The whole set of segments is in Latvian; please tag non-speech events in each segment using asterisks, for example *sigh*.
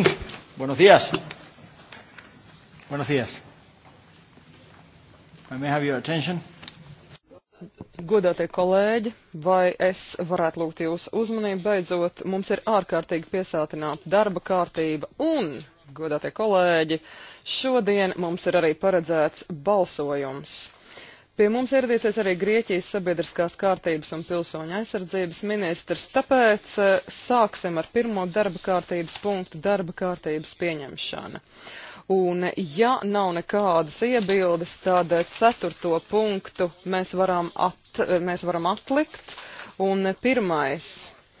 morning. Buenos días. Buenos días. I may have your attention. Godātie kolēģi, vai es varētu lūgt jūsu uzmanību? Beidzot, mums ir ārkārtīgi piesātināta darba kārtība un, godātie kolēģi, šodien mums ir arī paredzēts balsojums. Pie mums ieradīsies arī Grieķijas sabiedriskās kārtības un pilsoņu aizsardzības ministrs, tāpēc e, sāksim ar pirmo darba kārtības punktu - darba kārtības pieņemšana. Un, ja nav nekādas iebildes, tad ceturto punktu mēs varam, at, e, mēs varam atlikt. Un pirmais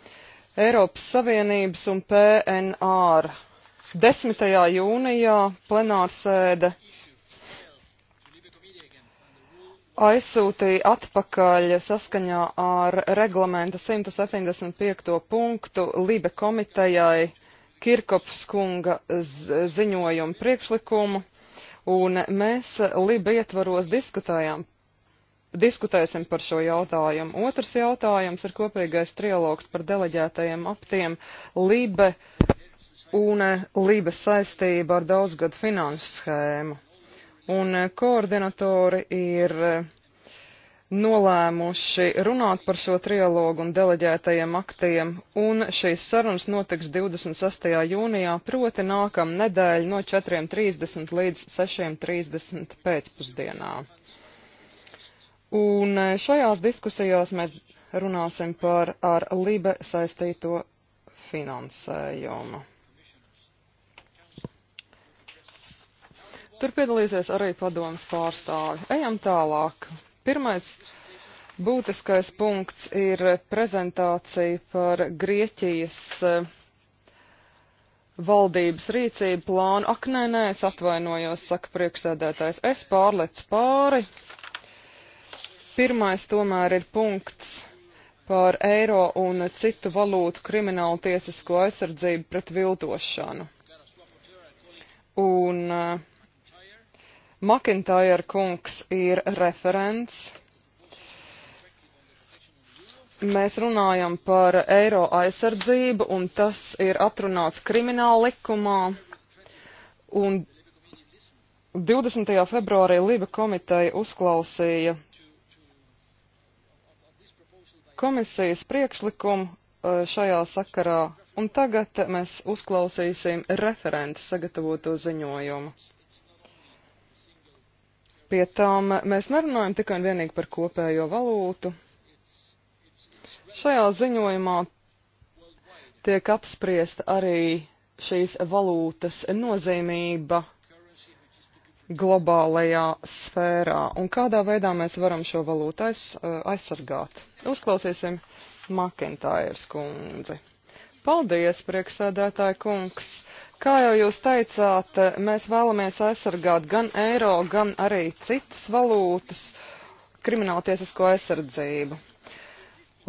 - Eiropas Savienības un PNR. 10. jūnijā plenārsēde aizsūtīja atpakaļ saskaņā ar reglamenta 175. punktu Libe komitejai Kirkops kunga ziņojumu priekšlikumu, un mēs Libe ietvaros diskutējām. Diskutēsim par šo jautājumu. Otrs jautājums ir kopīgais trialogs par deleģētajiem aptiem Libe un Libes saistība ar daudzgadu finanšu schēmu un eh, koordinatori ir eh, nolēmuši runāt par šo trialogu un deleģētajiem aktiem, un šīs sarunas notiks 26. jūnijā, proti nākam nedēļ no 4.30 līdz 6.30 pēcpusdienā. Un eh, šajās diskusijās mēs runāsim par ar Libe saistīto finansējumu. Tur piedalīsies arī padomas pārstāvi. Ejam tālāk. Pirmais būtiskais punkts ir prezentācija par Grieķijas eh, valdības rīcību plānu. Ak, nē, nē, es atvainojos, saka priekšsēdētājs. Es pārlecu pāri. Pirmais tomēr ir punkts par eiro un citu valūtu kriminālu tiesisko aizsardzību pret viltošanu. Un uh, Makintājer kungs ir referents. Mēs runājam par eiro aizsardzību, un tas ir atrunāts krimināla likumā. Un 20. februārī Liba komiteja uzklausīja komisijas priekšlikumu eh, šajā sakarā, un tagad mēs uzklausīsim referenta sagatavoto ziņojumu. Pie tām mēs nerunājam tikai un vienīgi par kopējo valūtu. Šajā ziņojumā tiek apspriesta arī šīs valūtas nozīmība globālajā sfērā un kādā veidā mēs varam šo valūtu aiz, eh, aizsargāt. Uzklausīsim Makintājas kundzi. Paldies, prieksēdētāja kungs! Kā jau jūs teicāt, mēs vēlamies aizsargāt gan eiro, gan arī citas valūtas krimināltiesisko aizsardzību.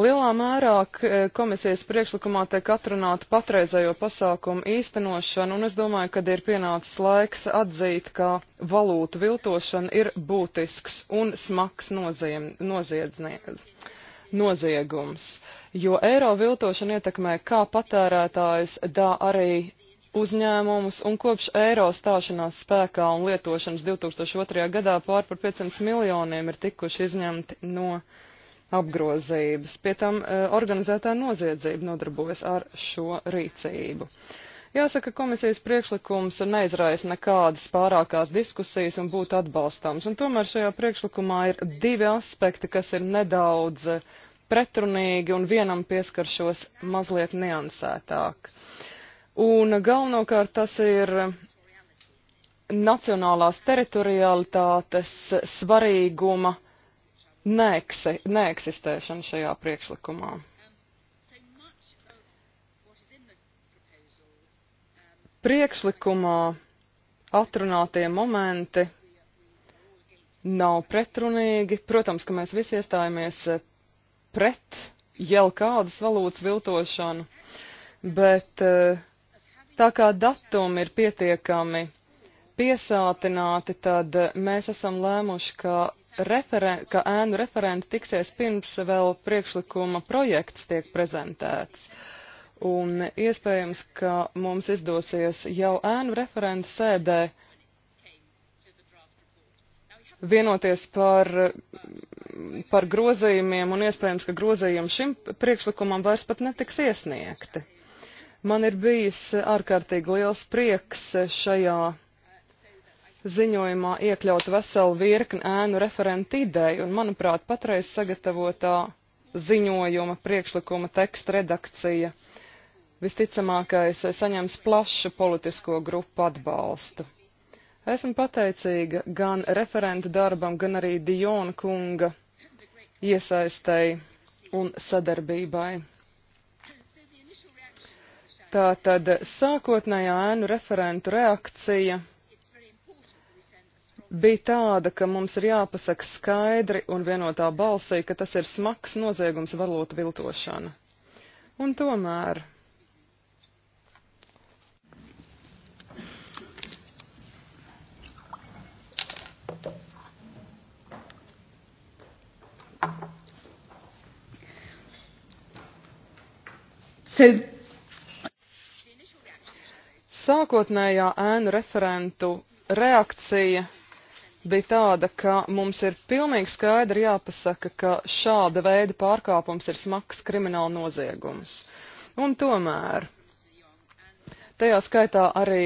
Lielā mērā e, komisijas priekšlikumā tiek atrunāta patreizējo pasākumu īstenošana, un es domāju, ka ir pienācis laiks atzīt, ka valūtu viltošana ir būtisks un smags noziem, noziegums, jo eiro viltošana ietekmē kā patērētājs, tā arī uzņēmumus, un kopš eiro stāšanās spēkā un lietošanas 2002. gadā pār par 500 miljoniem ir tikuši izņemti no apgrozības. Pie tam e, organizētā noziedzība nodarbojas ar šo rīcību. Jāsaka, komisijas priekšlikums neizraisa nekādas pārākās diskusijas un būtu atbalstāms, un tomēr šajā priekšlikumā ir divi aspekti, kas ir nedaudz pretrunīgi, un vienam pieskaršos mazliet niansētāk. Uh, Un galvenokārt tas ir nacionālās teritorialitātes svarīguma neeksi, neeksistēšana šajā priekšlikumā. Priekšlikumā atrunātie momenti nav pretrunīgi. Protams, ka mēs visi iestājāmies pret jau kādas valūtas viltošanu, bet uh, Tā kā datumi ir pietiekami piesātināti, tad mēs esam lēmuši, ka, referen ka ēnu referenti tiksies pirms vēl priekšlikuma projekts tiek prezentēts. Un iespējams, ka mums izdosies jau ēnu referents sēdē vienoties par, par grozījumiem, un iespējams, ka grozījumi šim priekšlikumam vairs pat netiks iesniegti. Man ir bijis ārkārtīgi liels prieks šajā ziņojumā iekļaut veselu virkni ēnu referentu ideju, un, manuprāt, patreiz sagatavotā ziņojuma priekšlikuma teksta redakcija visticamākais saņems plašu politisko grupu atbalstu. Esmu pateicīga gan referenta darbam, gan arī Diona kunga iesaistēji un sadarbībai. Tātad sākotnējā ēnu referentu reakcija bija tāda, ka mums ir jāpasaka skaidri un vienotā balsī, ka tas ir smags noziegums valūtu viltošana. Un tomēr. Se Sākotnējā ēnu referentu reakcija bija tāda, ka mums ir pilnīgi skaidri jāpasaka, ka šāda veida pārkāpums ir smags krimināla noziegums. Un tomēr Tajā skaitā arī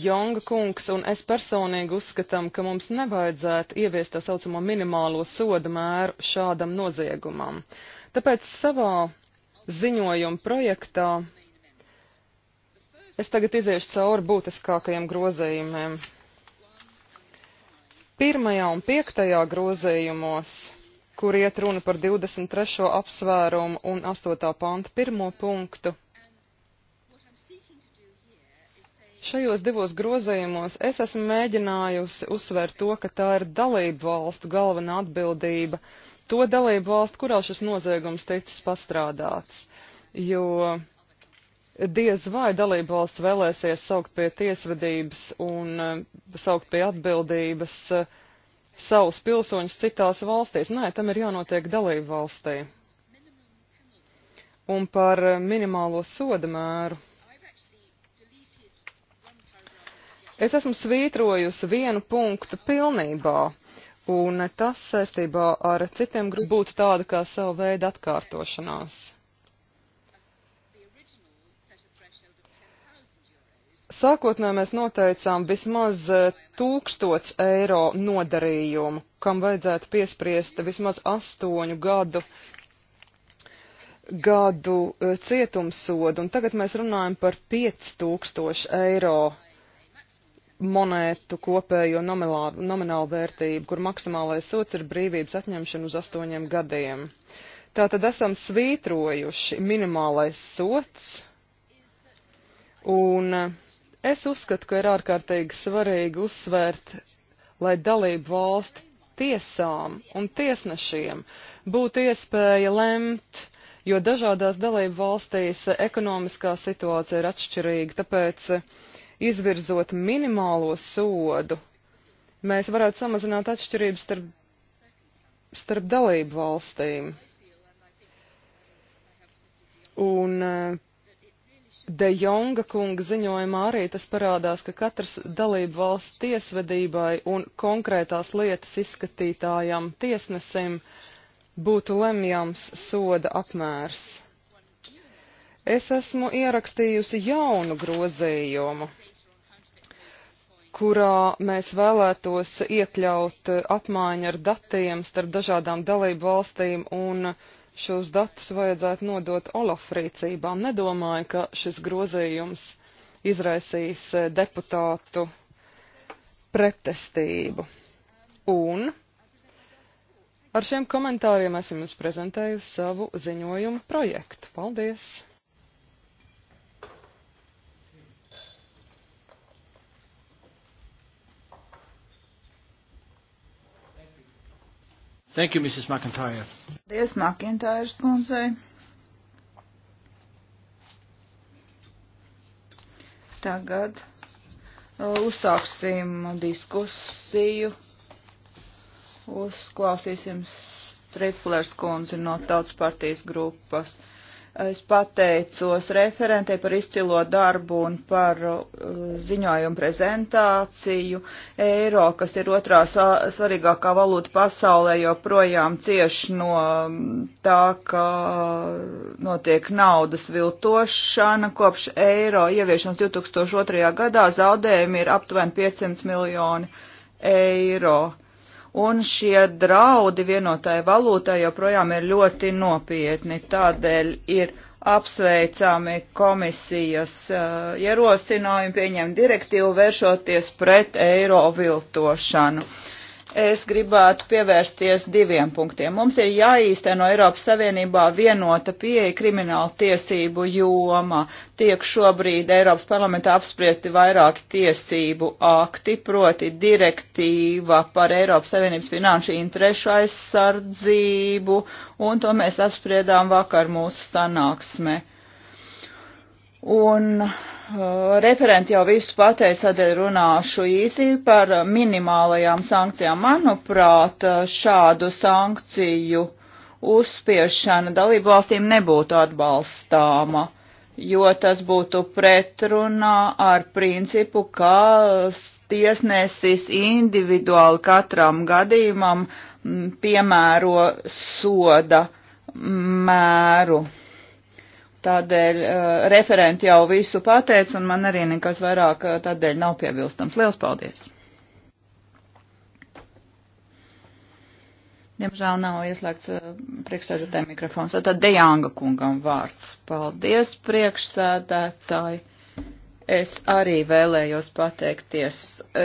Jonga kungs un es personīgi uzskatām, ka mums nevajadzētu ieviest tā saucamo minimālo soda mēru šādam noziegumam. Tāpēc savā ziņojuma projektā Es tagad iziešu cauri būtiskākajiem grozījumiem. Pirmajā un piektajā grozījumos, kur iet runa par 23. apsvērumu un 8. panta pirmo punktu, Šajos divos grozījumos es esmu mēģinājusi uzsvērt to, ka tā ir dalību valstu galvenā atbildība, to dalību valstu, kurā šis noziegums ticis pastrādāts. Jo diez vai dalībvalsts vēlēsies saukt pie tiesvedības un eh, saukt pie atbildības eh, savus pilsoņus citās valstīs. Nē, tam ir jānotiek dalībvalstī. Un par eh, minimālo soda mēru. Es esmu svītrojusi vienu punktu pilnībā, un tas saistībā ar citiem būtu tāda kā sava veida atkārtošanās. Sākotnēji mēs noteicām vismaz e, tūkstots eiro nodarījumu, kam vajadzētu piespriest vismaz astoņu gadu, gadu e, cietumsodu, un tagad mēs runājam par 5000 eiro monētu kopējo nominālu, nominālu vērtību, kur maksimālais sots ir brīvības atņemšana uz astoņiem gadiem. Tātad esam svītrojuši minimālais sots, un Es uzskatu, ka ir ārkārtīgi svarīgi uzsvērt, lai dalību valstu tiesām un tiesnešiem būtu iespēja lemt, jo dažādās dalību valstīs ekonomiskā situācija ir atšķirīga, tāpēc izvirzot minimālo sodu, mēs varētu samazināt atšķirības starp, starp dalību valstīm. Un De Jonga kunga ziņojumā arī tas parādās, ka katras dalību valsts tiesvedībai un konkrētās lietas izskatītājam tiesnesim būtu lemjams soda apmērs. Es esmu ierakstījusi jaunu grozījumu, kurā mēs vēlētos iekļaut apmaiņu ar datiem starp dažādām dalību valstīm un uh, šos datus vajadzētu nodot Olaf rīcībām. Nedomāju, ka šis grozījums izraisīs eh, deputātu pretestību. Un ar šiem komentāriem esam jums prezentējusi savu ziņojumu projektu. Paldies! Thank you, Mrs. McIntyre. Paldies, McIntyres kundzei. Tagad uh, uzsāksim diskusiju. Uzklausīsim Striflers kundzi no Tautas partijas grupas. Es pateicos referentei par izcilo darbu un par uh, ziņojumu prezentāciju. Eiro, kas ir otrā svarīgākā valūta pasaulē, joprojām cieš no um, tā, ka notiek naudas viltošana. Kopš eiro ieviešanas 2002. gadā zaudējumi ir aptuveni 500 miljoni eiro un šie draudi vienotai valūtai joprojām ir ļoti nopietni. Tādēļ ir apsveicami komisijas uh, ierosinājumi pieņemt direktīvu vēršoties pret eiro viltošanu. Uh, es gribētu pievērsties diviem punktiem. Mums ir jāīsteno Eiropas Savienībā vienota pieeja krimināla tiesību joma. Tiek šobrīd Eiropas parlamentā apspriesti vairāki tiesību akti, proti direktīva par Eiropas Savienības finanšu interešu aizsardzību, un to mēs apspriedām vakar mūsu sanāksmē. Un uh, Eh, referenti jau visu pateica, tad runāšu īsi par minimālajām sankcijām. Manuprāt, šādu sankciju uzspiešana dalību valstīm nebūtu atbalstāma, jo tas būtu pretrunā ar principu, ka tiesnesis individuāli katram gadījumam mm, piemēro soda mēru. Tādēļ uh, referenti jau visu pateica, un man arī nekas vairāk uh, tādēļ nav piebilstams. Liels paldies! Diemžēl nav ieslēgts uh, priekšsēdētāja mikrofons. Tad Dejanga kungam vārds. Paldies, priekšsēdētāji! Es arī vēlējos pateikties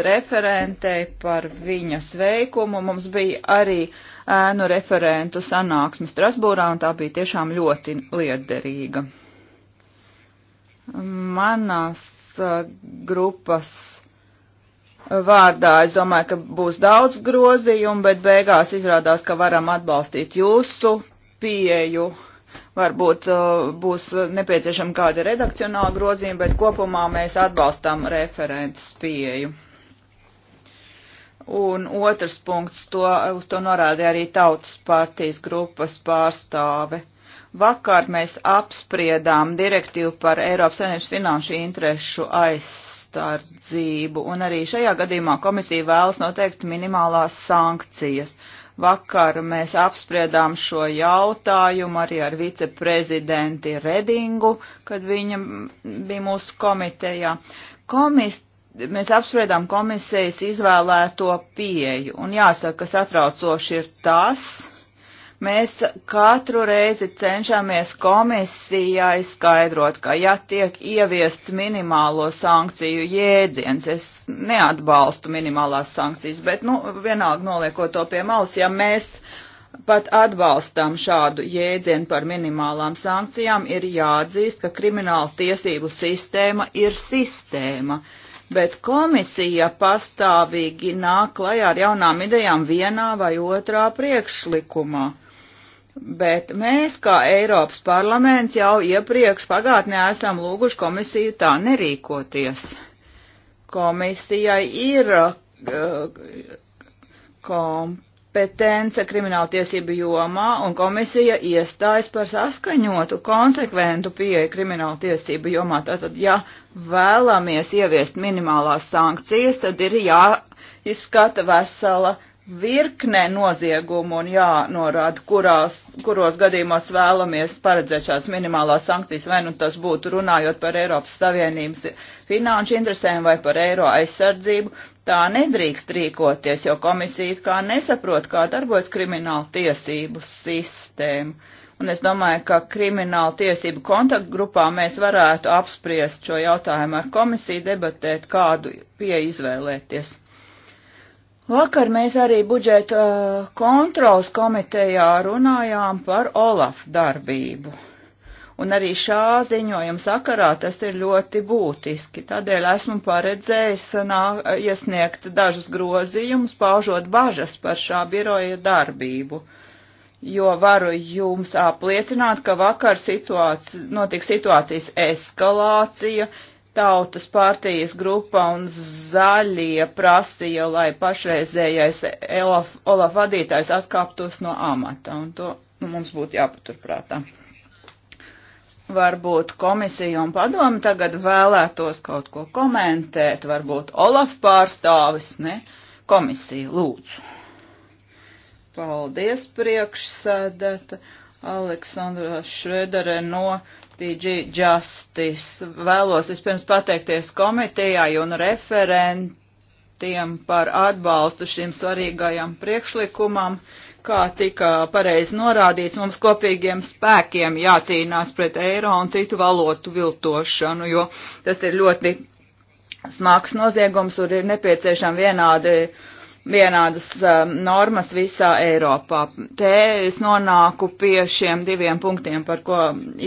referentei par viņas veikumu. Mums bija arī ēnu referentu sanāksme Strasbūrā, un tā bija tiešām ļoti liederīga. Manas uh, grupas vārdā es domāju, ka būs daudz grozījumu, bet beigās izrādās, ka varam atbalstīt jūsu pieju Varbūt uh, būs nepieciešama kāda redakcionāla grozījuma, bet kopumā mēs atbalstam referentes pieeju. Un otrs punkts, to, uz to norādīja arī Tautas partijas grupas pārstāve. Vakar mēs apspriedām direktīvu par Eiropas Savienības finanšu interešu aizstardzību, un arī šajā gadījumā komisija vēlas noteikt minimālās sankcijas. Uh, Vakar mēs apspriedām šo jautājumu arī ar viceprezidenti Redingu, kad viņa bija mūsu komitejā. Komis, mēs apspriedām komisijas izvēlēto pieju, un jāsaka, kas atraucoši ir tas, Mēs katru reizi cenšamies komisijai skaidrot, ka ja tiek ieviests minimālo sankciju jēdziens, es neatbalstu minimālās sankcijas, bet, nu, vienalga noliekot to pie malas, ja mēs pat atbalstam šādu jēdzienu par minimālām sankcijām, ir jāatzīst, ka krimināla tiesību sistēma ir sistēma bet komisija pastāvīgi nāk klajā ar jaunām idejām vienā vai otrā priekšlikumā. Bet mēs, kā Eiropas parlaments, jau iepriekš pagātnē esam lūguši komisiju tā nerīkoties. Komisijai ir uh, kompetence krimināltiesību jomā, un komisija iestājas par saskaņotu, konsekventu pieeju krimināltiesību jomā. Tātad, ja vēlamies ieviest minimālās sankcijas, tad ir jāizskata vesela virknē noziegumu un jānorāda, kurās, kuros gadījumos vēlamies paredzēt šādas minimālās sankcijas, vai nu tas būtu runājot par Eiropas Savienības finanšu interesēm vai par eiro aizsardzību. Tā nedrīkst rīkoties, jo komisija kā nesaprot, kā darbojas krimināla tiesību sistēma. Un es domāju, ka krimināla tiesību kontaktgrupā mēs varētu apspriest šo jautājumu ar komisiju, debatēt, kādu pieeja izvēlēties. Vakar mēs arī budžeta uh, kontrols komitejā runājām par Olaf darbību. Un arī šā ziņojuma sakarā tas ir ļoti būtiski. Tādēļ esmu paredzējis nā, iesniegt dažus grozījumus, paužot bažas par šā biroja darbību. Jo varu jums apliecināt, ka vakar situāci, notika situācijas eskalācija, Tautas partijas grupa un zaļie prasīja, lai pašreizējais Elaf, Olaf vadītājs atkāptos no amata, un to nu, mums būtu jāpaturprātā. Varbūt komisija un padomi tagad vēlētos kaut ko komentēt, varbūt Olaf pārstāvis, ne? Komisija, lūdzu. Paldies, priekšsēdēta Aleksandra Šredere no DG Justice. Vēlos vispirms pateikties komitejai un referentiem par atbalstu šim svarīgajam priekšlikumam. Kā tika pareizi norādīts, mums kopīgiem spēkiem jācīnās pret eiro un citu valotu viltošanu, jo tas ir ļoti smags noziegums un ir nepieciešama vienādi uh, vienādas um, normas visā Eiropā. Te es nonāku pie šiem diviem punktiem, par ko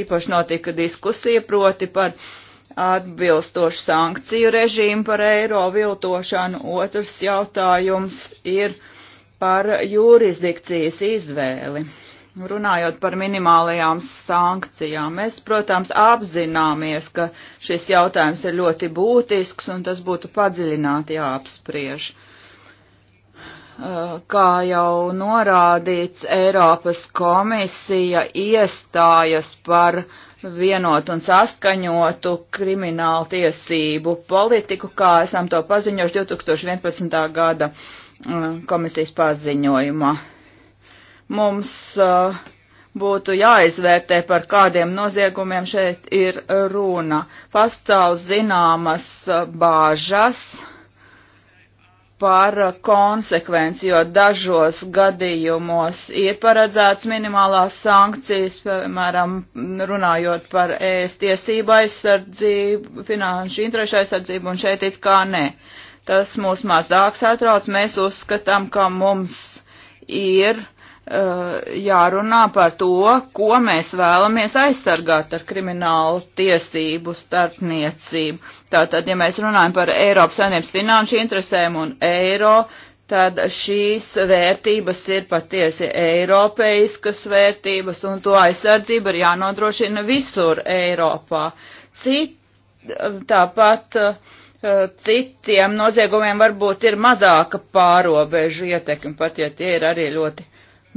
īpaši notika diskusija, proti par atbilstošu sankciju režīmu par eiro viltošanu. Otrs jautājums ir par jurisdikcijas izvēli. Runājot par minimālajām sankcijām, mēs, protams, apzināmies, ka šis jautājums ir ļoti būtisks un tas būtu padziļināti jāapspriež. Uh, kā jau norādīts, Eiropas komisija iestājas par vienotu un saskaņotu kriminālu tiesību politiku, kā esam to paziņojuši 2011. gada uh, komisijas paziņojumā. Mums uh, būtu jāizvērtē, par kādiem noziegumiem šeit ir runa. Pastāv zināmas uh, bāžas par konsekvenci, jo dažos gadījumos ir paredzēts minimālās sankcijas, piemēram, runājot par ēst tiesību aizsardzību, finanšu interešu aizsardzību, un šeit it kā nē. Tas mūs mazāk satrauc, mēs uzskatām, ka mums ir uh, jārunā par to, ko mēs vēlamies aizsargāt ar kriminālu tiesību starpniecību Tātad, ja mēs runājam par Eiropas saimnības finanšu interesēm un eiro, tad šīs vērtības ir patiesi eiropeiskas vērtības, un to aizsardzība ir jānodrošina visur Eiropā. Cit, tāpat eh, citiem noziegumiem varbūt ir mazāka pārobežu ietekme, pat ja tie ir arī ļoti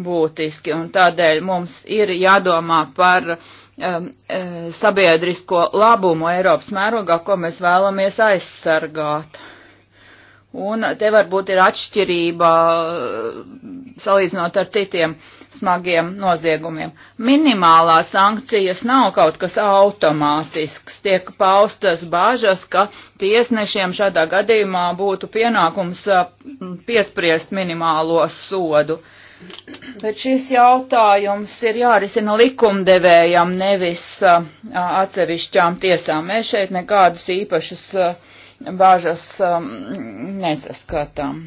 būtiski, un tādēļ mums ir jādomā par uh, um, e, sabiedrisko labumu Eiropas mērogā, ko mēs vēlamies aizsargāt. Un te varbūt ir atšķirība e, salīdzinot ar citiem smagiem noziegumiem. Minimālā sankcijas nav kaut kas automātisks. Tiek paustas bāžas, ka tiesnešiem šādā gadījumā būtu pienākums e, piespriest minimālo sodu. Uh, Bet šis jautājums ir jārisina likumdevējam, nevis uh, atsevišķām tiesām. Mēs šeit nekādus īpašus uh, bāžas um, nesaskatām.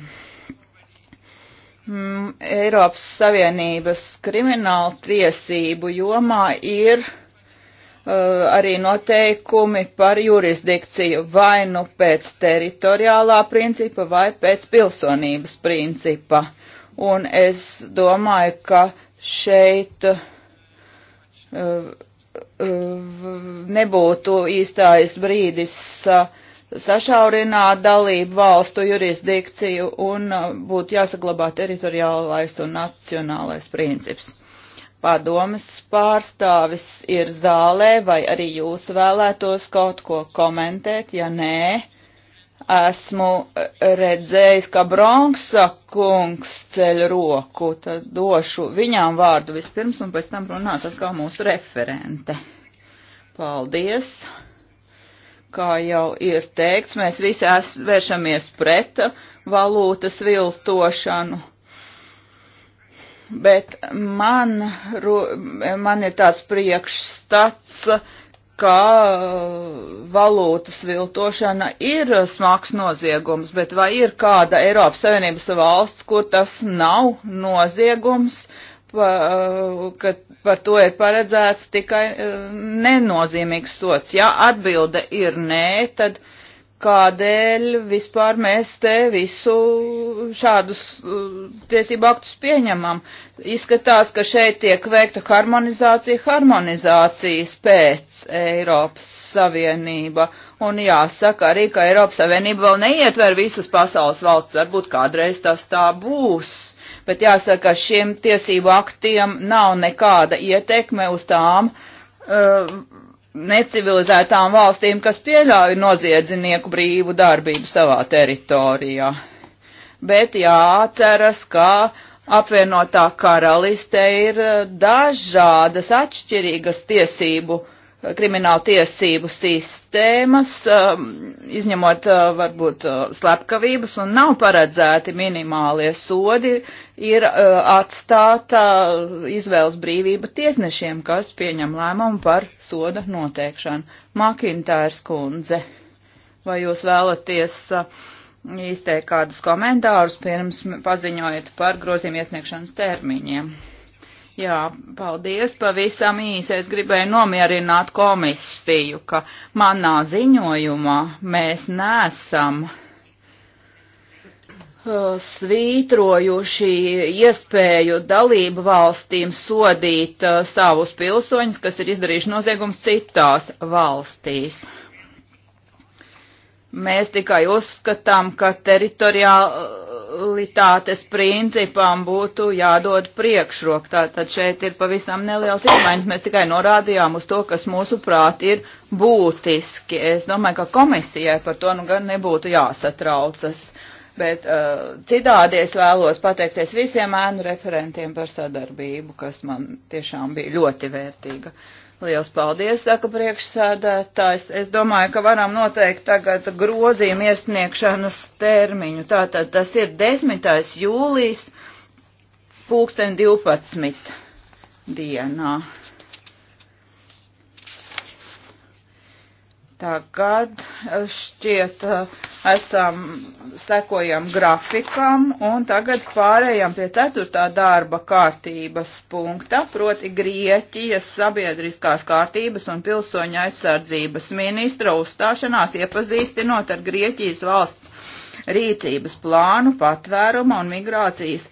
Mm, Eiropas Savienības krimināla tiesību jomā ir uh, arī noteikumi par jurisdikciju vai nu pēc teritoriālā principa vai pēc pilsonības principa. Uh, un es domāju, ka šeit uh, uh, nebūtu īstais brīdis uh, sašaurināt dalību valstu jurisdikciju un uh, būtu jāsaglabā teritoriālais un nacionālais princips. Padomas pārstāvis ir zālē, vai arī jūs vēlētos kaut ko komentēt, ja nē, esmu redzējis, ka Bronksa kungs ceļ roku, tad došu viņām vārdu vispirms un pēc tam runās atkal mūsu referente. Paldies! Kā jau ir teikts, mēs visi vēršamies pret valūtas viltošanu. Bet man, man ir tāds priekšstats, ka uh, valūtas viltošana ir uh, smags noziegums, bet vai ir kāda Eiropas Savienības valsts, kur tas nav noziegums, pa, uh, ka par to ir paredzēts tikai nenozīmīgs sots? Ja atbilde ir nē, tad. Uh, kādēļ vispār mēs te visu šādus uh, tiesību aktus pieņemam. Izskatās, ka šeit tiek veikta harmonizācija harmonizācijas pēc Eiropas Savienība. Un jāsaka arī, ka Eiropas Savienība vēl neietver visas pasaules valsts, varbūt kādreiz tas tā būs bet jāsaka, šiem tiesību aktiem nav nekāda ietekme uz tām uh, necivilizētām valstīm, kas pieļauj noziedzinieku brīvu darbību savā teritorijā. Bet jāatceras, ka apvienotā karaliste ir eh, dažādas atšķirīgas tiesību, eh, kriminālu tiesību sistēmas, eh, izņemot varbūt slepkavības un nav paredzēti minimālie sodi ir uh, atstāta izvēles brīvība tiesnešiem, kas pieņem lēmumu par soda noteikšanu. Makintārs kundze, vai jūs vēlaties uh, izteikt kādus komentārus pirms paziņojat par groziem iesniegšanas termiņiem? Jā, paldies, pavisam īsi. Es gribēju nomierināt komisiju, ka manā ziņojumā mēs nesam uh, Uh, svītrojuši iespēju dalību valstīm sodīt uh, savus pilsoņus, kas ir izdarījuši noziegums citās valstīs. Mēs tikai uzskatām, ka teritorialitātes principām būtu jādod priekšrok. Tātad šeit ir pavisam neliels izmaiņas. Mēs tikai norādījām uz to, kas mūsu prāt ir būtiski. Es domāju, ka komisijai par to nu gan nebūtu jāsatraucas. Uh, bet uh, citādi es vēlos pateikties visiem ēnu referentiem par sadarbību, kas man tiešām bija ļoti vērtīga. Liels paldies, saka priekšsēdētājs. Es domāju, ka varam noteikt tagad grozījumu iesniegšanas termiņu. Tātad tas ir 10. jūlijas pulksten 12. dienā. Tagad eh, šķiet eh, esam sekojam grafikam un tagad pārējām pie ceturtā darba kārtības punkta, proti Grieķijas sabiedriskās kārtības un pilsoņa aizsardzības ministra uzstāšanās iepazīstinot ar Grieķijas valsts rīcības plānu patvēruma un migrācijas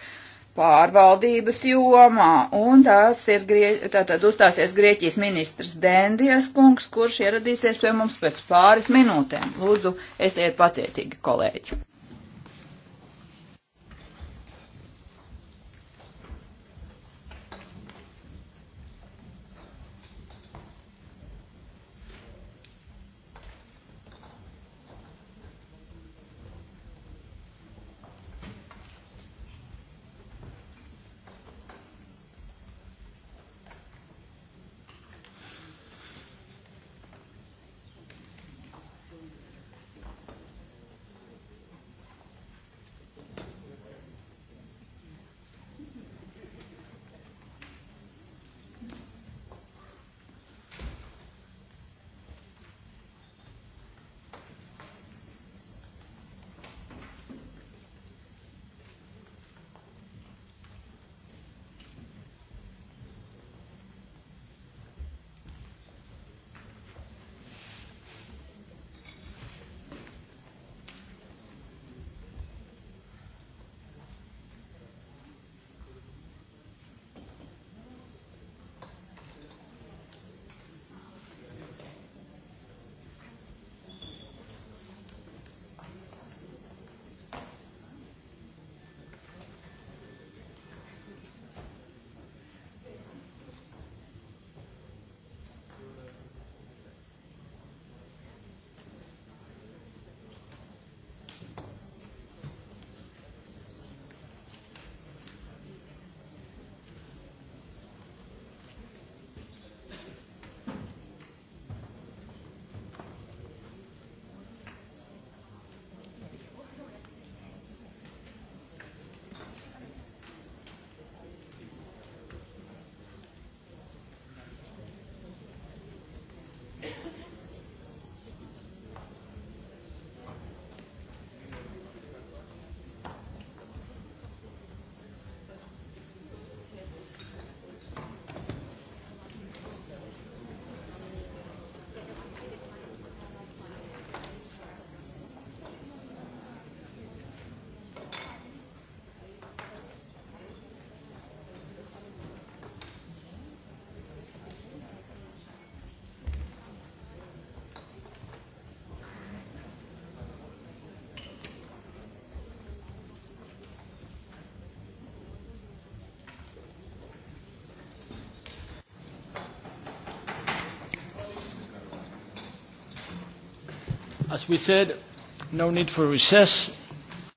pārvaldības jomā, un tās ir, tātad uzstāsies Grieķijas ministrs Dendijas kungs, kurš ieradīsies pie mums pēc pāris minūtēm. Lūdzu, esiet pacietīgi, kolēģi! As we said, no need for recess.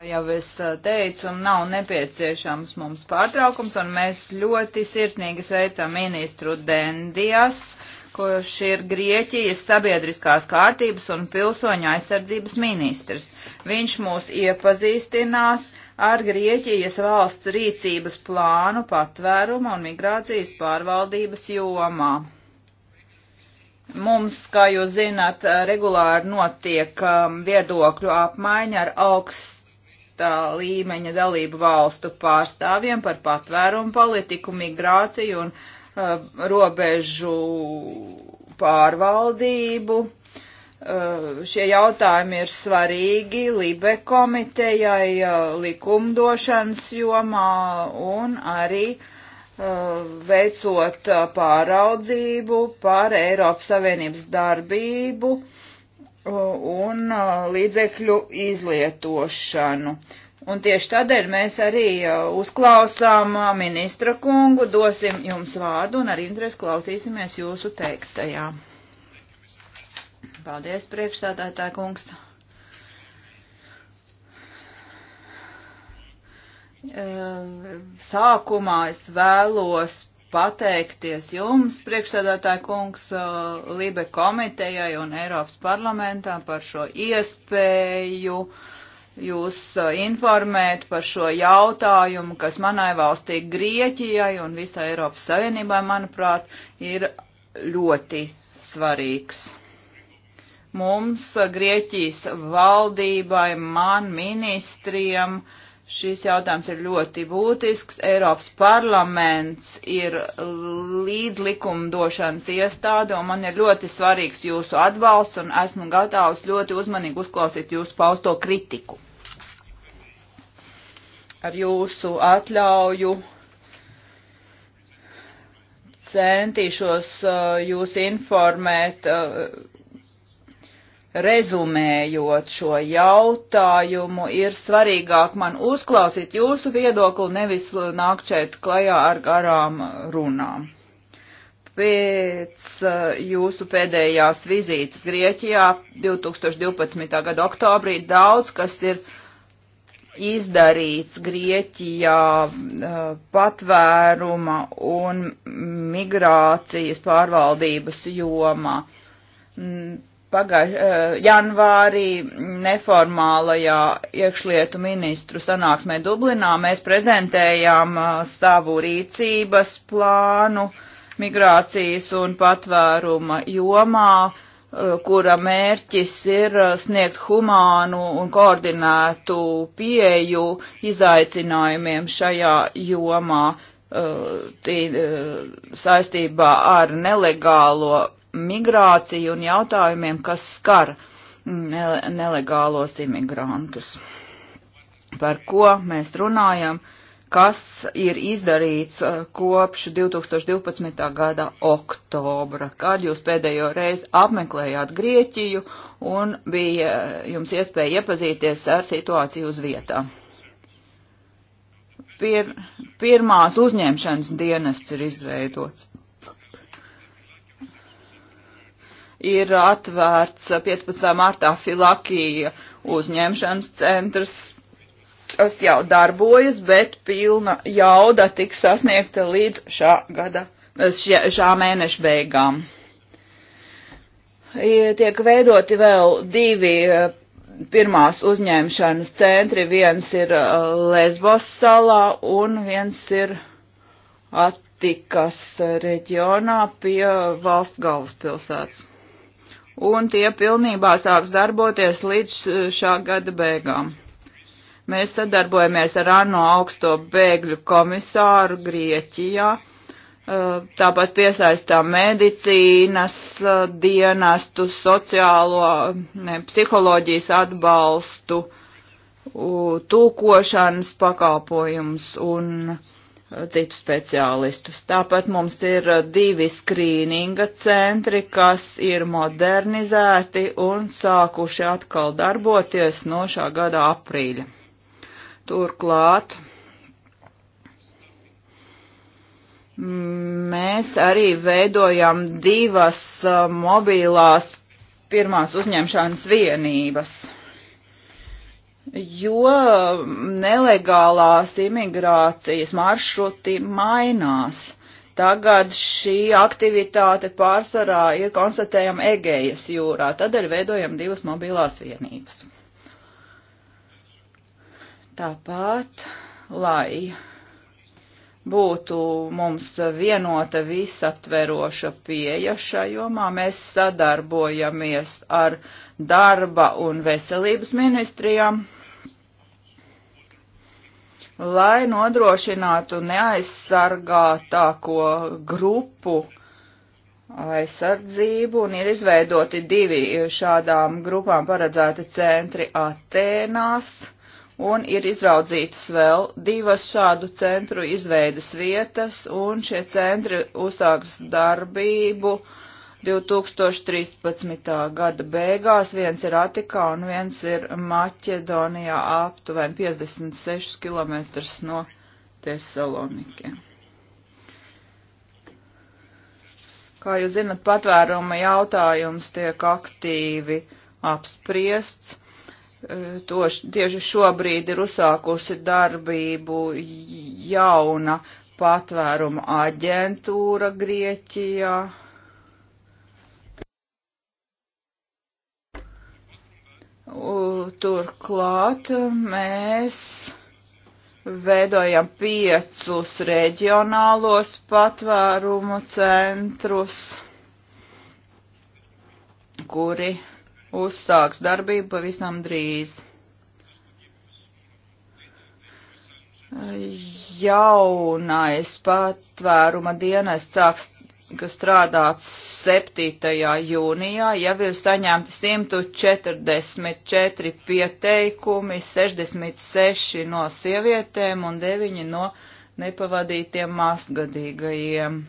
Jau es uh, teicu, nav nepieciešams mums pārtraukums, un mēs ļoti sirsnīgi sveicam ministru Dendijas, kurš ir Grieķijas sabiedriskās kārtības un pilsoņu aizsardzības ministrs. Viņš mūs iepazīstinās ar Grieķijas valsts rīcības plānu patvērumu un migrācijas pārvaldības jomā. Mums, kā jūs zināt, eh, regulāri notiek um, viedokļu apmaiņa ar augstā līmeņa dalību valstu pārstāvjiem par patvērumu politiku, migrāciju un uh, robežu pārvaldību. Uh, šie jautājumi ir svarīgi Libe komitejai uh, likumdošanas jomā un arī uh, veicot pāraudzību par Eiropas Savienības darbību un līdzekļu izlietošanu. Un tieši tādēļ mēs arī uzklausām ministra kungu, dosim jums vārdu un ar interesi klausīsimies jūsu teiktajā. Paldies, priekšstādātāja kungs! Eh, sākumā es vēlos pateikties jums, priekšsēdētāji kungs, eh, Libe komitejai un Eiropas parlamentām par šo iespēju jūs eh, informēt par šo jautājumu, kas manai valstī Grieķijai un visai Eiropas Savienībai, manuprāt, ir ļoti svarīgs. Mums, Grieķijas valdībai, man, ministriem, uh, Šis jautājums ir ļoti būtisks. Eiropas parlaments ir līdzlikumdošanas iestāde, un man ir ļoti svarīgs jūsu atbalsts, un esmu gatavs ļoti uzmanīgi uzklausīt jūsu pausto kritiku. Ar jūsu atļauju centīšos uh, jūs informēt uh, rezumējot šo jautājumu, ir svarīgāk man uzklausīt jūsu viedokli, nevis nākt šeit klajā ar garām runām. Pēc uh, jūsu pēdējās vizītes Grieķijā 2012. gada oktobrī daudz kas ir izdarīts Grieķijā uh, patvēruma un migrācijas pārvaldības jomā mm, pagājušajā eh, janvārī neformālajā iekšlietu ministru sanāksmē Dublinā mēs prezentējām eh, savu rīcības plānu migrācijas un patvēruma jomā, eh, kura mērķis ir sniegt humānu un koordinētu pieju izaicinājumiem šajā jomā tī, saistībā ar nelegālo migrāciju un jautājumiem, kas skar mm, nelegālos imigrantus. Par ko mēs runājam, kas ir izdarīts eh, kopš 2012. gada oktobra, kad jūs pēdējo reizi apmeklējāt Grieķiju un bija eh, jums iespēja iepazīties ar situāciju uz vietā pir, pirmās uzņemšanas dienests ir izveidots. ir atvērts 15. martā Filakija uzņemšanas centrs. Tas jau darbojas, bet pilna jauda tiks sasniegta līdz šā gada, šā, šā mēneša beigām. Tiek veidoti vēl divi eh, pirmās uzņemšanas centri. Viens ir eh, Lesbos salā un viens ir Atikas reģionā pie valsts galvaspilsētas un tie pilnībā sāks darboties līdz eh, šā gada beigām. Mēs sadarbojamies ar ANO augsto bēgļu komisāru Grieķijā, eh, tāpat piesaistām medicīnas eh, dienestu, sociālo, ne, psiholoģijas atbalstu, tūkošanas pakalpojums un uh, citu speciālistus. Tāpat mums ir uh, divi skrīninga centri, kas ir modernizēti un sākuši atkal darboties no šā gada aprīļa. Turklāt mm, mēs arī veidojam divas uh, mobilās pirmās uzņemšanas vienības jo nelegālās imigrācijas maršruti mainās. Tagad šī aktivitāte pārsvarā ir konstatējama Egejas jūrā, tad ir veidojama divas mobilās vienības. Tāpat, lai būtu mums vienota visaptveroša pieeja šajomā. Mēs sadarbojamies ar darba un veselības ministrijām lai nodrošinātu neaizsargātāko grupu aizsardzību, un ir izveidoti divi šādām grupām paredzēti centri Atēnās, un ir izraudzītas vēl divas šādu centru izveidas vietas, un šie centri uzsāks darbību uh, 2013. gada beigās viens ir Atikā un viens ir Maķedonijā aptuveni 56 km no Tesalonikiem. Kā jūs zinat, patvēruma jautājums tiek aktīvi apspriests. To tieši šobrīd ir uzsākusi darbību jauna patvēruma aģentūra Grieķijā Turklāt mēs veidojam piecus reģionālos patvērumu centrus, kuri uzsāks darbību pavisam drīz. Jaunais patvēruma dienas sāks kas strādāts 7. jūnijā, jau ir saņemti 144 pieteikumi, 66 no sievietēm un 9 no nepavadītiem mazgadīgajiem.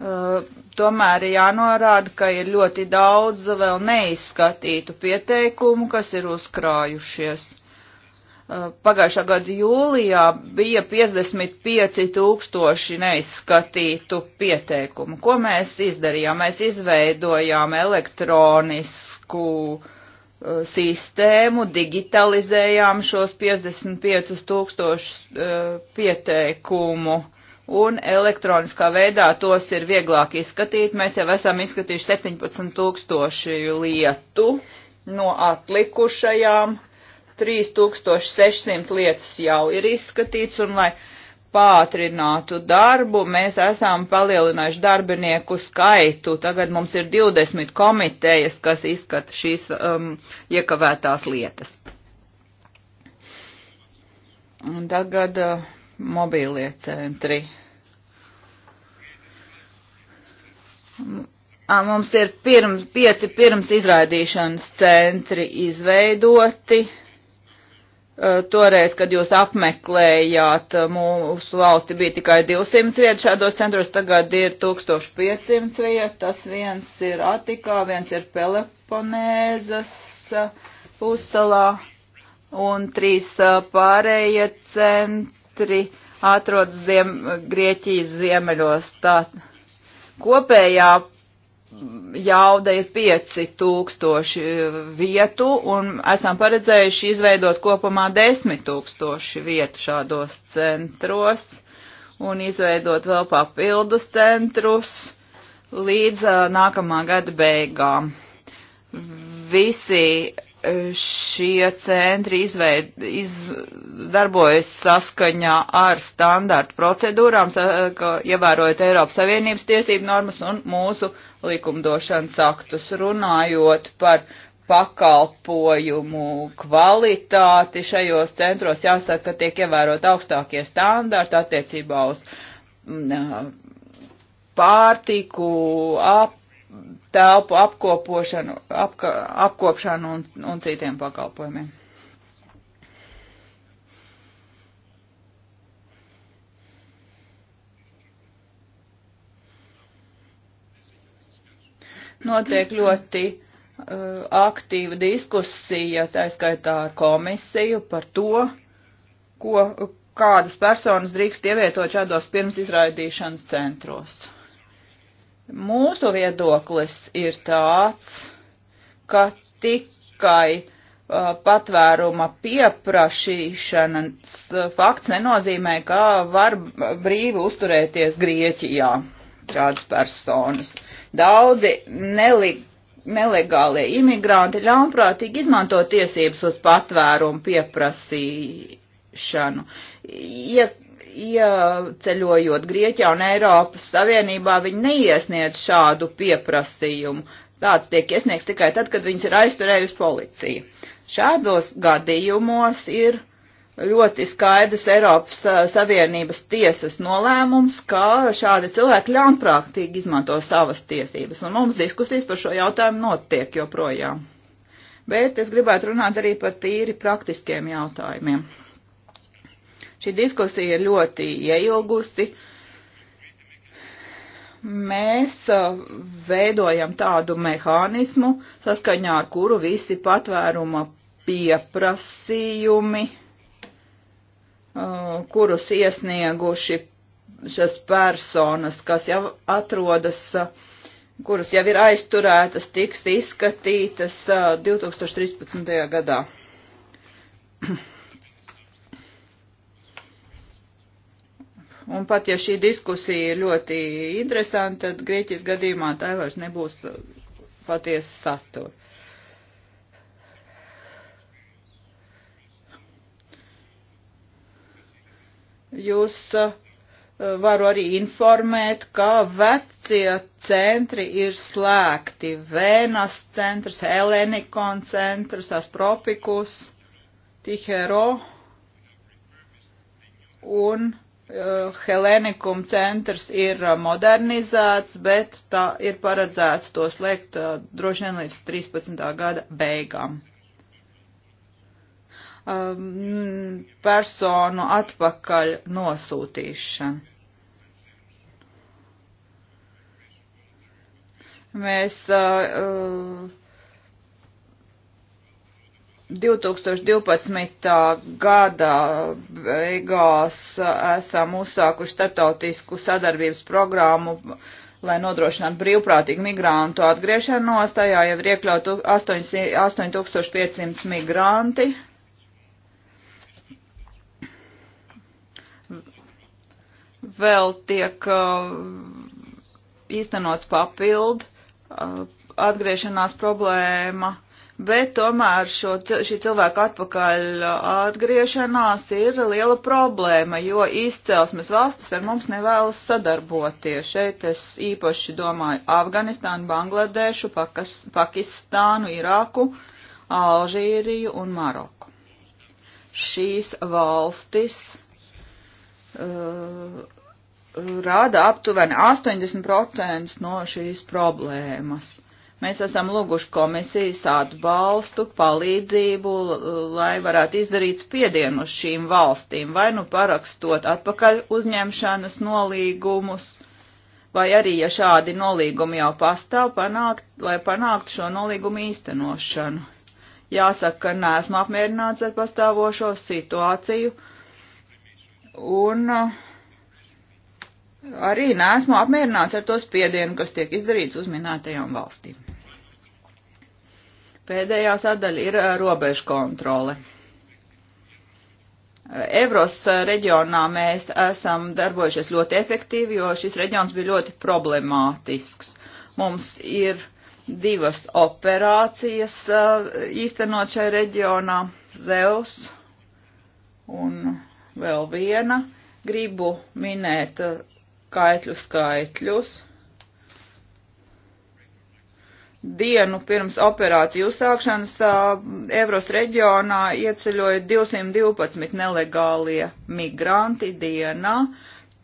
Uh, tomēr jānorāda, ka ir ļoti daudz vēl neizskatītu pieteikumu, kas ir uzkrājušies. Uh, pagājušā gada jūlijā bija 55 tūkstoši neizskatītu pieteikumu. Ko mēs izdarījām? Mēs izveidojām elektronisku uh, sistēmu, digitalizējām šos 55 tūkstošus uh, pieteikumu un elektroniskā veidā tos ir vieglāk izskatīt. Mēs jau esam izskatījuši 17 tūkstoši lietu no atlikušajām 3600 lietas jau ir izskatīts, un lai pātrinātu darbu, mēs esam palielinājuši darbinieku skaitu. Tagad mums ir 20 komitejas, kas izskata šīs um, iekavētās lietas. Un tagad uh, mobīlie centri. Mums ir pirms, pieci pirms izraidīšanas centri izveidoti. Uh, Eh, toreiz, kad jūs apmeklējāt eh, mūsu valsti, bija tikai 200 vietas šādos centros, tagad ir 1500 vietas, viens ir Atikā, viens ir Peloponēzas eh, pusalā un trīs pārējie centri atrodas Ziem, Grieķijas ziemeļos. Tā kopējā jauda ir 5000 vietu un esam paredzējuši izveidot kopumā 10 tūkstoši vietu šādos centros un izveidot vēl papildus centrus līdz uh, nākamā gada beigām. Visi šie centri izveid, iz, darbojas saskaņā ar standartu procedūrām, ievērojot Eiropas Savienības tiesību normas un mūsu likumdošanas aktus, runājot par pakalpojumu kvalitāti šajos centros jāsaka, ka tiek ievērot augstākie standarti attiecībā uz m, mm, pārtiku, ap, telpu apkopošanu, apka, apkopšanu un, un citiem pakalpojumiem. Notiek ļoti uh, aktīva diskusija, tā skaitā ar komisiju, par to, ko, kādas personas drīkst ievietot šādos pirms izraidīšanas centros. Mūsu viedoklis ir tāds, ka tikai uh, patvēruma pieprašīšanas fakts nenozīmē, ka var brīvi uzturēties Grieķijā šādas personas. Daudzi nelik nelegālie imigranti ļaunprātīgi izmanto tiesības uz patvērumu pieprasīšanu. Ja ieceļojot Grieķijā un Eiropas Savienībā, viņi neiesniedz šādu pieprasījumu. Tāds tiek iesniegts tikai tad, kad viņus ir aizturējusi policija. Šādos gadījumos ir ļoti skaidrs Eiropas eh, Savienības tiesas nolēmums, ka šādi cilvēki ļaunprātīgi izmanto savas tiesības. Un mums diskusijas par šo jautājumu notiek joprojām. Bet es gribētu runāt arī par tīri praktiskiem jautājumiem Šī diskusija ir ļoti ieilgusi. Mēs veidojam tādu mehānismu, saskaņā ar kuru visi patvēruma pieprasījumi, kurus iesnieguši šas personas, kas jau atrodas kuras jau ir aizturētas, tiks izskatītas 2013. gadā. *clears throat* Un pat ja šī diskusija ir ļoti interesanta, tad Grieķijas gadījumā tā vairs nebūs patiesa satura. Jūs eh, varu arī informēt, ka vecie centri ir slēgti. Vēnas centrs, Elenikon centrs, Aspropikus, Tihero un. Eh, Helēnikum centrs ir eh, modernizēts, bet tā ir paredzēts to slēgt eh, droši vien līdz 13. gada beigām. Um, personu atpakaļ nosūtīšana. Mēs uh, 2012. gada beigās uh, esam uzsākuši startautisku sadarbības programmu, lai nodrošinātu brīvprātīgu migrantu atgriešanos. Tajā jau ir iekļaut 8500 migranti. Vēl tiek uh, īstenots papildu uh, atgriešanās problēma bet tomēr šo, šī cilvēka atpakaļ atgriešanās ir liela problēma, jo izcelsmes valstis ar mums nevēlas sadarboties. Šeit es īpaši domāju Afganistānu, Bangladešu, Pakas, Pakistānu, Irāku, Alžīriju un Maroku. Šīs valstis uh, rada aptuveni 80% no šīs problēmas. Mēs esam lūguši komisijas atbalstu, palīdzību, lai varētu izdarīt spiedienu uz šīm valstīm, vai nu parakstot atpakaļ uzņemšanas nolīgumus, vai arī, ja šādi nolīgumi jau pastāv, panākt, lai panāktu šo nolīgumu īstenošanu. Jāsaka, ka neesmu apmierināts ar pastāvošo situāciju, un uh, arī neesmu apmierināts ar to spiedienu, kas tiek izdarīts uz minētajām valstīm. Pēdējā sadaļa ir eh, robežu kontrole. Evros eh, reģionā mēs esam darbojušies ļoti efektīvi, jo šis reģions bija ļoti problemātisks. Mums ir divas operācijas eh, īstenot šai reģionā - Zeus un vēl viena. Gribu minēt kaitļu skaitļus dienu pirms operāciju uzsākšanas Evros reģionā ieceļoja 212 nelegālie migranti dienā.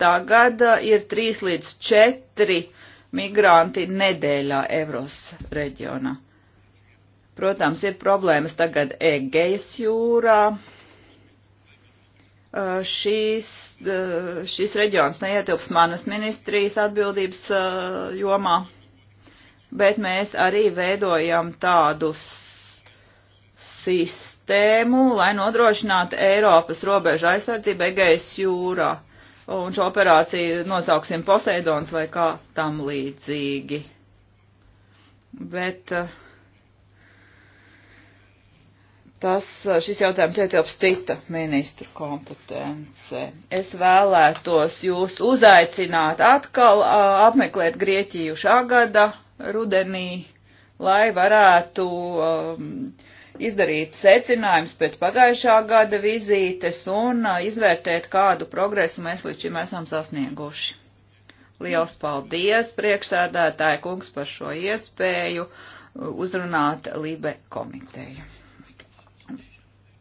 Tagad ir 3 līdz 4 migranti nedēļā Evros reģionā. Protams, ir problēmas tagad Egejas jūrā. Šīs, šis reģions neietilps manas ministrijas atbildības jomā bet mēs arī veidojam tādu sistēmu, lai nodrošinātu Eiropas robežu aizsardzību Egejas jūrā. Un šo operāciju nosauksim Poseidons vai kā tam līdzīgi. Bet eh, tas, eh, šis jautājums ietilps cita ministru kompetence. Es vēlētos jūs uzaicināt atkal eh, apmeklēt Grieķiju šā gada rudenī, lai varētu um, izdarīt secinājums pēc pagājušā gada vizītes un uh, izvērtēt, kādu progresu mēs līdz šim esam sasnieguši. Liels paldies priekšsēdētāja kungs par šo iespēju uh, uzrunāt Libe komiteju.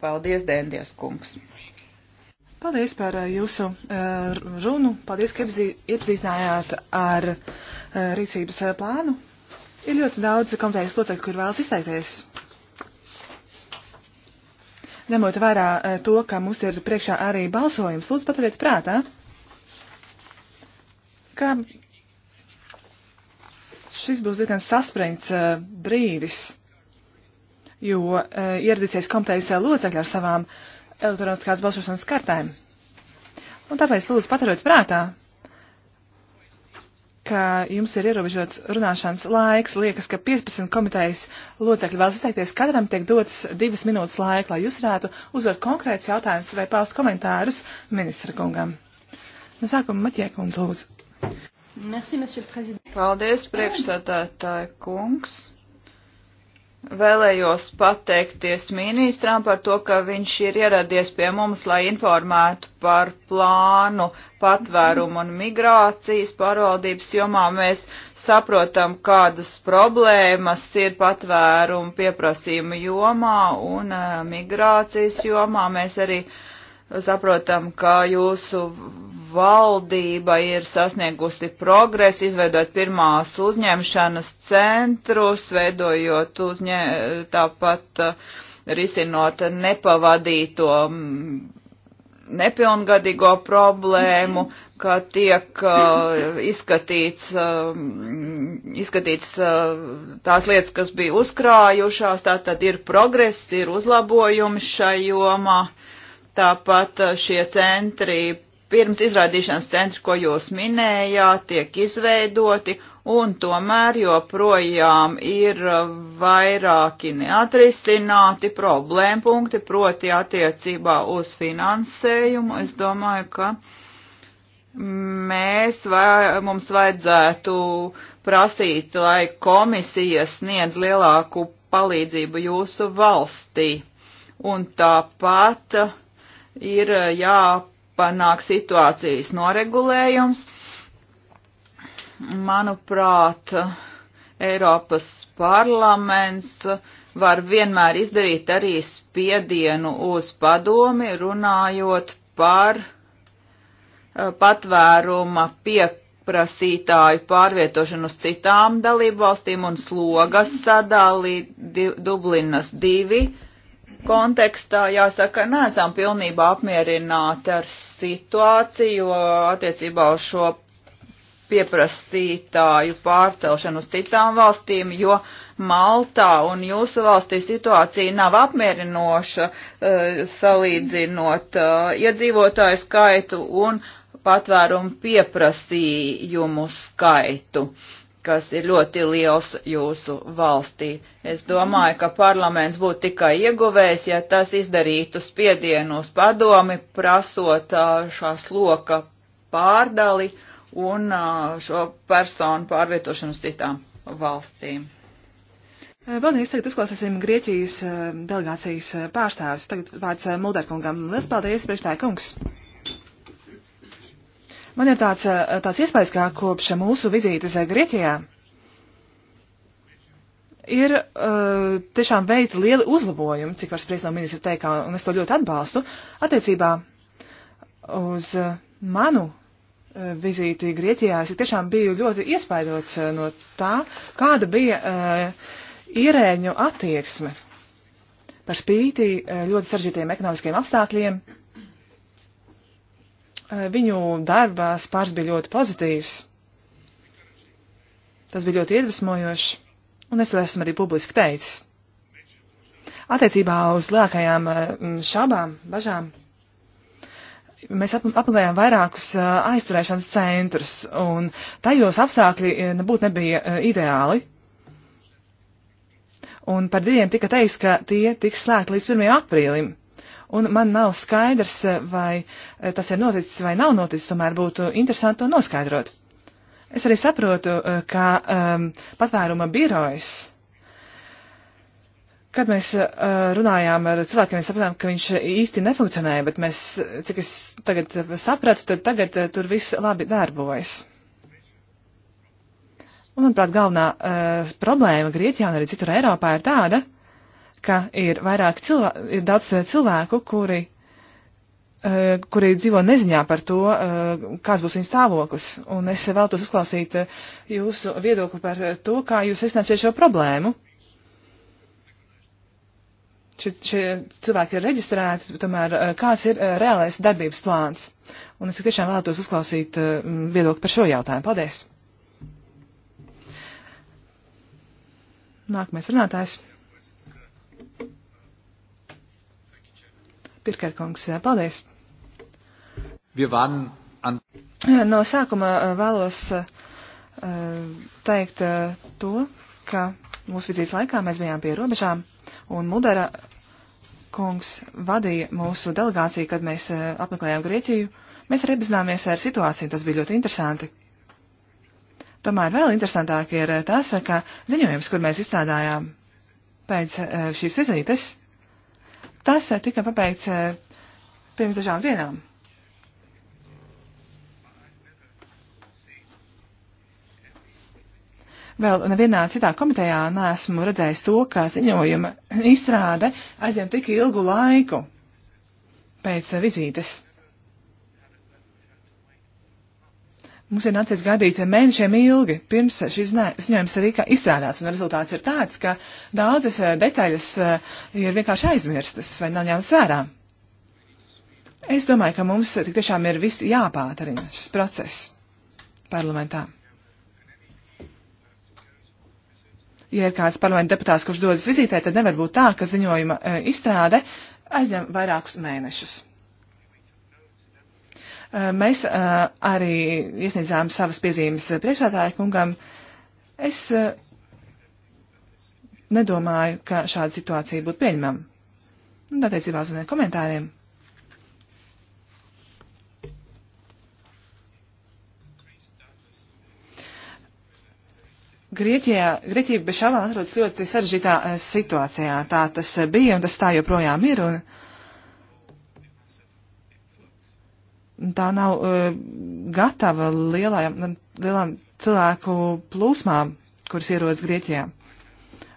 Paldies, Dēndies kungs! Paldies par uh, jūsu uh, runu. Paldies, ka iepazīstinājāt ar uh, Eh, rīcības eh, plānu. Ir ļoti daudz komitejas locekļu, kur vēlas izteikties. Ņemot vērā eh, to, ka mums ir priekšā arī balsojums, lūdzu paturiet prātā, ka šis būs diezgan saspringts brīdis, jo ieradīsies komitejas locekļi ar savām elektroniskās balsošanas kartēm. Un tāpēc lūdzu paturiet prātā, ka jums ir ierobežots runāšanas laiks. Liekas, ka 15 komitejas locekļi vēlas izteikties. Katram tiek dotas divas minūtes laika, lai jūs varētu uzdot konkrētus jautājumus vai paust komentārus ministra kungam. No sākuma Matija kundze lūdzu. Merci, Paldies, priekšstādātāja kungs. Vēlējos pateikties ministram par to, ka viņš ir ieradies pie mums, lai informētu par plānu patvērumu un migrācijas pārvaldības jomā. Mēs saprotam, kādas problēmas ir patvērumu pieprasījuma jomā un eh, migrācijas jomā. Mēs arī uh, saprotam, ka jūsu valdība ir sasniegusi progresu, izveidot pirmās uzņemšanas centrus, veidojot uzņē, tāpat uh, risinot nepavadīto mm, nepilngadīgo problēmu, ka tiek uh, izskatīts, uh, izskatīts uh, tās lietas, kas bija uzkrājušās, tā tad ir progress, ir uzlabojumi šai jomā. Uh, Tāpat uh, šie centri, pirms izrādīšanas centri, ko jūs minējāt, tiek izveidoti, un tomēr joprojām ir uh, vairāki neatrisināti problēma punkti, proti attiecībā uz finansējumu. Es domāju, ka mēs vai, mums vajadzētu prasīt, lai komisija sniedz lielāku palīdzību jūsu valstī. Un tāpat uh, ir eh, jāpanāk situācijas noregulējums. Manuprāt, Eiropas parlaments var vienmēr izdarīt arī spiedienu uz padomi, runājot par eh, patvēruma pieprasītāju pārvietošanu uz citām dalību valstīm un slogas sadalīt Dublinas divi kontekstā jāsaka, neesam pilnībā apmierināti ar situāciju attiecībā uz šo pieprasītāju pārcelšanu uz citām valstīm, jo Maltā un jūsu valstī situācija nav apmierinoša, eh, salīdzinot eh, iedzīvotāju skaitu un patvērumu pieprasījumu skaitu kas ir ļoti liels jūsu valstī. Es domāju, ka parlaments būtu tikai ieguvējis, ja tas izdarītu spiedienu uz padomi, prasot šā sloka pārdali un šo personu pārvietošanu uz citām valstīm. Paldies, tagad uzklausīsim Grieķijas delegācijas pārstāvis. Tagad vārds Mulderkungam. Liels paldies, priekšstāja kungs! Man ir tāds, eh, tāds iespējas, kā kopš mūsu vizītes eh, Grieķijā ir uh, tiešām veikti lieli uzlabojumi, cik var spriest no ministra teikā, un es to ļoti atbalstu, attiecībā uz uh, manu uh, vizīti Grieķijā. Es tiešām biju ļoti iespaidots uh, no tā, kāda bija uh, ierēņu attieksme par spīti uh, ļoti saržģītiem ekonomiskiem apstākļiem. Uh, Eh, viņu darbā spārs bija ļoti pozitīvs. Tas bija ļoti iedvesmojoši, un es to esmu arī publiski teicis. Attiecībā uz lielākajām eh, šābām, bažām, mēs apmeklējām vairākus eh, aizturēšanas centrus, un tajos apstākļi nebūtu nebija ideāli un par diviem tika teiks, ka tie tiks slēgti līdz 1. aprīlim un man nav skaidrs, eh, vai eh, tas ir noticis vai nav noticis, tomēr būtu interesanti to noskaidrot. Es arī saprotu, eh, ka um, patvēruma birojas, kad mēs uh, runājām ar cilvēkiem, mēs sapratām, ka viņš īsti nefunkcionēja, bet mēs, cik es tagad sapratu, tad tagad uh, tur viss labi darbojas. Un, manuprāt, galvenā uh, problēma Grieķijā un arī citur Eiropā ir tāda, ka ir vairāk cilvēku, ir daudz eh, cilvēku, kuri, eh, kuri dzīvo neziņā par to, eh, kāds būs viņu stāvoklis. Un es vēlētos uzklausīt jūsu viedokli par to, kā jūs esnāciet šo problēmu. Šie, šie cilvēki ir reģistrēti, bet tomēr kāds ir reālais darbības plāns? Un es tiešām vēlētos uzklausīt viedokli par šo jautājumu. Paldies! Nākamais runātājs. Pirkarkungs, paldies! No sākuma eh, vēlos eh, teikt eh, to, ka mūsu vizītes laikā mēs bijām pie robežām, un Mudara kungs vadīja mūsu delegāciju, kad mēs apmeklējām Grieķiju. Mēs arī apzināmies ar situāciju, tas bija ļoti interesanti. Tomēr vēl interesantāk ir tas, ka ziņojums, kur mēs izstrādājām pēc šīs vizītes, Tas eh, tika pabeigts eh, pirms dažām dienām. Vēl nevienā citā komitejā neesmu redzējis to, ka ziņojuma izstrāde aizņem tik ilgu laiku pēc eh, vizītes. Mums ir nācies gaidīt mēnešiem ilgi, pirms šis ziņojums ir izstrādāts, un rezultāts ir tāds, ka daudzas eh, detaļas eh, ir vienkārši aizmirstas vai nav ņemtas vērā. Es domāju, ka mums tik tiešām ir viss jāpātrina šis process parlamentā. Ja ir kāds parlamenta deputāts, kurš dodas vizītē, tad nevar būt tā, ka ziņojuma eh, izstrāde aizņem vairākus mēnešus. Eh, mēs eh, arī iesniedzām savas piezīmes eh, priekšsādātāju kungam. Es nedomāju, ka šāda situācija būtu pieņemama. Attiecībā uz maniem komentāriem. Grieķijā, Grieķija bez šaubām atrodas ļoti sarežģītā situācijā. Tā tas bija un tas tā joprojām ir. Un, uh, tā nav uh, gatava lielajam, lielām cilvēku plūsmām, kuras ierodas Grieķijā.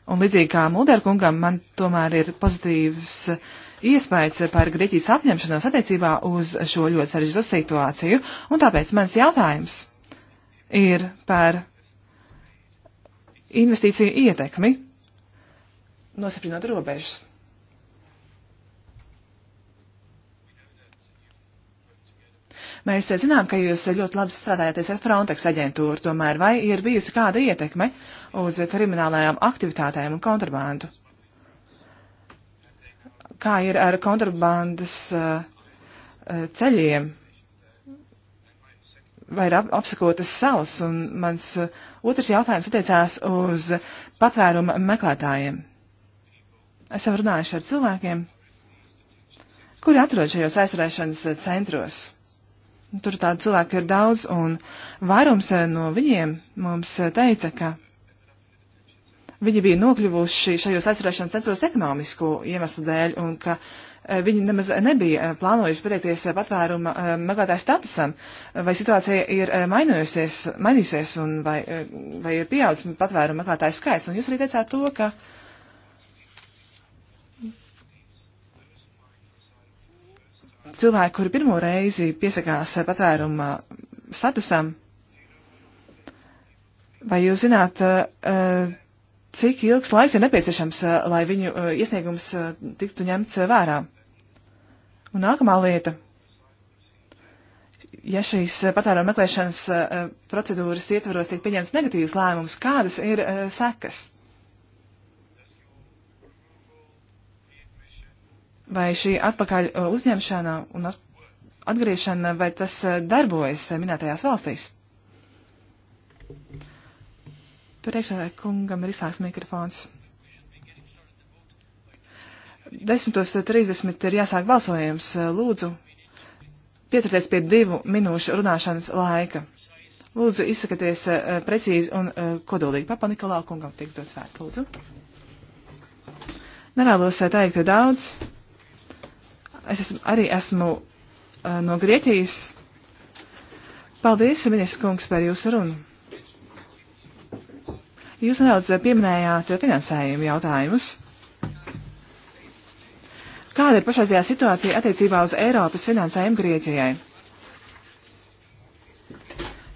Un līdzīgi kā Mulderkungam, man tomēr ir pozitīvs iespējas par Grieķijas apņemšanos attiecībā uz šo ļoti sarežģīto situāciju, un tāpēc mans jautājums ir par investīciju ietekmi nosaprinot robežas. Mēs zinām, ka jūs ļoti labi strādājaties ar Frontex aģentūru, tomēr vai ir bijusi kāda ietekme uz kriminālajām aktivitātēm un kontrabandu? Kā ir ar kontrabandas eh, eh, ceļiem? vai ir ap, apsakotas salas, un mans eh, otrs jautājums attiecās uz patvērumu meklētājiem. Esam runājuši ar cilvēkiem, kuri atrod šajos aizturēšanas centros. Tur tādu cilvēku ir daudz, un vairums eh, no viņiem mums eh, teica, ka viņi bija nokļuvuši šajos aizturēšanas centros ekonomisku iemeslu dēļ, un ka eh, viņi nemaz nebija plānojuši pateikties patvēruma meklētāju statusam, vai situācija ir mainījusies, mainīsies un vai, vai ir pieaudzis patvēruma meklētāju skaits. Un jūs arī teicāt to, ka. Uh, cilvēki, kuri pirmo reizi piesakās patvēruma statusam, vai jūs zināt, eh, cik ilgs laiks ir nepieciešams, eh, lai viņu eh, iesniegums tiktu ņemts vērā? Un nākamā lieta. Ja šīs patvēruma meklēšanas procedūras ietvaros tiek pieņemts negatīvs lēmums, kādas ir sekas? vai šī atpakaļ uh, uzņemšana un atgriešana, vai tas uh, darbojas uh, minētajās valstīs? Priekšsēdē kungam ir izslēgts mikrofons. 10.30 ir jāsāk balsojums. Lūdzu, pieturieties pie divu minūšu runāšanas laika. Lūdzu, izsakaties precīzi un kodolīgi. Papa Nikolau kungam tiek dots vērts. Lūdzu. Nevēlos teikt daudz. Es esmu, arī esmu uh, no Grieķijas. Paldies, ministrs kungs, par jūsu runu. Jūs nedaudz pieminējāt finansējumu jautājumus. Kāda ir pašreizējā situācija attiecībā uz Eiropas finansējumu Grieķijai?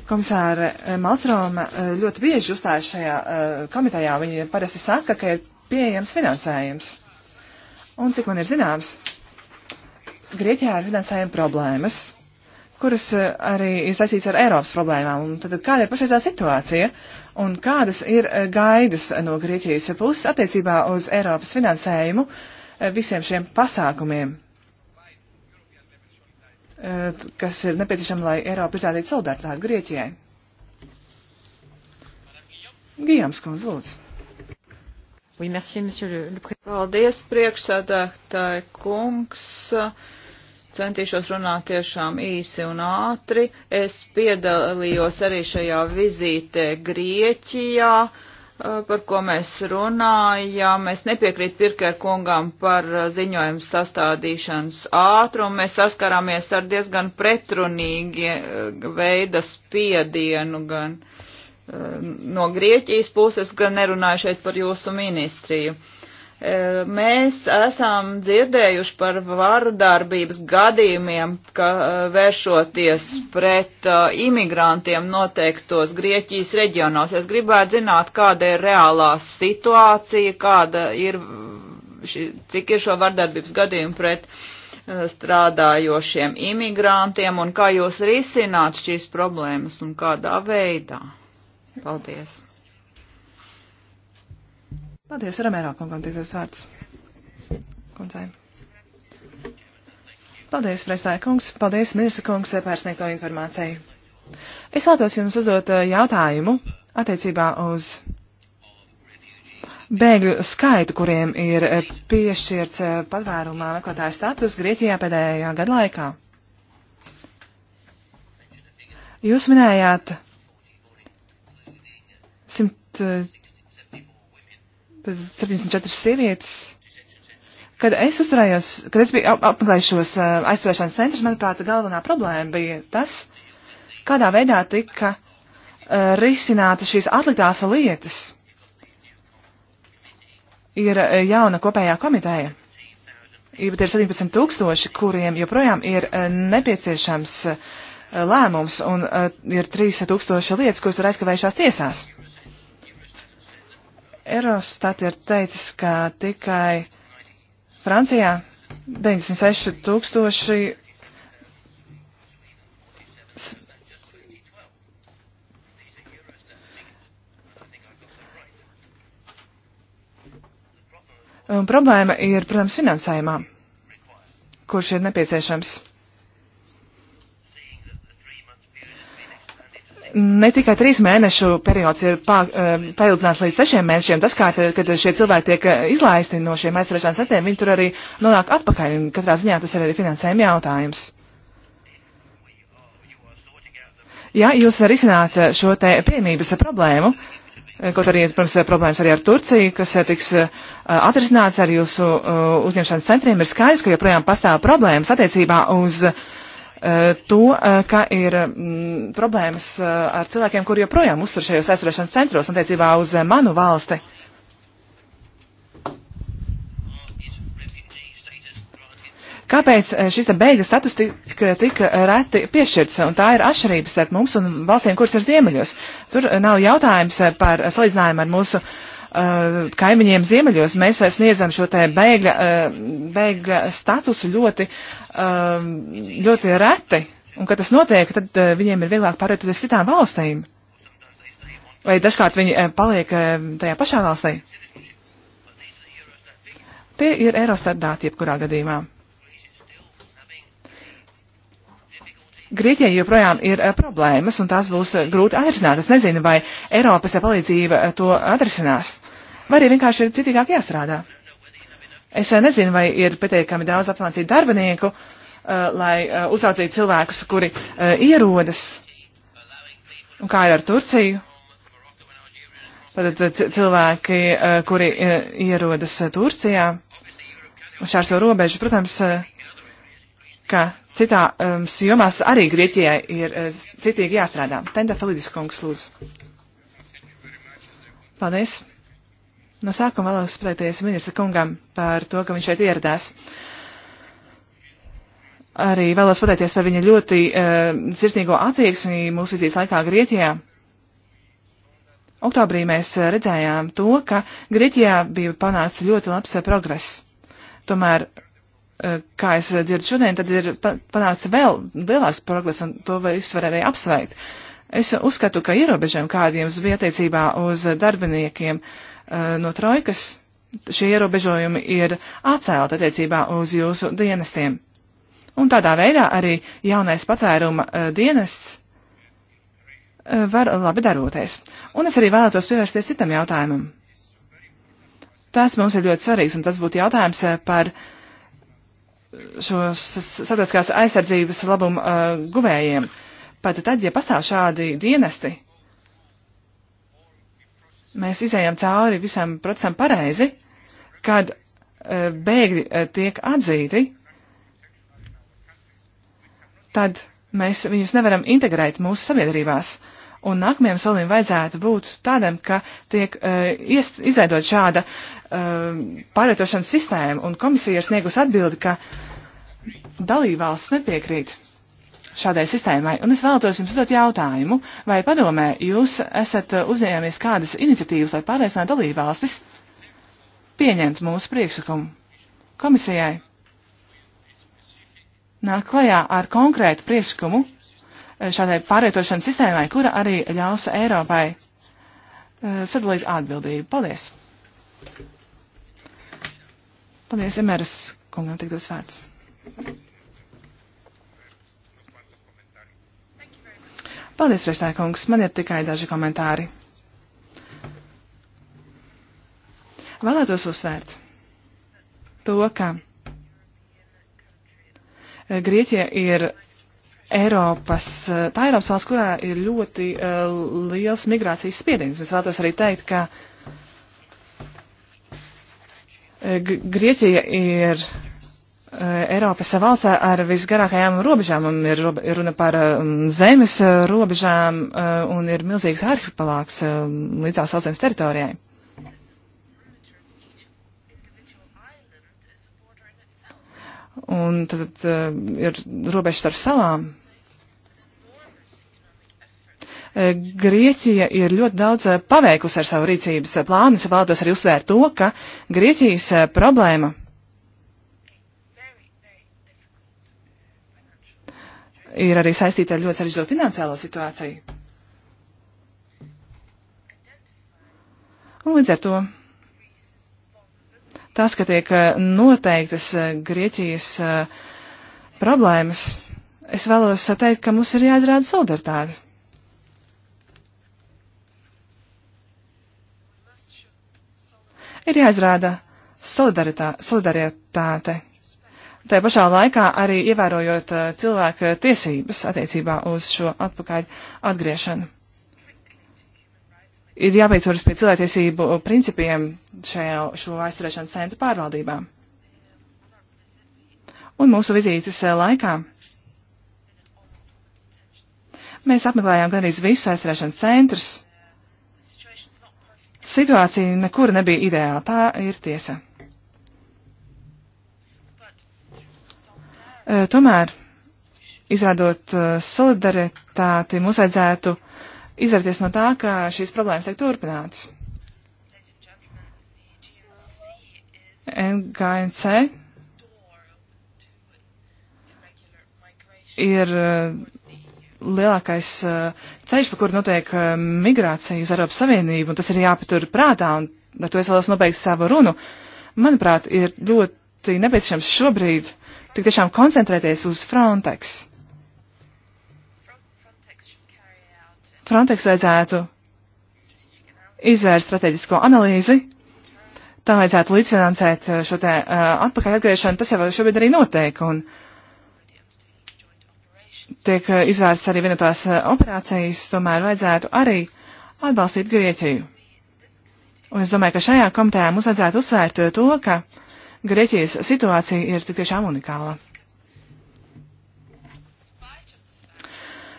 Komisāra Malstroma ļoti bieži uzstājas šajā komitejā. Viņa parasti saka, ka ir pieejams finansējums. Un cik man ir zināms, Grieķijā ir finansējuma problēmas, kuras eh, arī ir saistīts ar Eiropas problēmām. Un tad kāda ir pašreizā situācija un kādas ir eh, gaidas no Grieķijas puses attiecībā uz Eiropas finansējumu eh, visiem šiem pasākumiem, kas ir nepieciešama, lai Eiropa izrādītu solidaritāti Grieķijai? Gijams Kundz, lūdzu. Oui, merci, le... Paldies, priekšsādātāji kungs. Uh, Centīšos runāt tiešām īsi un ātri. Es piedalījos arī šajā vizītē Grieķijā, eh, par ko mēs runājām. Es nepiekrītu Pirker kungam par eh, ziņojumu sastādīšanas ātrumu. Mēs saskarāmies ar diezgan pretrunīgi eh, veida spiedienu gan no Grieķijas puses, gan nerunāju šeit par jūsu ministriju. Uh, Mēs esam dzirdējuši par vardarbības gadījumiem, ka vēršoties pret imigrantiem noteiktos Grieķijas reģionos. Es gribētu zināt, kāda ir reālā situācija, kāda ir, cik ir šo vardarbības gadījumu pret strādājošiem imigrantiem un kā jūs risināt šīs problēmas un kādā veidā. Paldies! Paldies, Ramērā kungam, tiek tas vārds. Kundzei. Paldies, Frēstāja kungs. Paldies, ministra kungs, par sniegto informāciju. Es vēlētos jums uzdot eh, jautājumu attiecībā uz bēgļu skaitu, kuriem ir eh, piešķirts eh, patvērumā meklētāja status Grieķijā pēdējā gada laikā. Jūs minējāt 100 74 sievietes. Kad es uzturējos, kad es biju apmeklējis šos eh, aizturēšanas centrus, manuprāt, galvenā problēma bija tas, kādā veidā tika eh, risināta šīs atliktās lietas. Ir eh, jauna kopējā komiteja. Ir, bet ir 17 tūkstoši, kuriem joprojām ir nepieciešams lēmums, un ir 3000 lietas, kuras ir aizkavējušās tiesās. Eurostat ir teicis, ka tikai Francijā 96 tūkstoši Un problēma ir, protams, finansējumā, kurš ir nepieciešams. ne tikai trīs mēnešu periods ir pā, eh, paildzināts līdz sešiem mēnešiem. Tas, kā, kad šie cilvēki tiek eh, izlaisti no šiem aizturēšanas centriem, viņi tur arī nonāk atpakaļ. Un katrā ziņā tas ir arī finansējuma jautājums. Ja jūs risināt eh, šo te piemības problēmu, kaut arī, protams, problēmas arī ar Turciju, kas tiks atrisināts ar jūsu uzņemšanas centriem, ir skaidrs, ka joprojām pastāv problēmas attiecībā uz uh, Eh, to, eh, ka ir m, mm, problēmas eh, ar cilvēkiem, kuri joprojām uztur šajos aizturēšanas centros attiecībā uz manu valsti. Kāpēc šis beigas status tika tik reti piešķirts? Un tā ir atšķirība starp mums un valstīm, kuras ir ziemeļos. Tur nav jautājums par salīdzinājumu ar mūsu uh, Eh, kaimiņiem ziemeļos. Mēs sniedzam šo te bēgļa, eh, bēgļa statusu ļoti, eh, ļoti reti. Un, kad tas notiek, tad viņiem ir vieglāk pārēt uz citām valstīm. Vai dažkārt viņi paliek tajā pašā valstī? Tie ir Eurostat dati jebkurā gadījumā. Grieķijai joprojām ir eh, problēmas, un tās būs eh, grūti atrisināt. Es nezinu, vai Eiropas eh, palīdzība to atrisinās, vai arī vienkārši ir citīgāk jāstrādā. Es nezinu, vai ir pietiekami daudz apmācītu darbinieku, lai uzraudzītu cilvēkus, kuri ierodas. Un kā ir ar Turciju? Tad cilvēki, kuri ierodas Turcijā, šārs jau robežu, protams, ka citā um, jomās arī Grieķijai ir uh, citīgi jāstrādā. Tenda Felidis kungs, lūdzu. Paldies. No sākuma vēlos pateikties ministra kungam par to, ka viņš šeit ieradās. Arī vēlos pateikties par viņa ļoti uh, sirsnīgo attieksmi mūsu vizītes laikā Grieķijā. Oktobrī mēs uh, redzējām to, ka Grieķijā bija panācis ļoti labs uh, progress. Tomēr Eh, kā es eh, dzirdu šodien, tad ir panāca vēl lielāks progress, un to visu varēja apsveikt. Es uzskatu, ka ierobežojumi, kādiem bija attiecībā uz darbiniekiem eh, no trojkas, šie ierobežojumi ir atcēlti attiecībā uz jūsu dienestiem. Un tādā veidā arī jaunais patēruma dienests var labi daroties. Un es arī vēlētos pievērsties citam jautājumam. Tas mums ir ļoti svarīgs, un tas būtu jautājums par uh, šos sabiedriskās aizsardzības labumu uh, guvējiem. Pat tad, ja pastāv šādi dienesti, mēs izējām cauri visam procesam pareizi, kad uh, bēgļi uh, tiek atzīti, tad mēs viņus nevaram integrēt mūsu sabiedrībās. Uh, Un nākamajam solim vajadzētu būt tādam, ka tiek uh, eh, iest, izveidot šāda uh, pārvietošanas sistēma, un komisija ir sniegus atbildi, ka dalībvalsts nepiekrīt šādai sistēmai. Un es vēlētos jums dot jautājumu, vai padomē jūs esat uzņēmies kādas iniciatīvas, lai pārliecinātu dalībvalstis pieņemt mūsu priekšlikumu komisijai? Nāk klajā ar konkrētu priekšlikumu šādai pārvietošanas sistēmai, kura arī ļaus Eiropai e, sadalīt atbildību. Paldies! Paldies, Emeras kungam, tik dos vārds. Paldies, priekšstāja kungs, man ir tikai daži komentāri. Vēlētos uzsvērt to, ka Grieķija ir Eiropas, eh, tā Eiropas valsts, kurā ir ļoti uh, liels migrācijas spiediens. Es vēlētos arī teikt, ka eh, G Grieķija ir uh, Eiropas valsts ar visgarākajām robežām, un ir runa par um, zemes robežām, uh, un ir milzīgs arhipelāgs līdzās saucens teritorijai. un tad uh, ir robeža starp salām. Eh, Grieķija ir ļoti daudz eh, paveikusi ar savu rīcības eh, plānu. Es vēlētos arī uzsvērt to, ka Grieķijas problēma ir arī saistīta ar ļoti sarežģītu finansiālo situāciju. Un līdz ar to tas, ka tiek noteiktas Grieķijas problēmas, es vēlos teikt, ka mums ir jāizrāda solidaritāte. Ir jāizrāda solidaritāte. Tā pašā laikā arī ievērojot eh, cilvēku tiesības attiecībā uz šo atpakaļ atgriešanu. Ir jāpieturas pie cilvēktiesību principiem šajā, šo aizturēšanas centru pārvaldībā. Un mūsu vizītes eh, laikā mēs apmeklējām gandrīz visus aizturēšanas centrus situācija nekur nebija ideāla. Tā ir tiesa. E, tomēr, izrādot e, solidaritāti, mums vajadzētu izvērties no tā, ka šīs problēmas tiek turpināts. NGNC ir e, lielākais uh, ceļš, pa kuru notiek uh, migrācija uz Eiropas Savienību, un tas ir jāpatur prātā, un ar to es vēlos nobeigt savu runu. Manuprāt, ir ļoti nepieciešams šobrīd tik tiešām koncentrēties uz Frontex. Frontex vajadzētu izvērst strateģisko analīzi, tam vajadzētu līdzfinansēt eh, šo te uh, atpakaļ atgriešanu, tas jau šobrīd arī notiek. Un, uh, tiek eh, izvērsts arī vienotās eh, operācijas, tomēr vajadzētu arī atbalstīt Grieķiju. Un es domāju, ka šajā komitejā mums vajadzētu uzsvērt eh, to, ka Grieķijas situācija ir tik tiešām unikāla.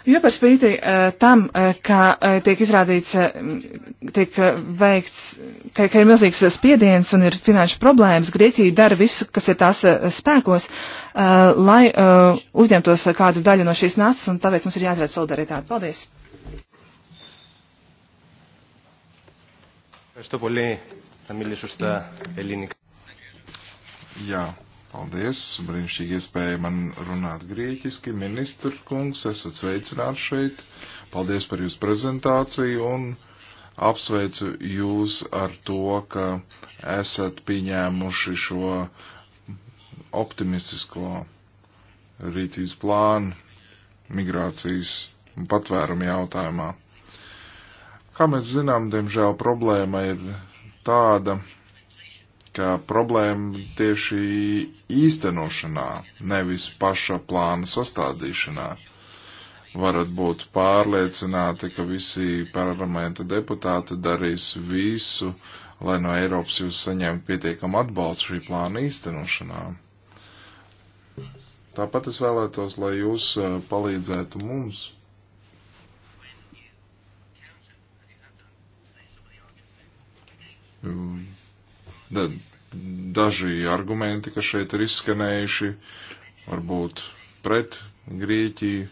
Jo par spīti uh, tam, uh, eh, kā uh, eh, tiek izrādīts, uh, tiek uh, veikts, ka, ka ir milzīgs spiediens un ir finanšu problēmas, Grieķija dara visu, kas ir tās uh, spēkos, uh, lai uh, uzņemtos kādu daļu no šīs nācas, un tāpēc mums ir jāizrāda solidaritāte. Paldies! Ευχαριστώ πολύ. Θα μιλήσω στα ελληνικά. Γεια. Yeah. Paldies, brīnišķīgi iespēja man runāt grieķiski. Ministra kungs, esat sveicināts šeit. Paldies par jūsu prezentāciju un apsveicu jūs ar to, ka esat pieņēmuši šo optimistisko rīcības plānu migrācijas un patvērumu jautājumā. Kā mēs zinām, diemžēl problēma ir tāda, ka problēma tieši īstenošanā, nevis paša plāna sastādīšanā. Varat būt pārliecināti, ka visi parlamenta deputāti darīs visu, lai no Eiropas jūs saņemtu pietiekamu atbalstu šī plāna īstenošanā. Tāpat es vēlētos, lai jūs eh, palīdzētu mums. Mm Daži argumenti, kas šeit ir izskanējuši, varbūt pret Grieķiju,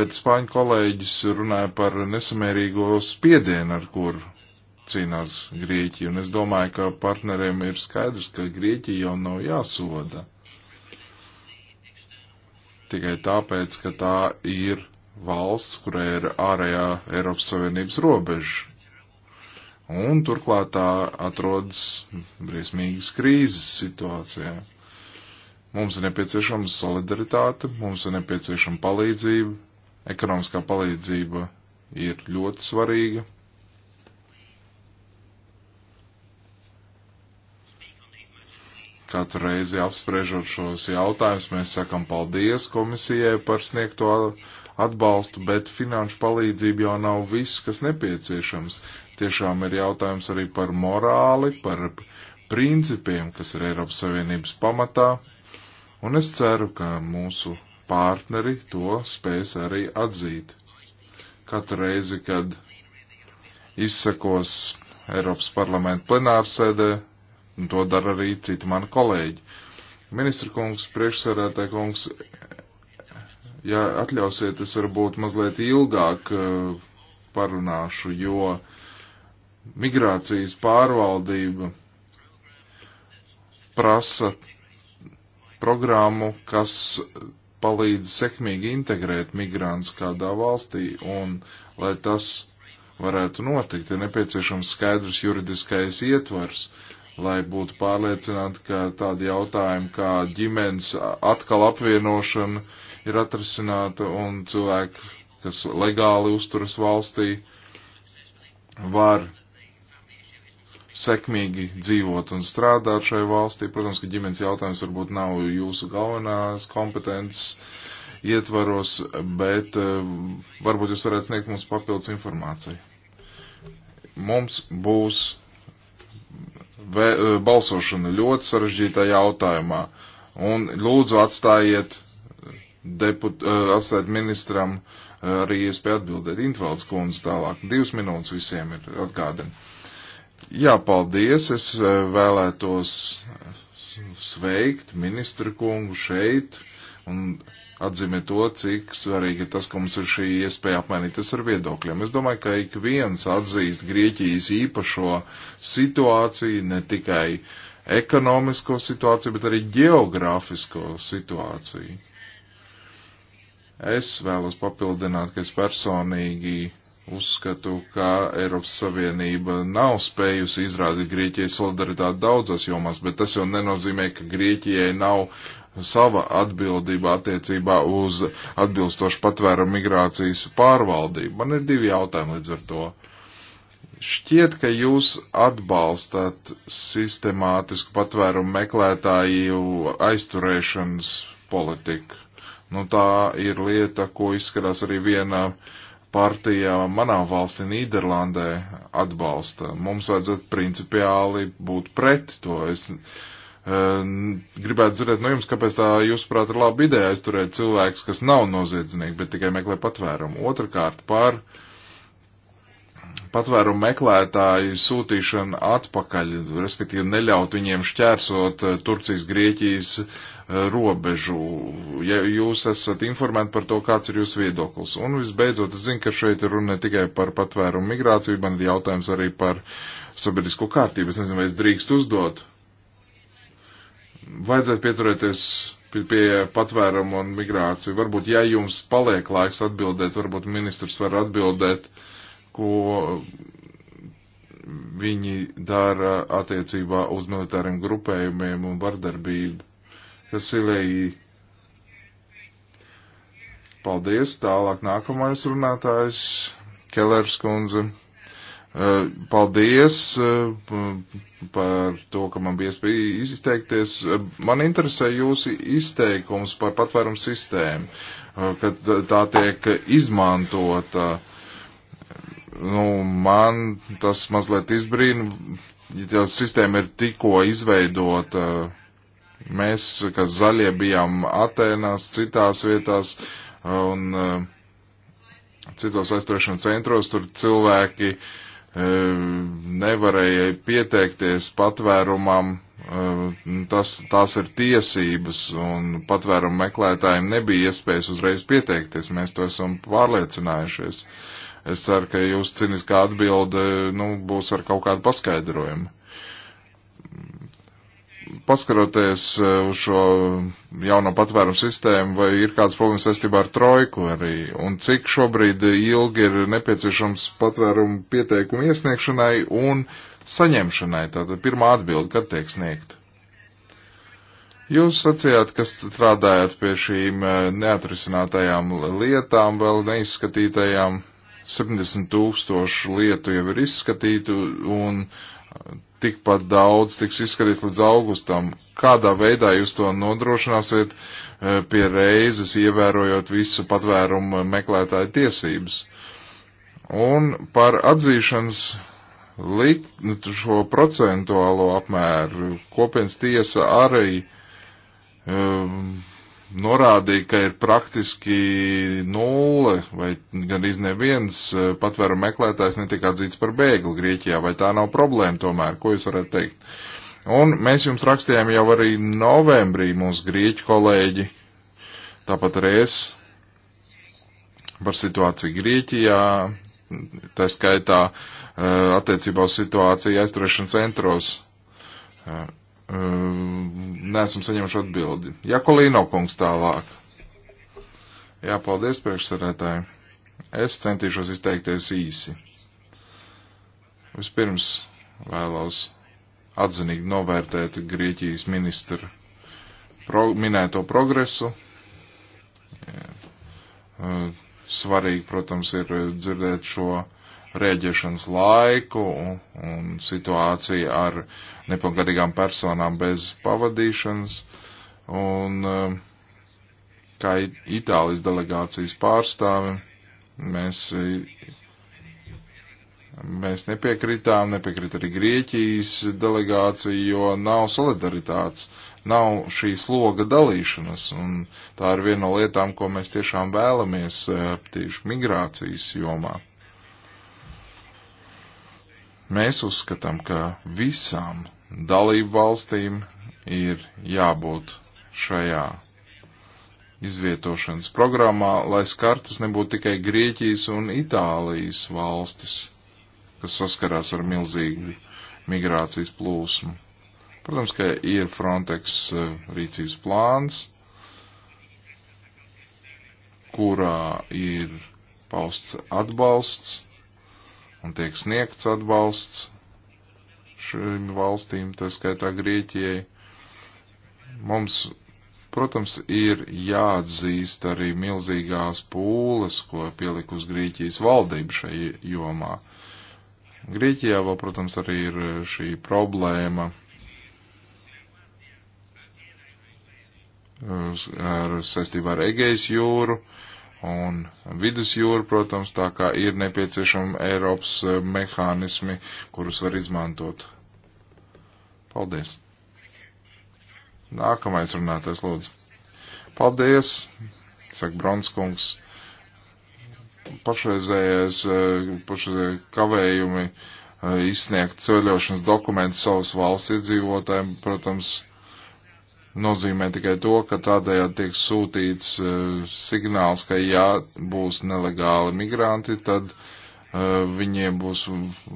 bet spāņu kolēģis runāja par nesamērīgo spiedienu, ar kur cīnās Grieķija, un es domāju, ka partneriem ir skaidrs, ka Grieķija jau nav jāsoda. Tikai tāpēc, ka tā ir valsts, kurai ir ārējā Eiropas Savienības robeža un turklāt tā atrodas briesmīgas krīzes situācijā. Mums ir nepieciešama solidaritāte, mums ir nepieciešama palīdzība, ekonomiskā palīdzība ir ļoti svarīga. Katru reizi apspriežot šos jautājumus, mēs sakam paldies komisijai par sniegto atbalstu, bet finanšu palīdzība jau nav viss, kas nepieciešams. Tiešām ir jautājums arī par morāli, par principiem, kas ir Eiropas Savienības pamatā. Un es ceru, ka mūsu partneri to spēs arī atzīt. Katru reizi, kad izsakos Eiropas parlamenta plenārsēdē, un to dara arī citi mani kolēģi. Ministra kungs, priekšsēdētāja kungs, ja atļausiet, es varbūt mazliet ilgāk eh, parunāšu, jo migrācijas pārvaldība prasa programmu, kas palīdz sekmīgi integrēt migrants kādā valstī, un lai tas varētu notikt, ir nepieciešams skaidrs juridiskais ietvars, lai būtu pārliecināti, ka tādi jautājumi kā ģimenes atkal apvienošana ir atrisināta un cilvēki, kas legāli uzturas valstī, var sekmīgi dzīvot un strādāt šai valstī. Protams, ka ģimenes jautājums varbūt nav jūsu galvenās kompetences ietvaros, bet eh, varbūt jūs varētu sniegt mums papildus informāciju. Mums būs eh, balsošana ļoti sarežģītā jautājumā, un lūdzu atstājiet, deput, eh, atstājiet ministram arī iespēju atbildēt. Intvalds kundze tālāk. Divas minūtes visiem ir atgādina. Jā, paldies. Es eh, vēlētos sveikt ministru kungu šeit un atzīmē to, cik svarīgi ir tas, ka mums ir šī iespēja apmainīties ar viedokļiem. Es domāju, ka ik viens atzīst Grieķijas īpašo situāciju, ne tikai ekonomisko situāciju, bet arī geogrāfisko situāciju. Es vēlos papildināt, ka es personīgi Uzskatu, ka Eiropas Savienība nav spējusi izrādīt Grieķijai solidaritāti daudzas jomās, bet tas jau nenozīmē, ka Grieķijai nav sava atbildība attiecībā uz atbilstošu patvēru migrācijas pārvaldību. Man ir divi jautājumi līdz ar to. Šķiet, ka jūs atbalstat sistemātisku patvērumu meklētāju aizturēšanas politiku. Nu, tā ir lieta, ko izskatās arī viena uh, partija manā valstī, Nīderlandē, atbalsta. Mums vajadzētu principiāli būt pret to. Es e, gribētu dzirdēt no jums, kāpēc tā, jūsuprāt, ir laba ideja aizturēt cilvēkus, kas nav noziedznieki, bet tikai meklē patvērumu. Otrakārt, par patvērumu meklētāju sūtīšanu atpakaļ, respektīvi neļaut viņiem šķērsot eh, Turcijas, Grieķijas, uh, robežu, ja jūs esat informēti par to, kāds ir jūsu viedoklis. Un visbeidzot, es zinu, ka šeit ir runa ne tikai par patvērumu migrāciju, man ir jautājums arī par sabiedrisko kārtību. Es nezinu, vai es drīkst uzdot. Vajadzētu pieturēties pie patvērumu un migrāciju. Varbūt, ja jums paliek laiks atbildēt, varbūt ministrs var atbildēt, ko viņi dara attiecībā uz militāriem grupējumiem un vardarbību. Kasilēji. Paldies. Tālāk nākamais runātājs Kelers kundze. Eh, paldies eh, par to, ka man bija iespēja izteikties. Eh, man interesē jūsu izteikums par patvērumu sistēmu, kad tā tiek izmantota. Nu, man tas mazliet izbrīna, ja sistēma ir tikko izveidota Mēs, kas zaļie, bijām Atēnās, citās vietās un eh, citos aizturēšanas centros, tur cilvēki eh, nevarēja pieteikties patvērumam, eh, tas, tās ir tiesības, un patvērumu meklētājiem nebija iespējas uzreiz pieteikties, mēs to esam pārliecinājušies. Es ceru, ka jūs ciniskā atbilde nu, būs ar kaut kādu paskaidrojumu paskaroties e, uz šo jauno patvērumu sistēmu, vai ir kādas problēmas saistībā ar trojku arī, un cik šobrīd ilgi ir nepieciešams patvērumu pieteikumu iesniegšanai un saņemšanai, tātad pirmā atbilde, kad tiek sniegta. Jūs sacījāt, ka strādājat pie šīm e, neatrisinātajām lietām, vēl neizskatītajām. 70 tūkstošu lietu jau ir izskatītu, un tikpat daudz tiks izskatīts līdz augustam. Kādā veidā jūs to nodrošināsiet e, pie reizes, ievērojot visu patvērumu meklētāju tiesības? Un par atzīšanas lik, šo procentuālo apmēru kopienas tiesa arī um, norādīja, ka ir praktiski nulle vai gan izneviens e, patvēru meklētājs netiek atzīts par bēgli Grieķijā, vai tā nav problēma tomēr, ko jūs varētu teikt? Un mēs jums rakstījām jau arī novembrī mūsu grieķu kolēģi, tāpat arī es, par situāciju Grieķijā, tā skaitā e, attiecībā uz situāciju aizturēšanas centros e, Ehm, neesam saņemuši atbildi. Jakolīno kungs tālāk. Jā, paldies priekšsarētāji. Es centīšos izteikties īsi. Vispirms vēlos atzinīgi novērtēt Grieķijas ministra pro, minēto progresu. Ehm, svarīgi, protams, ir dzirdēt šo rēģēšanas laiku un, un situāciju ar nepilngadīgām personām bez pavadīšanas. Un eh, kā Itālijas delegācijas pārstāvi, mēs, eh, mēs nepiekritām, nepiekrita arī Grieķijas delegācija, jo nav solidaritātes, nav šī sloga dalīšanas. Un tā ir viena no lietām, ko mēs tiešām vēlamies eh, tieši migrācijas jomā. Mēs uzskatām, ka visām dalību valstīm ir jābūt šajā izvietošanas programmā, lai skartas nebūtu tikai Grieķijas un Itālijas valstis, kas saskarās ar milzīgu migrācijas plūsmu. Protams, ka ir Frontex eh, rīcības plāns, kurā ir pausts atbalsts un tiek sniegts atbalsts šīm valstīm, tā skaitā Grieķijai. Mums, protams, ir jāatzīst arī milzīgās pūles, ko pielikus Grieķijas valdība šai jomā. Grieķijā vēl, protams, arī ir šī problēma ar saistībā ar Egejas jūru. Uh, un vidusjūru, protams, tā kā ir nepieciešami Eiropas e, mehānismi, kurus var izmantot. Paldies! Nākamais runātais lūdzu. Paldies, saka Bronskungs. Pašreizējais, e, pašreizējais kavējumi e, izsniegt ceļošanas dokumentus savas valsts iedzīvotājiem, protams, nozīmē tikai to, ka tādējādi tiek sūtīts e, signāls, ka ja būs nelegāli migranti, tad e, viņiem būs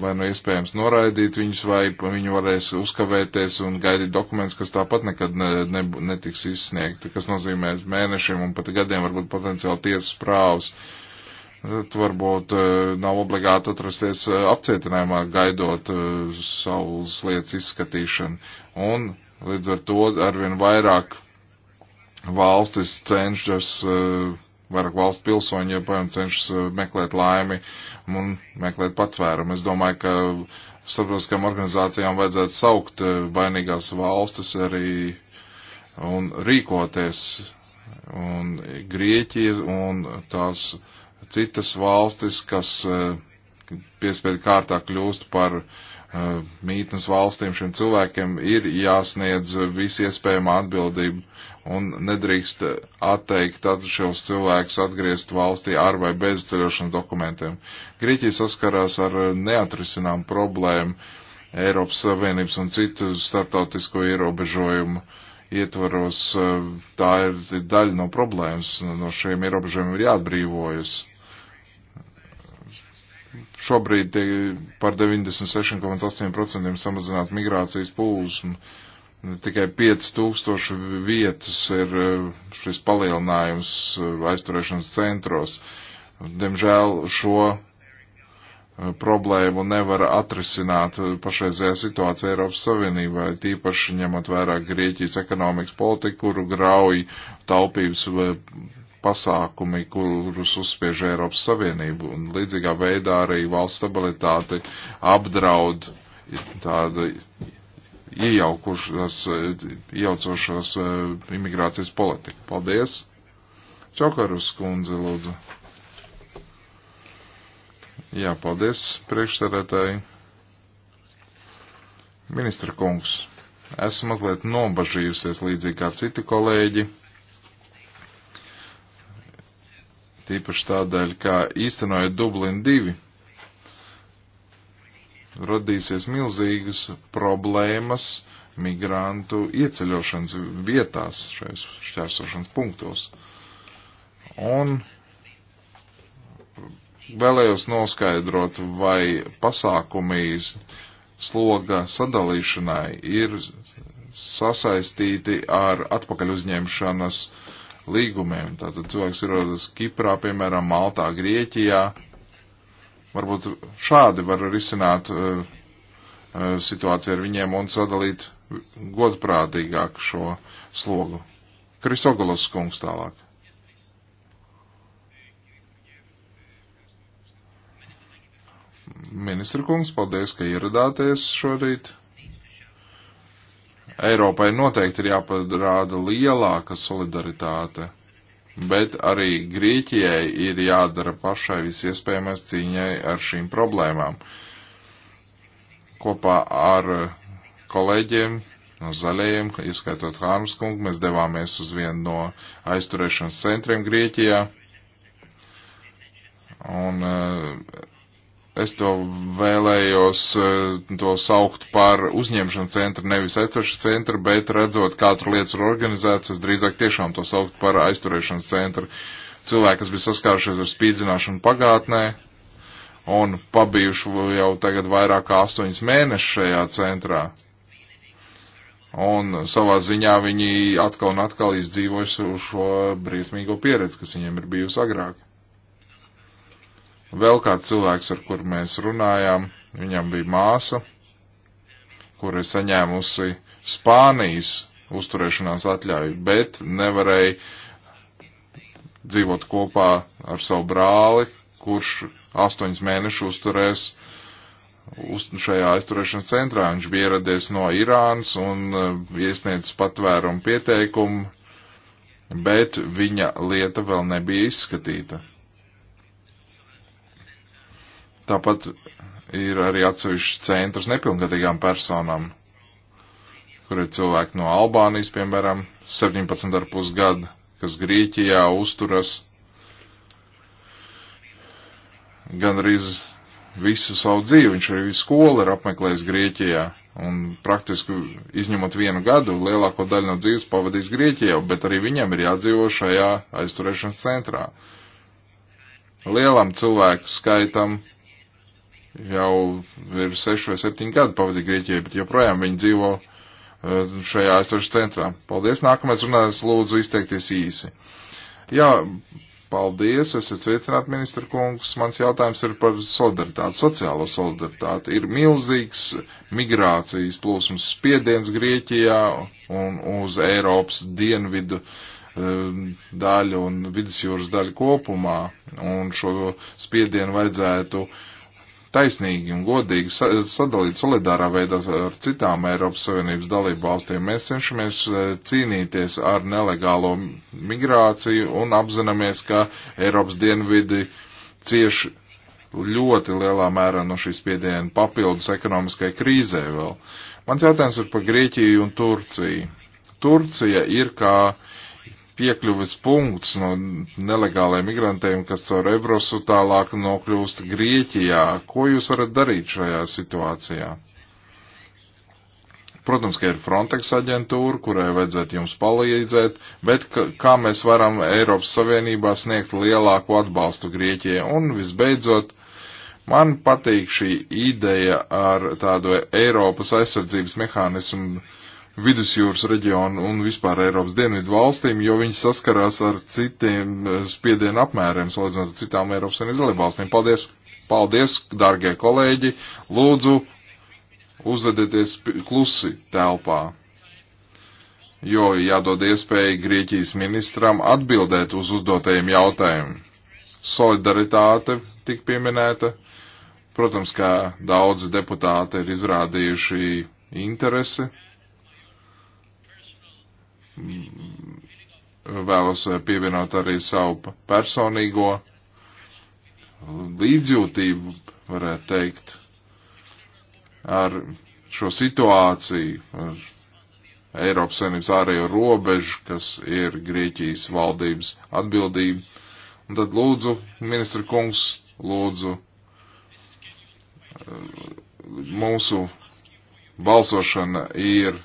vai nu iespējams noraidīt viņus, vai viņi varēs uzkavēties un gaidīt dokumentus, kas tāpat nekad ne, ne, netiks izsniegti, kas nozīmē mēnešiem un pat gadiem varbūt potenciāli tiesas prāvus. Tad varbūt e, nav obligāti atrasties apcietinājumā, gaidot savas lietas izskatīšanu. Un Līdz ar to arvien vairāk valstis cenšas, eh, vairāk valstu pilsoņi joprojām cenšas eh, meklēt laimi un meklēt patvērumu. Es domāju, ka starptautiskajām organizācijām vajadzētu saukt eh, vainīgās valstis arī un rīkoties. Un Grieķija un tās citas valstis, kas piespēdu kārtā kļūst par uh, Eh, mītnes valstīm šiem cilvēkiem ir jāsniedz visi iespējamā atbildība un nedrīkst atteikt šos cilvēkus atgriezt valstī ar vai bez ceļošanas dokumentiem. Grieķija saskarās ar neatrisinām problēmu Eiropas Savienības un citu startautisko ierobežojumu ietvaros. Eh, tā ir daļa no problēmas, no šiem ierobežojumiem ir jāatbrīvojas šobrīd par 96,8% samazināt migrācijas plūsmu. Tikai 5000 vietas ir e, šis palielinājums e, aizturēšanas centros. Diemžēl šo e, problēmu nevar atrisināt pašreizējā situācija Eiropas Savienībā, tīpaši ņemot vērā Grieķijas ekonomikas politiku, kuru grauj taupības pasākumi, kurus uzspiež Eiropas Savienība, un līdzīgā veidā arī valsts stabilitāti apdraud tāda iejaukušās, iejaucošās e, imigrācijas politika. Paldies! Čokarus kundze, lūdzu. Jā, paldies priekšsarētāji. Ministra kungs, esmu mazliet nobažījusies līdzīgi kā citi kolēģi Tīpaši tādēļ, ka īstenojot Dublin 2, radīsies milzīgas problēmas migrantu ieceļošanas vietās, šajos šķērsošanas punktos. Un vēlējos noskaidrot, vai pasākumi sloga sadalīšanai ir sasaistīti ar atpakaļ uzņemšanas uh, līgumiem. Tātad cilvēks ir uz Kiprā, piemēram, Maltā, Grieķijā. Varbūt šādi var risināt uh, uh situāciju ar viņiem un sadalīt godprātīgāk šo slogu. Krisogolos kungs tālāk. Ministra kungs, paldies, ka ieradāties šorīt. Eiropai noteikti ir jāparāda lielāka solidaritāte, bet arī Grieķijai ir jādara pašai visiespējamais cīņai ar šīm problēmām. Kopā ar kolēģiem no zaļajiem, ieskaitot Hārmas kungu, mēs devāmies uz vienu no aizturēšanas centriem Grieķijā. Un uh, Es to vēlējos eh, to saukt par uzņemšanu centru, nevis aizturēšanas centru, bet redzot, kā tur lietas ir organizētas, es drīzāk tiešām to saukt par aizturēšanas centru. Cilvēki, kas bija saskārušies ar spīdzināšanu pagātnē un pabijuši jau tagad vairāk kā astoņas mēnešus šajā centrā. Un savā ziņā viņi atkal un atkal izdzīvojuši šo briesmīgo pieredzi, kas viņiem ir bijusi agrāk. Vēl kāds cilvēks, ar kuru mēs runājām, viņam bija māsa, kur ir saņēmusi Spānijas uzturēšanās atļauju, bet nevarēja dzīvot kopā ar savu brāli, kurš astoņus mēnešus uzturēs uz, šajā aizturēšanas centrā. Viņš bija ieradies no Irānas un e, iesniedz patvērumu pieteikumu, bet viņa lieta vēl nebija izskatīta. Tāpat ir arī atsevišķi centrs nepilngadīgām personām, kur ir cilvēki no Albānijas, piemēram, 17,5 gadu, kas Grieķijā uzturas gandrīz visu savu dzīvi. Viņš arī skolu ir apmeklējis Grieķijā. Un praktiski izņemot vienu gadu, lielāko daļu no dzīves pavadījis Grieķijā, bet arī viņam ir jādzīvo šajā aizturēšanas centrā. Lielam cilvēku skaitam jau ir 6 vai 7 gadi pavadīja Grieķijai, bet joprojām viņi dzīvo eh, šajā aizturšanas centrā. Paldies, nākamais runājas lūdzu izteikties īsi. Jā, paldies, esat sveicināti, ministra kungs. Mans jautājums ir par solidaritāti, sociālo solidaritāti. Ir milzīgs migrācijas plūsmas spiediens Grieķijā un uz Eiropas dienvidu eh, daļu un vidusjūras daļu kopumā, un šo spiedienu vajadzētu uh, taisnīgi un godīgi sadalīt solidārā veidā ar citām Eiropas Savienības dalību valstīm. Mēs cenšamies e, cīnīties ar nelegālo migrāciju un apzināmies, ka Eiropas dienvidi cieši ļoti lielā mērā no šīs piediena papildus ekonomiskai krīzē vēl. Mans jautājums ir par Grieķiju un Turciju. Turcija ir kā uh, piekļuvis punkts no nelegāliem migrantiem, kas caur Ebrosu tālāk nokļūst Grieķijā. Ko jūs varat darīt šajā situācijā? Protams, ka ir Frontex aģentūra, kurai vajadzētu jums palīdzēt, bet kā mēs varam Eiropas Savienībā sniegt lielāku atbalstu Grieķijai? Un visbeidzot, man patīk šī ideja ar tādu Eiropas aizsardzības mehānismu vidusjūras reģionu un vispār Eiropas dienvidu valstīm, jo viņi saskarās ar citiem eh, spiedienu apmēriem, salīdzinot ar citām Eiropas un Izraēla valstīm. Paldies, paldies, dārgie kolēģi, lūdzu, uzvedieties klusi telpā, jo jādod iespēju Grieķijas ministram atbildēt uz uzdotajiem jautājumiem. Solidaritāte tik pieminēta. Protams, kā daudzi deputāti ir izrādījuši interesi vēlos eh, pievienot arī savu personīgo līdzjūtību, varētu teikt, ar šo situāciju, ar Eiropas Savienības ārējo robežu, kas ir Grieķijas valdības atbildība. Un tad lūdzu, ministra kungs, lūdzu eh, mūsu balsošana ir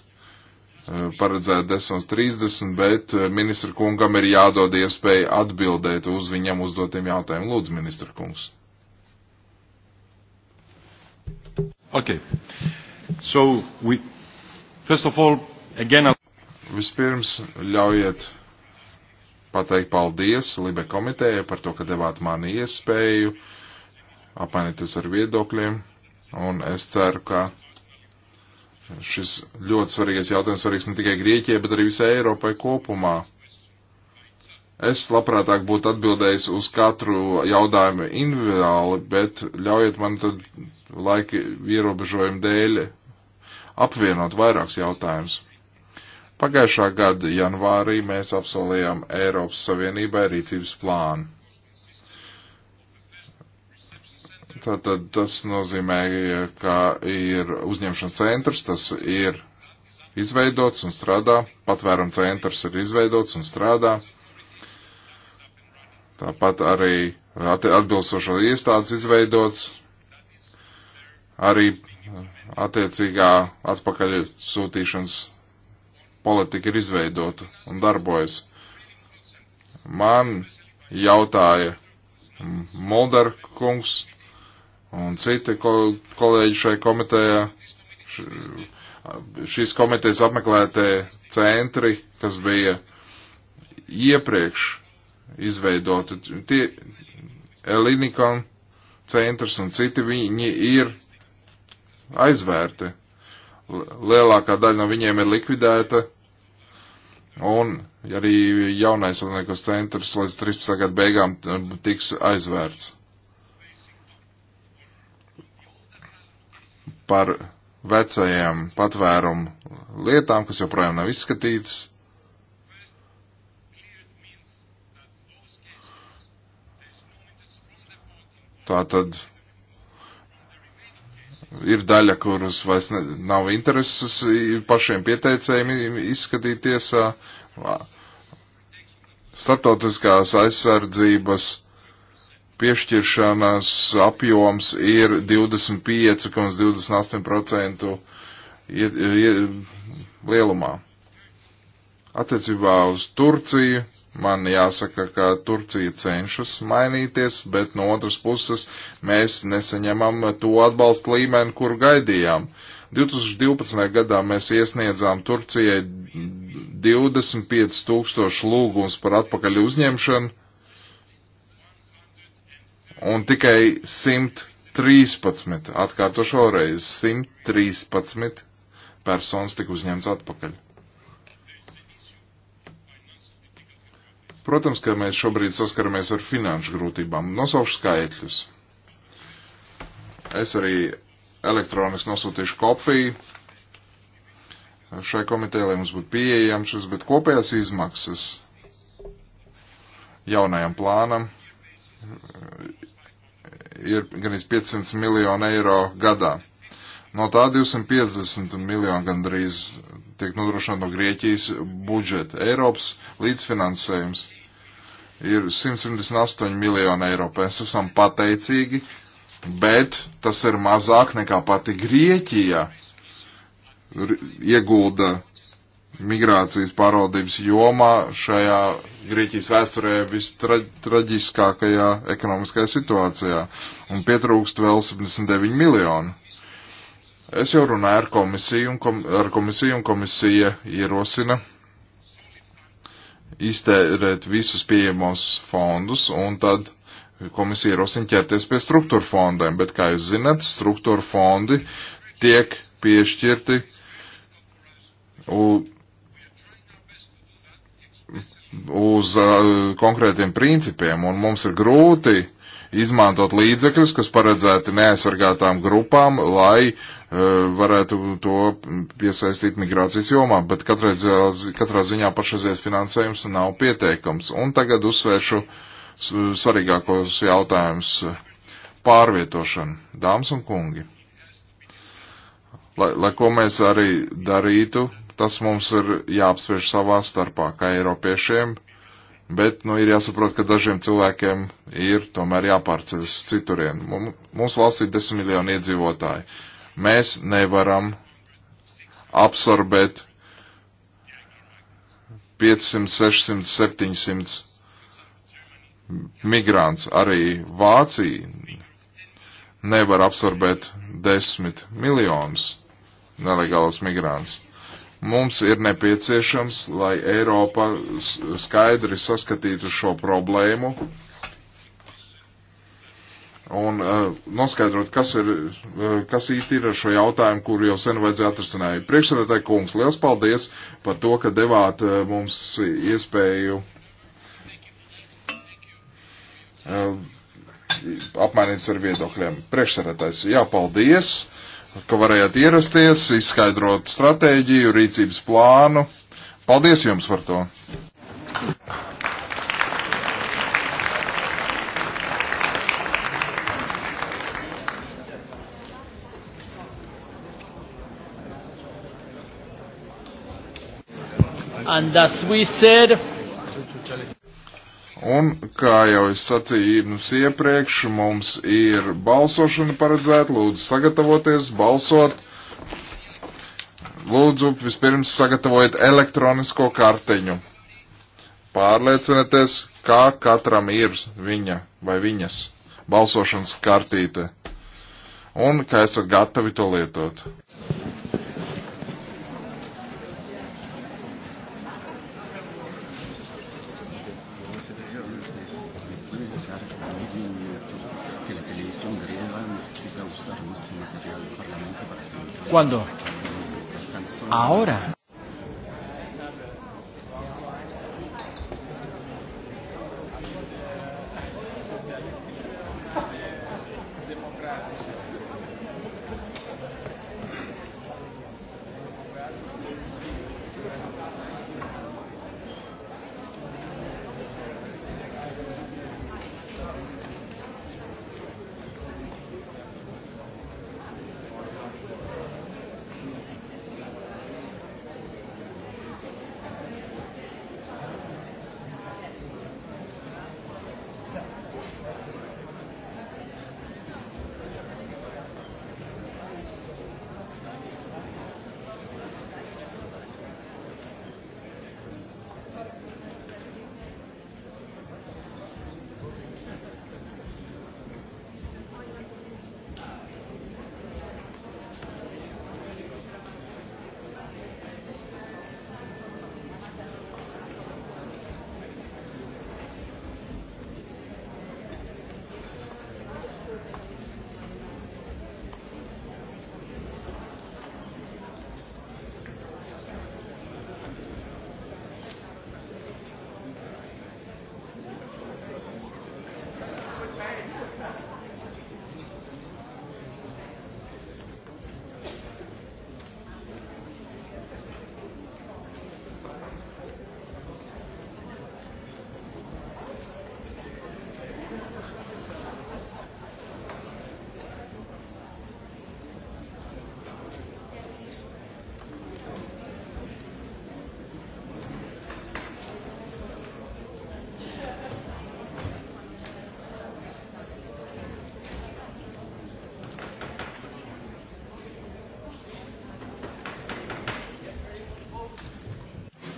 Eh, paredzēt 10.30, bet eh, ministra kungam ir jādod iespēja atbildēt uz viņam uzdotiem jautājumiem. Lūdzu, ministra kungs. Okay. So we, first of all, again... Vispirms ļaujiet pateikt paldies Libe komitējai par to, ka devāt man iespēju apmainīties ar viedokļiem, un es ceru, ka šis ļoti svarīgais jautājums svarīgs ne tikai Grieķijai, bet arī visai Eiropai kopumā. Es labprātāk būtu atbildējis uz katru jautājumu individuāli, bet ļaujiet man tad laika ierobežojumu dēļ apvienot vairākus jautājumus. Pagājušā gada janvārī mēs apsolījām Eiropas Savienībai rīcības plānu. Tātad tas nozīmē, ka ir uzņemšanas centrs, tas ir izveidots un strādā, patvērum centrs ir izveidots un strādā. Tāpat arī atbilstošo iestādes izveidots, arī attiecīgā atpakaļ sūtīšanas politika ir izveidota un darbojas. Man jautāja Mulder kungs, un citi kol kolēģi šai komitejā, š, šīs komitejas apmeklētie centri, kas bija iepriekš izveidoti, tie Elinikon centrs un citi, viņi ir aizvērti. Lielākā daļa no viņiem ir likvidēta, un arī jaunais Elinikas centrs līdz 13. gadu beigām tiks aizvērts. par vecajām patvērumu lietām, kas joprojām nav izskatītas. Tā tad ir daļa, kuras vairs ne, nav intereses pašiem pieteicējiem izskatīties. Startautiskās aizsardzības piešķiršanas apjoms ir 25,28% lielumā. Attiecībā uz Turciju man jāsaka, ka Turcija cenšas mainīties, bet no otras puses mēs nesaņemam to atbalstu līmeni, kur gaidījām. 2012. gadā mēs iesniedzām Turcijai 25 tūkstošu lūgums par atpakaļ uzņemšanu, un tikai 113, atkārto šoreiz, 113 personas tika uzņemts atpakaļ. Protams, ka mēs šobrīd saskaramies ar finanšu grūtībām. Nosaukšu skaitļus. Es arī elektroniski nosūtīšu kopiju šai komitejai, lai mums būtu pieejams šis, bet kopējās izmaksas jaunajam plānam ir gan 500 miljonu eiro gadā. No tā 250 miljonu gandrīz tiek nodrošināta no Grieķijas budžeta. Eiropas līdzfinansējums ir 178 miljonu eiro. Mēs esam pateicīgi, bet tas ir mazāk nekā pati Grieķija iegulda migrācijas pārvaldības jomā šajā Grieķijas vēsturē vistraģiskākajā ekonomiskajā situācijā un pietrūkst vēl 79 miljonu. Es jau runāju ar komisiju, un kom, ar komisiju, un komisija ierosina iztērēt visus pieejamos fondus, un tad komisija ierosina ķerties pie struktūra fondiem, bet, kā jūs zinat, struktūra fondi tiek piešķirti u, uz uh, konkrētiem principiem, un mums ir grūti izmantot līdzekļus, kas paredzēti neaizsargātām grupām, lai uh, varētu to piesaistīt migrācijas jomā, bet katrā, katrā ziņā pašreizies finansējums nav pieteikams. Un tagad uzsvēršu svarīgākos jautājumus - pārvietošanu. Dāmas un kungi, lai, lai ko mēs arī darītu, tas mums ir jāapsvērš savā starpā, kā Eiropiešiem, bet nu, ir jāsaprot, ka dažiem cilvēkiem ir tomēr jāpārceļas citurien. Mūsu valstī ir desmit miljoni iedzīvotāji. Mēs nevaram absorbēt 500, 600, 700 migrants. Arī Vācija nevar absorbēt 10 miljonus nelegālus migrants. Mums ir nepieciešams, lai Eiropa skaidri saskatītu šo problēmu un uh, noskaidrot, kas, ir, uh, kas īsti ir ar šo jautājumu, kur jau sen vajadzēja atrasināt. Priekšsēdētāji kungs, liels paldies par to, ka devāt uh, mums iespēju uh, apmainīties ar viedokļiem. Priekšsēdētājs, jā, paldies! ka varējāt ierasties, izskaidrot stratēģiju, rīcības plānu. Paldies jums par to! And as we said, Un, kā jau es sacīju jums iepriekš, mums ir balsošana paredzēta, lūdzu sagatavoties, balsot. Lūdzu, vispirms sagatavojiet elektronisko karteņu. Pārliecinieties, kā katram ir viņa vai viņas balsošanas kartīte. Un kā esat gatavi to lietot. ¿Cuándo? Ahora.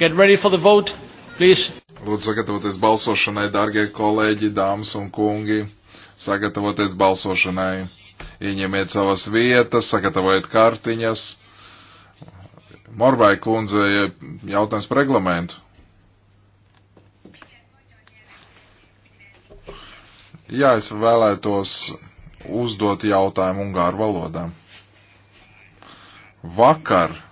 Get ready for the vote, please. Lūdzu, sagatavoties balsošanai, dārgie kolēģi, dāmas un kungi. Sagatavoties balsošanai. Ieņemiet savas vietas, sagatavojiet kartiņas. Morvai kundze, jautājums par reglamentu. Jā, es vēlētos uzdot jautājumu ungāru valodā. Vakar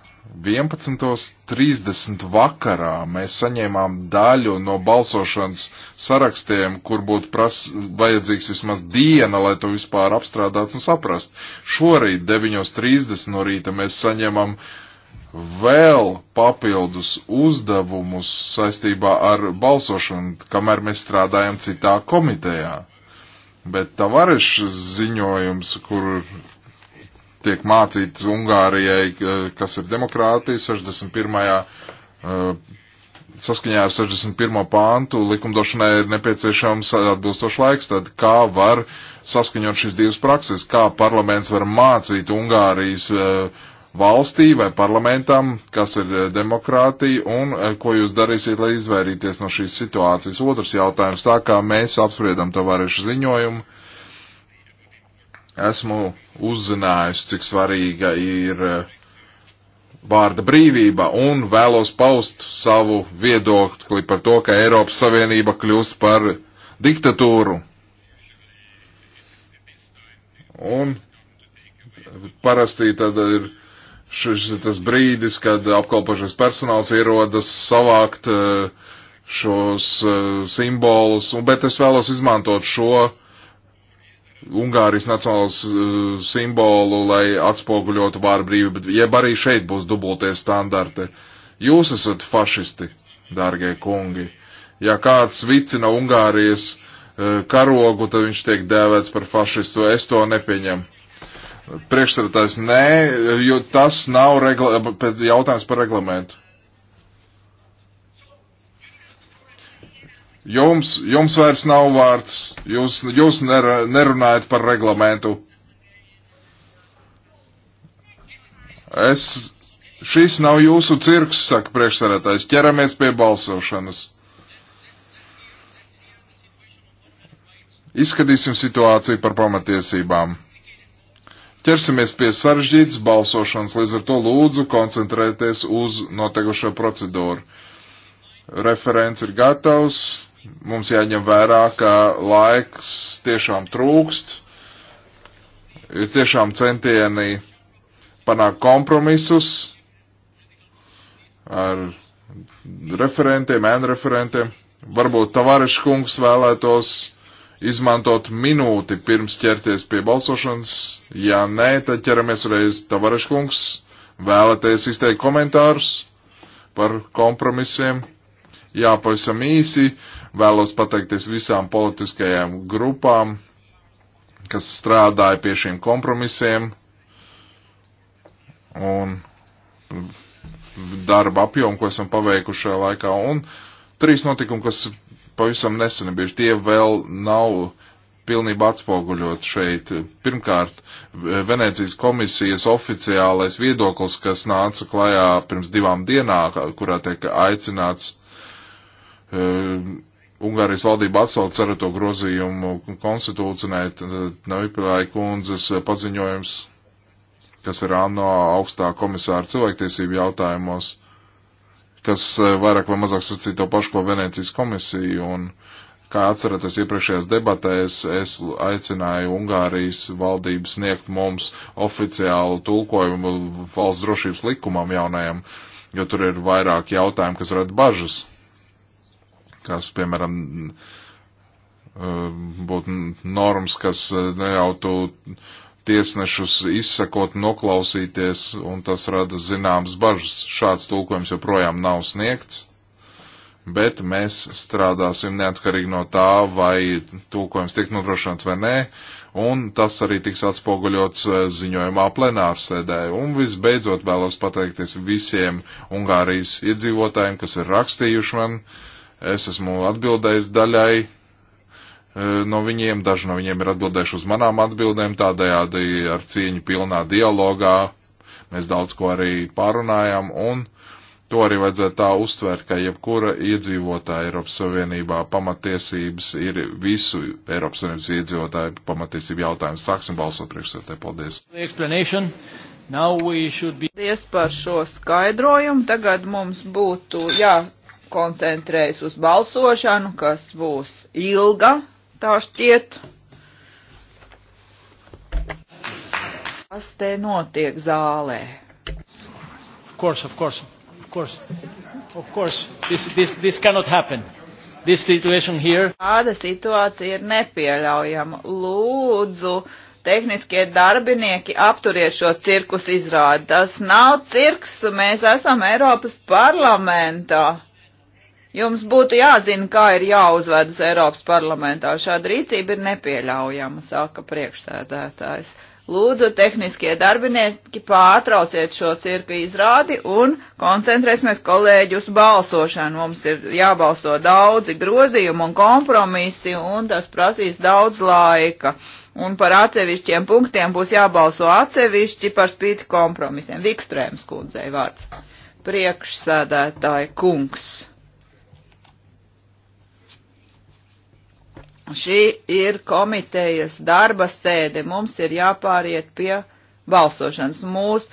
11.30 vakarā mēs saņēmām daļu no balsošanas sarakstiem, kur būtu pras, vajadzīgs vismaz diena, lai to vispār apstrādātu un saprast. Šorīt 9.30 no rīta mēs saņemam vēl papildus uzdevumus saistībā ar balsošanu, kamēr mēs strādājam citā komitejā. Bet tavarešs ziņojums, kur tiek mācīts Ungārijai, kas ir demokrātija 61. Eh, saskaņā ar 61. pāntu likumdošanai ir nepieciešams atbilstošs laiks, tad kā var saskaņot šīs divas prakses, kā parlaments var mācīt Ungārijas eh, valstī vai parlamentam, kas ir eh, demokrātija un ko jūs darīsiet, lai izvairīties no šīs situācijas. Otrs jautājums, tā kā mēs apspriedam tavarešu ziņojumu esmu uzzinājusi, cik svarīga ir eh, vārda brīvība un vēlos paust savu viedokli par to, ka Eiropas Savienība kļūst par diktatūru. Un parasti tad ir šis tas brīdis, kad apkalpošais personāls ierodas savākt eh, šos eh, simbolus, bet es vēlos izmantot šo uh, Ungārijas nacionālos uh, simbolu, lai atspoguļotu vārdu brīvību, bet jeb arī šeit būs dubultie standarti. Jūs esat fašisti, dārgie kungi. Ja kāds vicina Ungārijas uh, karogu, tad viņš tiek dēvēts par fašistu. Es to nepieņemu. Priekšsēdētājs, nē, jo tas nav regla, jautājums par reglamentu. Jums, jums vairs nav vārds, jūs, jūs ner, nerunājat par reglamentu. Es, šis nav jūsu cirks, saka priekšsarētājs, ķeramies pie balsošanas. Izskatīsim situāciju par pamatiesībām. Ķersimies pie sarežģītas balsošanas, līdz ar to lūdzu koncentrēties uz notegušo procedūru. Referents ir gatavs. Mums jāņem vērā, ka laiks tiešām trūkst, ir tiešām centieni panākt kompromisus ar referentiem, ēnu referentiem. Varbūt Tavareša kungs vēlētos izmantot minūti pirms ķerties pie balsošanas. Ja nē, tad ķeramies reiz Tavareša kungs. Vēlaties izteikt komentārus par kompromisiem? Jā, pavisam īsi. Vēlos pateikties visām politiskajām grupām, kas strādāja pie šiem kompromisiem. Un darba apjomu, ko esam paveikuši šajā laikā, un trīs notikumi, kas pavisam neseni bijuši, tie vēl nav pilnībā atspoguļot šeit. Pirmkārt, Venecijas komisijas oficiālais viedoklis, kas nāca klajā pirms divām dienām, kurā tiek aicināts uh, Ungārijas valdība atsauca ar to grozījumu konstitūcijai, eh, Navipilāja kundzes eh, paziņojums, kas ir ANO augstā komisāra cilvēktiesību jautājumos, kas eh, vairāk vai mazāk sacīja to pašu, ko Venecijas komisija, un kā atceraties iepriekšējās debatēs, es aicināju Ungārijas valdību sniegt mums oficiālu tulkojumu valsts drošības likumam jaunajam, jo tur ir vairāk jautājumu, kas rada bažas kas, piemēram, eh, būtu normas, kas eh, neļautu tiesnešus izsakot, noklausīties, un tas rada zināmas bažas. Šāds tulkojums joprojām nav sniegts, bet mēs strādāsim neatkarīgi no tā, vai tulkojums tiek nodrošināts vai nē, un tas arī tiks atspoguļots eh, ziņojumā plenārsēdē. Un visbeidzot vēlos pateikties visiem Ungārijas iedzīvotājiem, kas ir rakstījuši man. Uh, Es esmu atbildējis daļai e, no viņiem, daži no viņiem ir atbildējuši uz manām atbildēm, tādējādi ar cieņu pilnā dialogā mēs daudz ko arī pārunājam, un to arī vajadzētu tā uztvert, ka jebkura iedzīvotāja Eiropas Savienībā pamatiesības ir visu Eiropas Savienības iedzīvotāju pamatiesību jautājums. Sāksim balsot priekšsētē. Paldies! Be... Paldies par šo skaidrojumu. Tagad mums būtu jā koncentrējas uz balsošanu, kas būs ilga, tā šķiet. Kas te notiek zālē? Of course, of course, of course, of course, this, this, this cannot happen. This situation here. Tāda situācija ir nepieļaujama. Lūdzu, tehniskie darbinieki apturiet šo cirkus izrādi. Tas nav cirks, mēs esam Eiropas parlamentā. Jums būtu jāzina, kā ir jāuzvedas Eiropas parlamentā. Šāda rīcība ir nepieļaujama, saka priekšsēdētājs. Lūdzu, tehniskie darbinieki, pārtrauciet šo cirka izrādi un koncentrēsimies kolēģi uz balsošanu. Mums ir jābalso daudzi grozījumi un kompromisi, un tas prasīs daudz laika. Un par atsevišķiem punktiem būs jābalso atsevišķi par spīti kompromisiem. Vikstrēms kundzei vārds. Priekšsēdētāji kungs. Šī ir komitejas darba sēde. Mums ir jāpāriet pie balsošanas. Mūs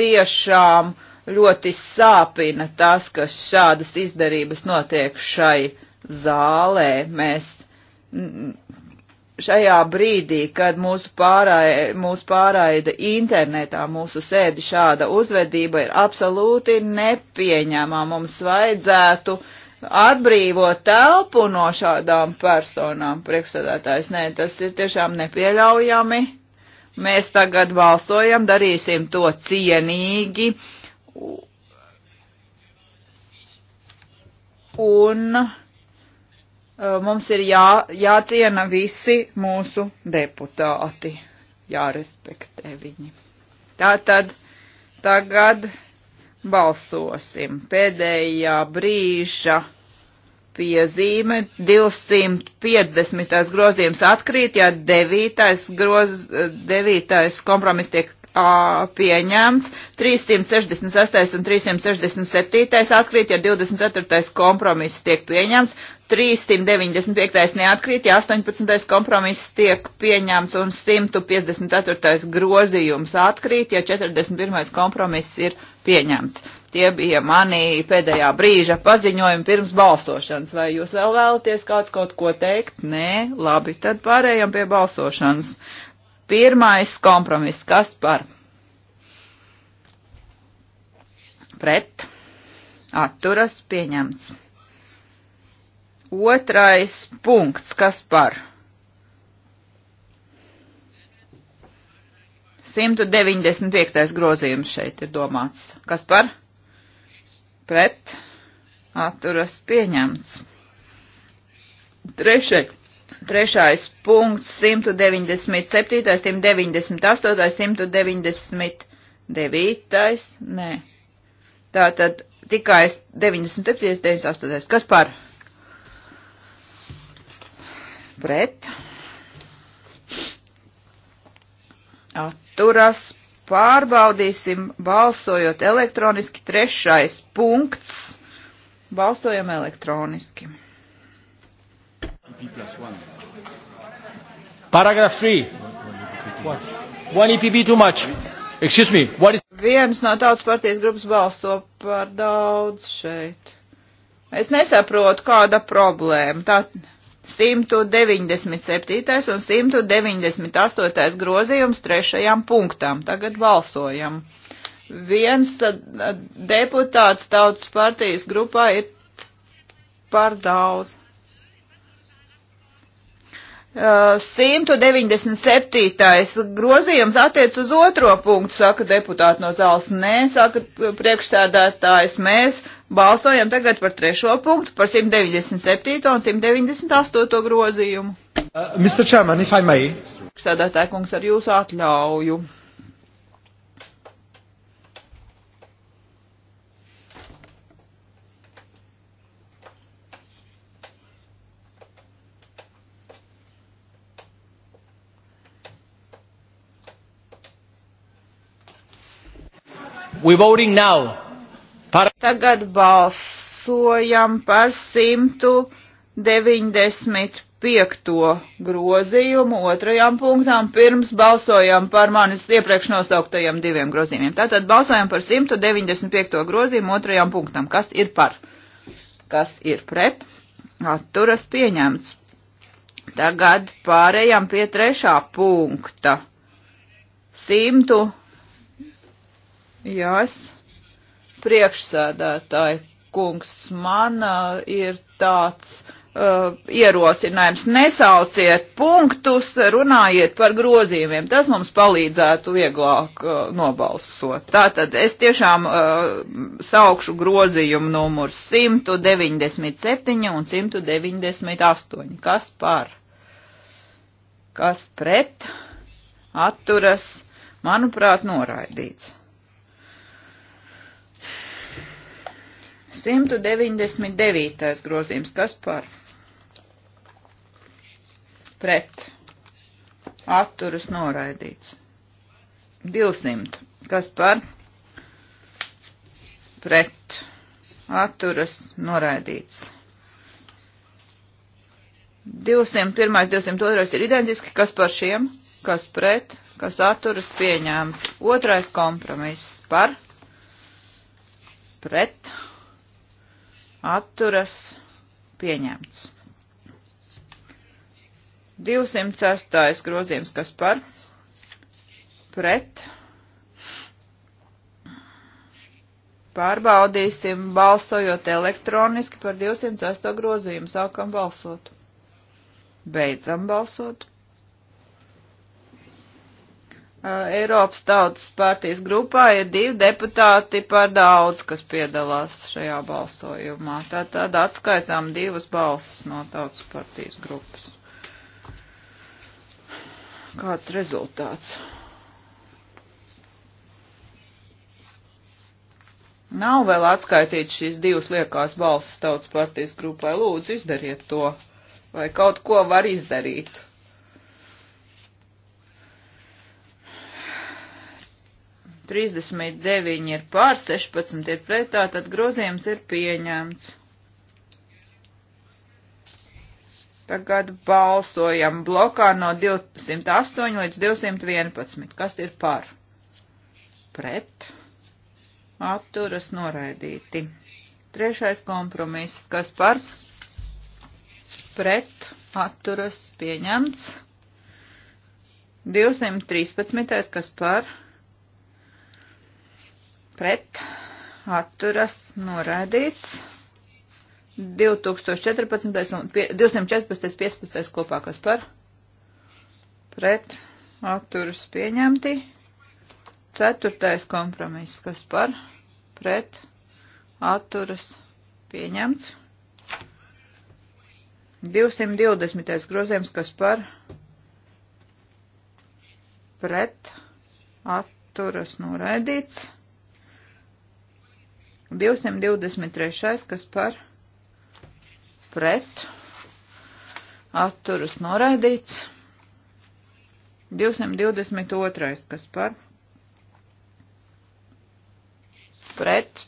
tiešām ļoti sāpina tas, ka šādas izdarības notiek šai zālē. Mēs šajā brīdī, kad mūsu pārraida, mūsu pārraida internetā mūsu sēdi šāda uzvedība ir absolūti nepieņemama. Mums vajadzētu uh, atbrīvot telpu no šādām personām, priekšsēdētājs. Nē, tas ir tiešām nepieļaujami. Mēs tagad balsojam, darīsim to cienīgi. Un uh, mums ir jā, jāciena visi mūsu deputāti, jārespektē viņi. Tātad tagad Balsosim. Pēdējā brīža piezīme 250. grozījums atkrīt, ja 9. Groz, 9. kompromiss tiek A pieņemts, 368 un 367 atkrīt, ja 24. kompromiss tiek pieņemts, 395. neatkrīt, ja 18. kompromiss tiek pieņemts un 154. grozījums atkrīt, ja 41. kompromiss ir pieņemts. Tie bija mani pēdējā brīža paziņojumi pirms balsošanas. Vai jūs vēl vēlaties kāds kaut ko teikt? Nē, labi, tad pārējām pie balsošanas. Uh, Pirmais kompromiss, kas par pret atturas pieņemts. Otrais punkts, kas par 195. grozījums šeit ir domāts. Kas par pret atturas pieņemts. Trešais Trešais punkts 197, 198, 199. Nē. Tātad tikai 97, 98. Kas par? Pret. Atturas. Pārbaudīsim balsojot elektroniski. Trešais punkts. Balsojam elektroniski. P plus 1. Paragraph 3. What? One EPP too much. Excuse me. What is... Viens no tautas partijas grupas balso par daudz šeit. Es nesaprotu, kāda problēma. Tā 197. un 198. grozījums trešajām punktām. Tagad balsojam. Viens deputāts tautas partijas grupā ir par daudz. 197. grozījums attiec uz otro punktu, saka deputāti no zāles. Nē, saka priekšsēdētājs, mēs balsojam tagad par trešo punktu, par 197. un 198. grozījumu. Uh, Mr. Chairman, if I may. Priekšsēdētāji kungs ar jūsu atļauju. Par... Tagad balsojam par 195. grozījumu otrajām punktām, pirms balsojam par manis iepriekš nosauktajiem diviem grozījumiem. Tātad balsojam par 195. grozījumu otrajām punktām. Kas ir par? Kas ir pret? Atturas pieņemts. Tagad pārējām pie trešā punkta. 100. Jā, es priekšsēdētāji kungs, man ir tāds uh, ierosinājums. Nesauciet punktus, runājiet par grozījumiem. Tas mums palīdzētu vieglāk uh, nobalsot. Tātad es tiešām uh, saukšu grozījumu numurs 197 un 198. Kas par? Kas pret? Atturas, manuprāt, noraidīts. 199. grozījums, kas par pret atturas noraidīts. 200, kas par pret atturas noraidīts. 201, 202 ir identiski, kas par šiem, kas pret, kas atturas pieņēmts. Otrais kompromiss par pret atturas pieņemts. 206. grozījums, kas par pret Pārbaudīsim balsojot elektroniski par 208 grozījumu. Sākam balsot. Beidzam balsot. Eh, Eiropas Tautas partijas grupā ir divi deputāti par daudz, kas piedalās šajā balsojumā. Tātad atskaitām divas balsas no Tautas partijas grupas. Kāds rezultāts? Nav vēl atskaitīts šīs divas liekās balsas Tautas partijas grupai. Lūdzu, izdariet to, vai kaut ko var izdarīt. 39 ir pār, 16 ir pretā, tad grozījums ir pieņemts. Tagad balsojam blokā no 208 līdz 211. Kas ir par? Pret. Atturas noraidīti. Trešais kompromiss. Kas par? Pret. Atturas pieņemts. 213. Kas par? pret atturas noraidīts. 2014. un 214. 15. kopā kas par pret atturas pieņemti. Ceturtais kompromiss kas par pret atturas pieņemts. 220. grozījums, kas par pret atturas noraidīts. 223. kas par pret atturas noraidīts. 222. kas par pret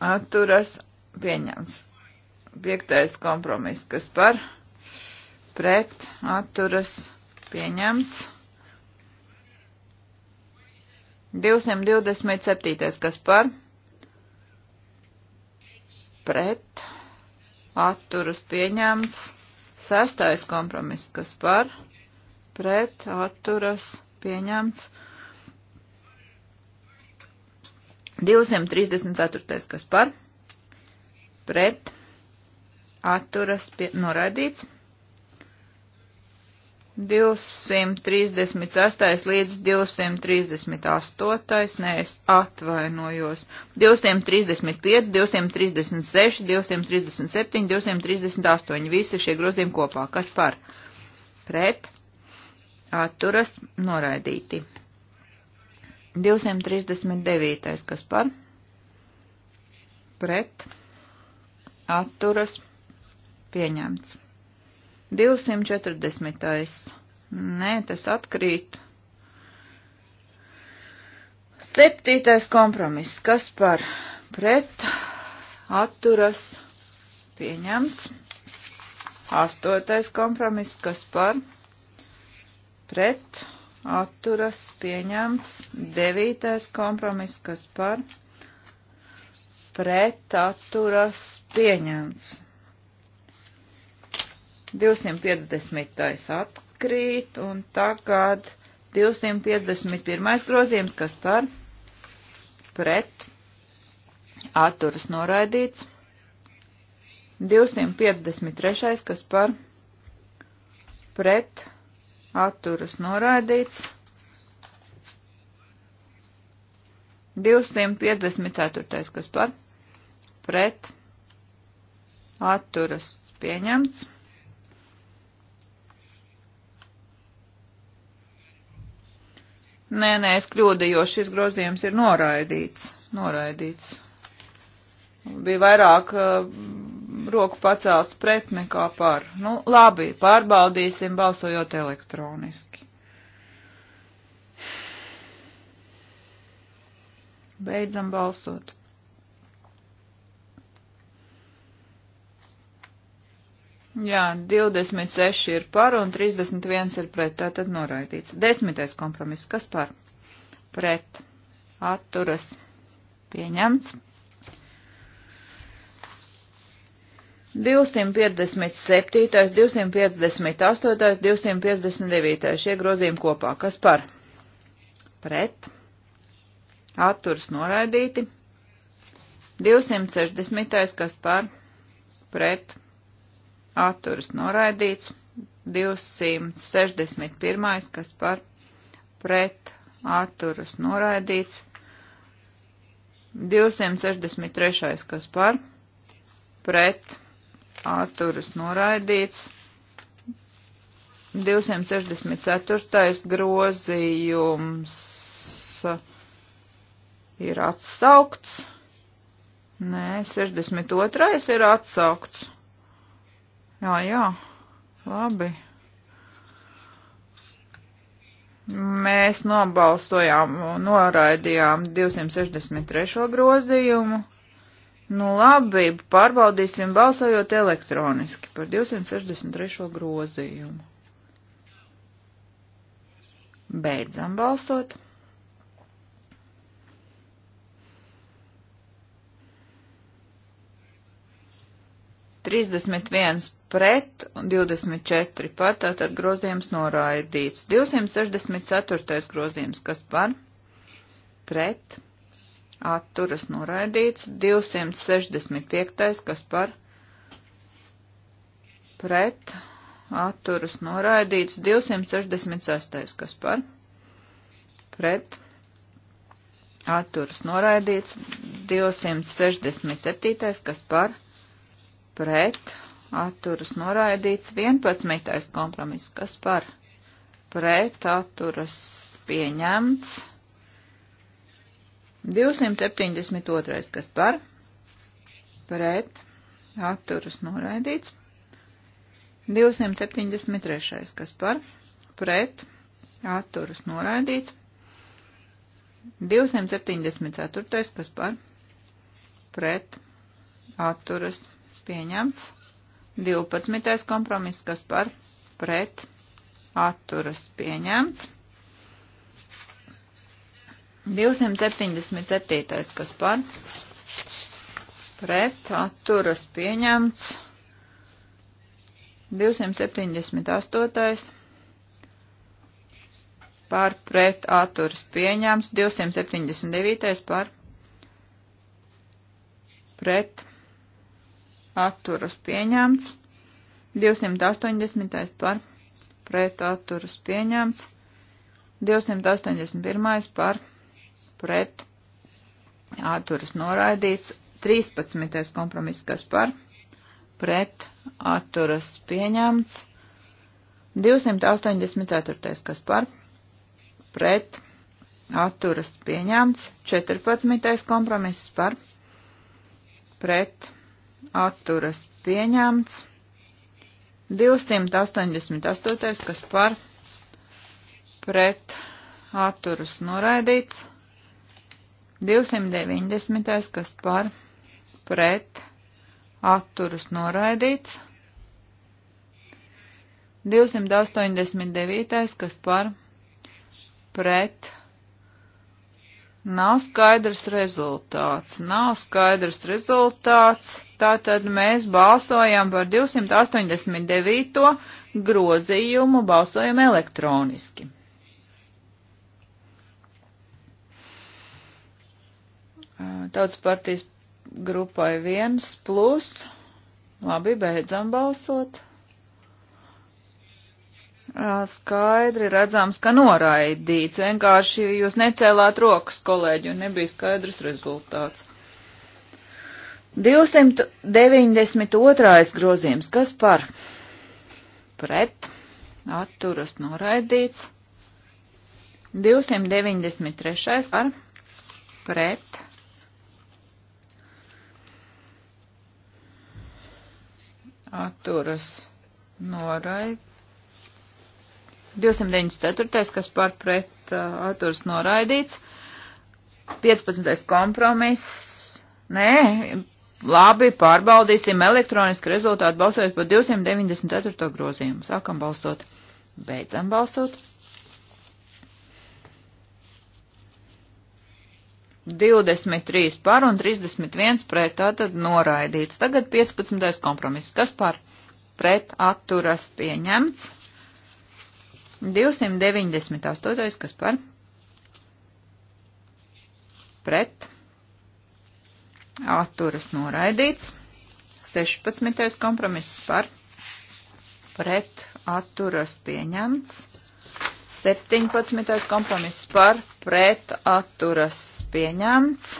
atturas pieņemts. Piektais kompromiss, kas par pret atturas pieņemts. 227. kas par pret pret atturas pieņemts. Sestais kompromiss, kas par pret atturas pieņemts. 234. kas par pret atturas pie, noraidīts. 236 līdz 238, nē, es atvainojos. 235, 236, 237, 238, visi šie grozījumi kopā. Kas par? Pret, atturas, noraidīti. 239, kas par? Pret, atturas, pieņemts. 240. Nē, tas atkrīt. Septītais kompromiss. Kas par pret atturas pieņemts? Astotais kompromiss. Kas par pret atturas pieņemts? Devītais kompromiss. Kas par pret atturas pieņemts? 250. atkrīt, un tagad 251. grozījums, kas par pret atturas noraidīts. 253. kas par pret atturas noraidīts. 254. kas par pret atturas pieņemts. Nē, nē, es kļūdījos, šis grozījums ir noraidīts. Noraidīts. Bija vairāk uh, roku pacelts pret nekā par. Nu, labi, pārbaudīsim balsojot elektroniski. Beidzam balsot. Jā, 26 ir par un 31 ir pret, tā tad noraidīts. Desmitais kompromiss, kas par? Pret, atturas, pieņemts. 257, 258, 259, šie grozījumi kopā, kas par? Pret, atturas noraidīti. 260, kas par? Pret, atturas noraidīts, 261. kas par pret atturas noraidīts, 263. kas par pret atturas noraidīts, 264. grozījums ir atsaukts, nē, 62. ir atsaukts. Jā, jā, labi. Mēs nobalstojām, noraidījām 263. grozījumu. Nu labi, pārbaudīsim balsojot elektroniski par 263. grozījumu. Beidzam balsot. Trīsdesmit viens pret un 24 par, tātad grozījums noraidīts. 264. grozījums, kas par, pret, atturas noraidīts. 265. kas par, pret, atturas noraidīts. 266. kas par, pret, atturas noraidīts. 267. kas par, pret, atturas noraidīts 11. kompromiss, kas par pret atturas pieņemts 272. kas par pret atturas noraidīts 273. kas par pret atturas noraidīts 274. kas par pret atturas pieņemts 12. kompromiss, kas par pret atturas pieņemts. 277. kas par pret atturas pieņemts. 278. par pret atturas pieņemts. 279. par pret atturas pieņemts atturas pieņemts, 280. par pret atturas pieņemts, 281. par pret atturas noraidīts, 13. kompromiss, kas par pret atturas pieņemts, 284. kas par pret atturas pieņemts, 14. kompromiss par pret atturas pieņemts atturas pieņemts. 288. kas par pret atturas noraidīts. 290. kas par pret atturas noraidīts. 289. kas par pret nav skaidrs rezultāts. Nav skaidrs rezultāts. Tātad mēs balsojam par 289. grozījumu, balsojam elektroniski. Tautas partijas grupai viens plus. Labi, beidzam balsot. Skaidri redzams, ka noraidīts. Vienkārši jūs necēlāt rokas, kolēģi, un nebija skaidrs rezultāts. 292. grozījums, kas par pret atturas noraidīts. 293. par pret. Atturas noraid. 294. kas par pret atturas noraidīts. 15. Uh, kompromiss. Nē, Labi, pārbaudīsim elektroniski rezultātu balsojot par 294. grozījumu. Sākam balsot. Beidzam balsot. 23 par un 31 pret, tātad noraidīts. Tagad 15. kompromiss. Kas par pret atturas pieņemts? 298. kas par pret atturas noraidīts. 16. kompromiss par pret atturas pieņemts. 17. kompromiss par pret atturas pieņemts.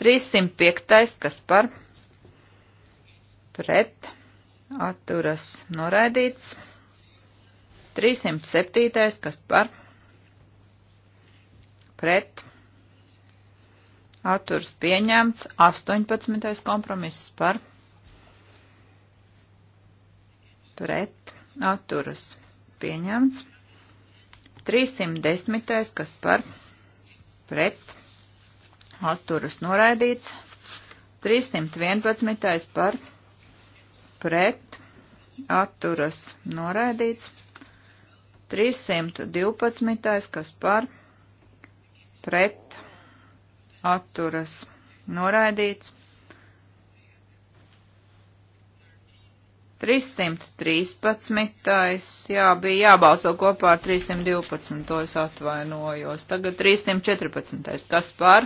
305. kas par pret atturas noraidīts. 307. kas par pret atturs pieņemts, 18. kompromiss par pret atturas pieņemts, 310. kas par pret atturas noraidīts, 311. par pret atturas noraidīts, 312. kas par pret atturas noraidīts, atturas noraidīts. 313. Jā, bija jābalso kopā ar 312. Es atvainojos. Tagad 314. Kas par?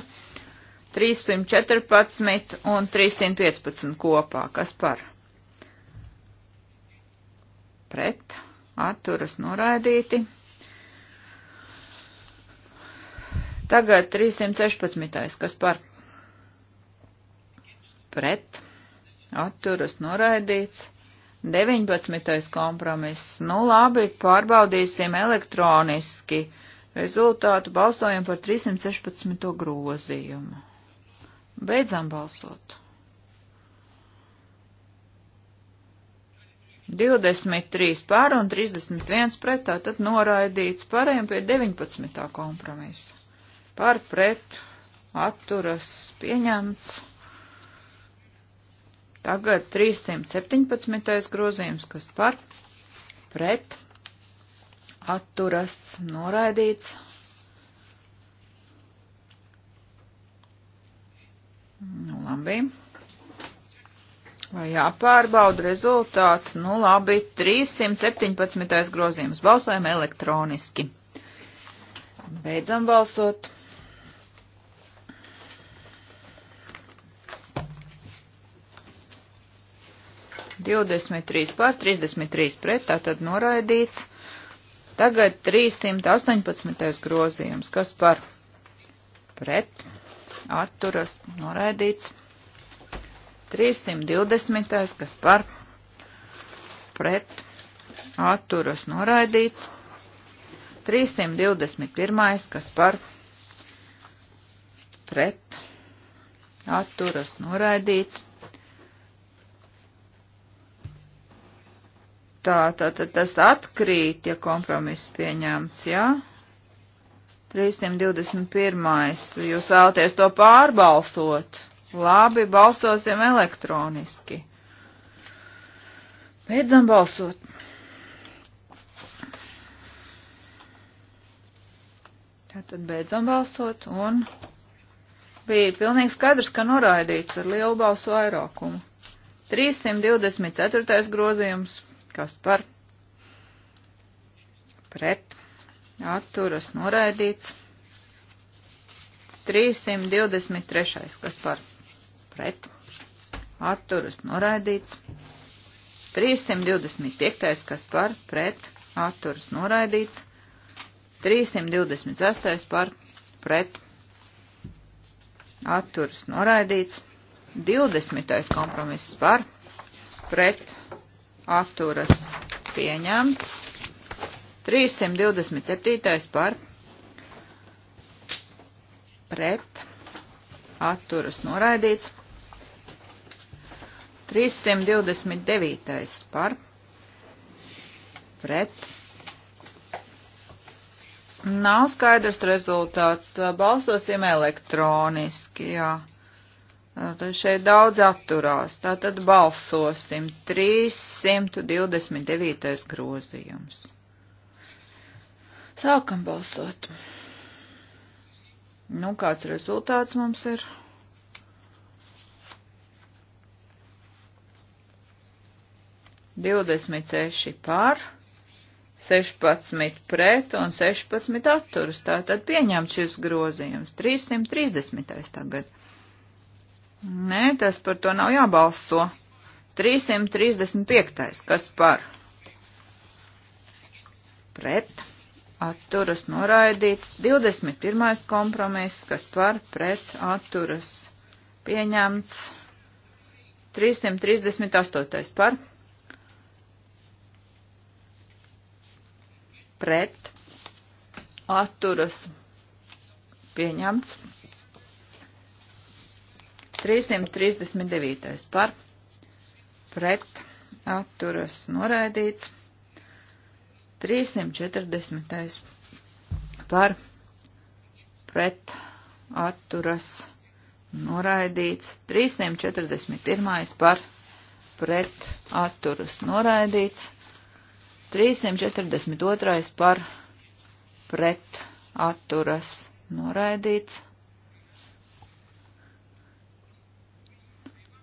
314 un 315 kopā. Kas par? Pret. Atturas noraidīti. Tagad 316. kas par pret atturas noraidīts. 19. kompromiss. Nu labi, pārbaudīsim elektroniski. Rezultātu balsojam par 316. grozījumu. Beidzam balsot. 23 pār un 31 pretā, tad noraidīts pārējiem pie 19. kompromisa par pret atturas pieņemts. Tagad 317. grozījums, kas par pret atturas noraidīts. Nu, labi. Vai jāpārbauda rezultāts? Nu, labi, 317. grozījums. Balsojam elektroniski. Beidzam balsot. 23 pār 33 pret, tātad noraidīts. Tagad 318. grozījums, kas par pret atturas noraidīts. 320. kas par pret atturas noraidīts. 321. kas par pret atturas noraidīts. tā, tā, tā tas atkrīt, ja kompromiss pieņemts, jā? Ja? 321. Jūs vēlaties to pārbalsot? Labi, balsosim elektroniski. Beidzam balsot. Tātad beidzam balsot un bija pilnīgi skaidrs, ka noraidīts ar lielu balsu vairākumu. 324. grozījums kas par pret atturas noraidīts. 323. kas par pret atturas noraidīts. 325. kas par pret atturas noraidīts. 326. par pret atturas noraidīts. 20. kompromiss par pret atturas pieņemts. 327. par pret atturas noraidīts. 329. par pret. Nav skaidrs rezultāts. Balsosim elektroniski, jā. Tad šeit daudz atturās. Tātad balsosim 329. grozījums. Sākam balsot. Nu, kāds rezultāts mums ir? Divdesmit seši par, sešpadsmit pret un sešpadsmit atturas. Tātad pieņemt šis grozījums. 330. tagad. Nē, tas par to nav jābalso. 335. Kas par? Pret. Atturas noraidīts. 21. kompromiss. Kas par? Pret. Atturas. Pieņemts. 338. par. Pret. Atturas. Pieņemts. 339. par pret atturas noraidīts. 340. par pret atturas noraidīts. 341. par pret atturas noraidīts. 342. par pret atturas noraidīts.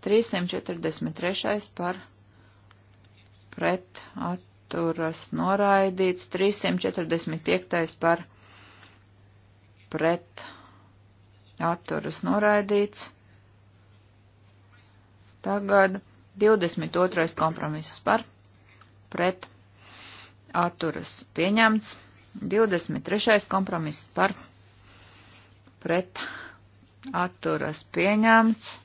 343. par pret atturas noraidīts, 345. par pret atturas noraidīts. Tagad 22. kompromiss par pret atturas pieņemts, 23. kompromiss par pret atturas pieņemts.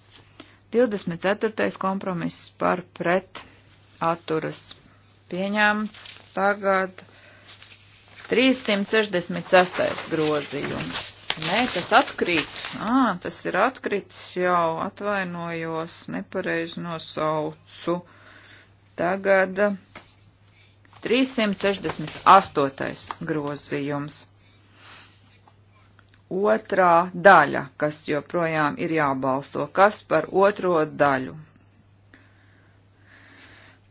24. kompromiss par pret atturas pieņemts. Tagad 366. grozījums. Nē, tas atkrīt. Ā, tas ir atkrits jau, atvainojos, nepareizi nosaucu. Tagad 368. grozījums otrā daļa, kas joprojām ir jābalso. Kas par otro daļu?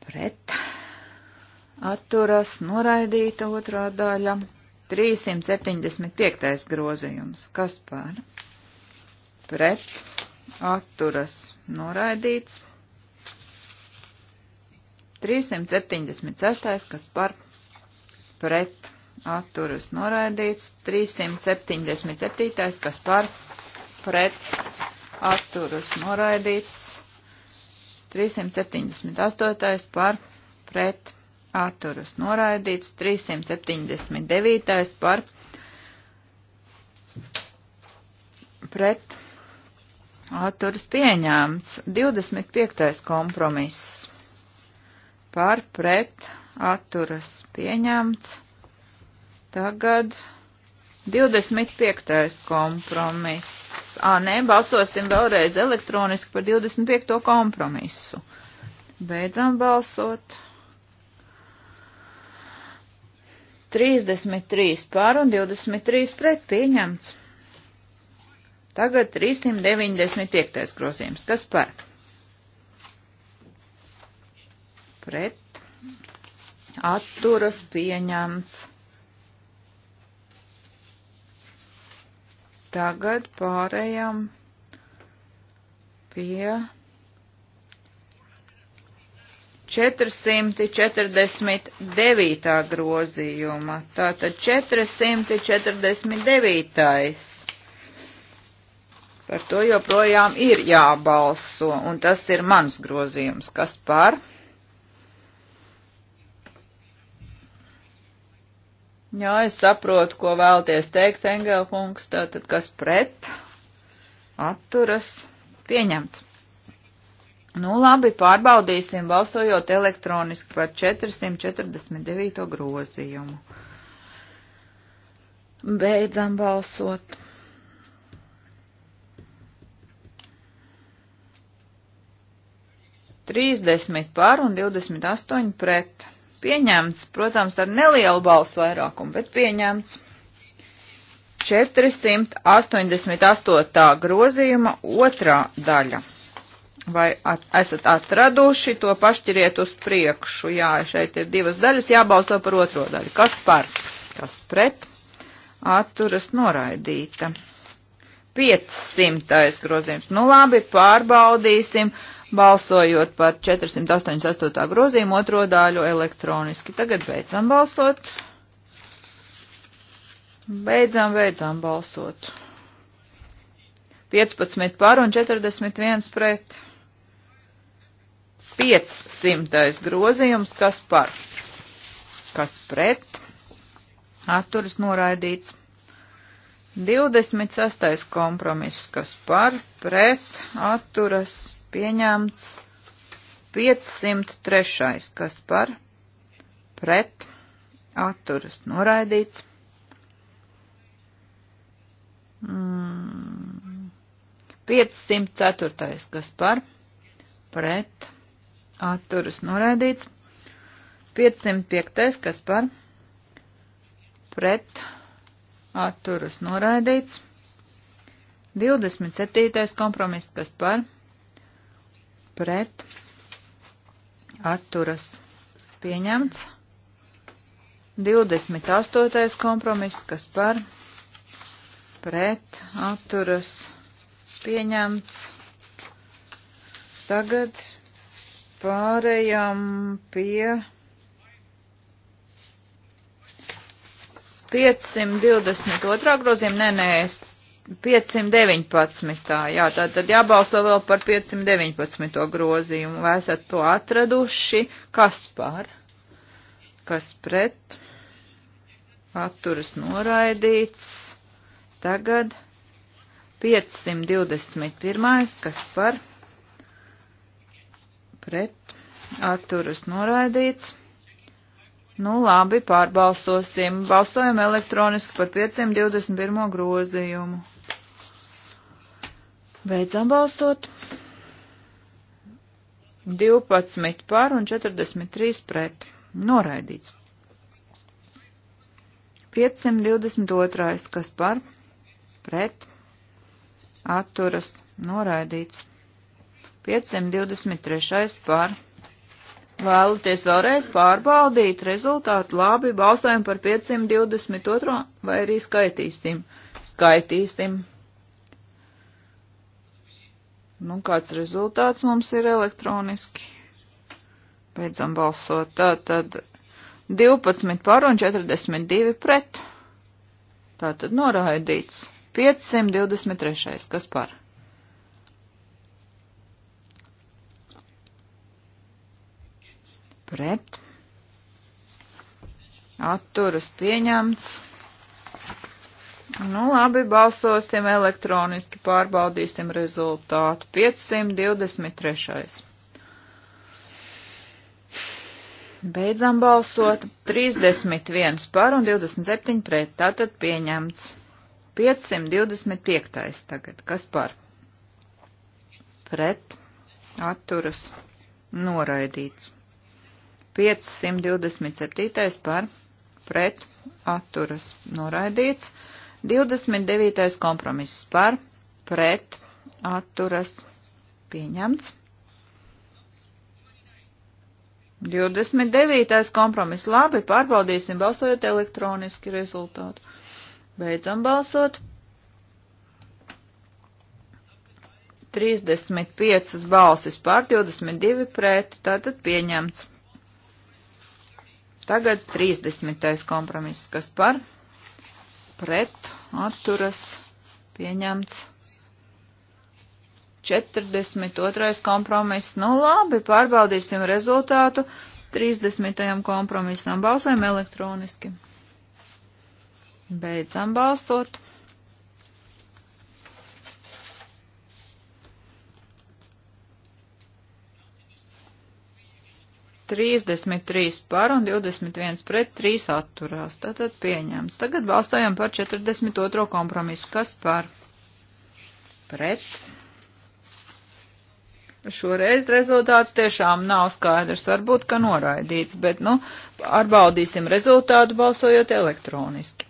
Pret. Atturas noraidīta otrā daļa. 375. grozījums. Kas par? Pret. Atturas noraidīts. 376. kas par? Pret atturas noraidīts, 377. kas par pret atturas noraidīts, 378. par pret atturas noraidīts, 379. par pret atturas pieņēmts, 25. kompromiss par pret atturas pieņēmts, Tagad 25. kompromiss. Ā, nē, balsosim vēlreiz elektroniski par 25. kompromisu. Beidzam balsot. 33 pār un 23 pret pieņemts. Tagad 395. grozījums. Kas par? Pret. Atturas pieņemts. Tagad pārējām pie 449. grozījuma. Tātad 449. Par to joprojām ir jābalso, un tas ir mans grozījums. Kas par? Jā, es saprotu, ko vēlties teikt, Engelkungs, tātad kas pret, atturas, pieņemts. Nu labi, pārbaudīsim, balsojot elektroniski par 449. grozījumu. Beidzam balsot. Trīsdesmit par un divdesmit astoņi pret. Pieņemts, protams, ar nelielu balsu vairākumu, bet pieņemts. 488. grozījuma otrā daļa. Vai at, esat atraduši, to pašķiriet uz priekšu. Jā, šeit ir divas daļas, jābalso par otro daļu. Kas par? Kas pret? Atturas noraidīta. 500. grozījums. Nu labi, pārbaudīsim. Uh, balsojot par 488. grozījumu otro daļu elektroniski. Tagad beidzam balsot. Beidzam, beidzam balsot. 15 par un 41 pret. 500. grozījums, kas par, kas pret, atturas noraidīts. 26. kompromiss, kas par pret atturas pieņemts. 503. kas par pret atturas noraidīts. Mm. 504. kas par pret atturas noraidīts. 505. kas par pret atturas noraidīts atturas noraidīts. 27. kompromiss, kas par pret atturas pieņemts. 28. kompromiss, kas par pret atturas pieņemts. Tagad pārējām pie 522. grozījuma, nē, nē, 519. Jā, tad, tad jābalso vēl par 519. grozījumu. Vai esat to atraduši? Kas par? Kas pret? Atturas noraidīts. Tagad 521. Kas par? Pret? Atturas noraidīts. Nu, labi, pārbalsosim. Balsojam elektroniski par 521. grozījumu. Beidzam balstot. 12 par un 43 pret. Noraidīts. 522. kas par? Pret. Atturas. Noraidīts. 523. par? Vēlaties vēlreiz pārbaudīt rezultātu labi, balsojam par 522 vai arī skaitīsim. Skaitīsim. Nu, kāds rezultāts mums ir elektroniski? Beidzam balsot. Tātad 12 par un 42 pret. Tātad noraidīts. 523. Kas par? pret, atturas pieņemts. Nu, labi, balsosim elektroniski, pārbaudīsim rezultātu. 523. Beidzam balsot. 31 par un 27 pret. Tātad pieņemts. 525. tagad. Kas par? Pret. Atturas. Noraidīts. 527. par pret atturas noraidīts. 29. kompromiss par pret atturas pieņemts. 29. kompromiss labi, pārbaudīsim balsojot elektroniski rezultātu. Beidzam balsot. 35 balsis pār 22 pret, tātad pieņemts. Tagad 30. kompromiss, kas par pret atturas pieņemts. 42. kompromiss, nu labi, pārbaudīsim rezultātu. 30. kompromisam balsēm elektroniski. Beidzam balsot. 33 par un 21 pret 3 atturās. Tātad pieņemts. Tagad balstojam par 42. kompromisu. Kas par? Pret. Šoreiz rezultāts tiešām nav skaidrs, varbūt, ka noraidīts, bet, nu, pārbaudīsim rezultātu balsojot elektroniski.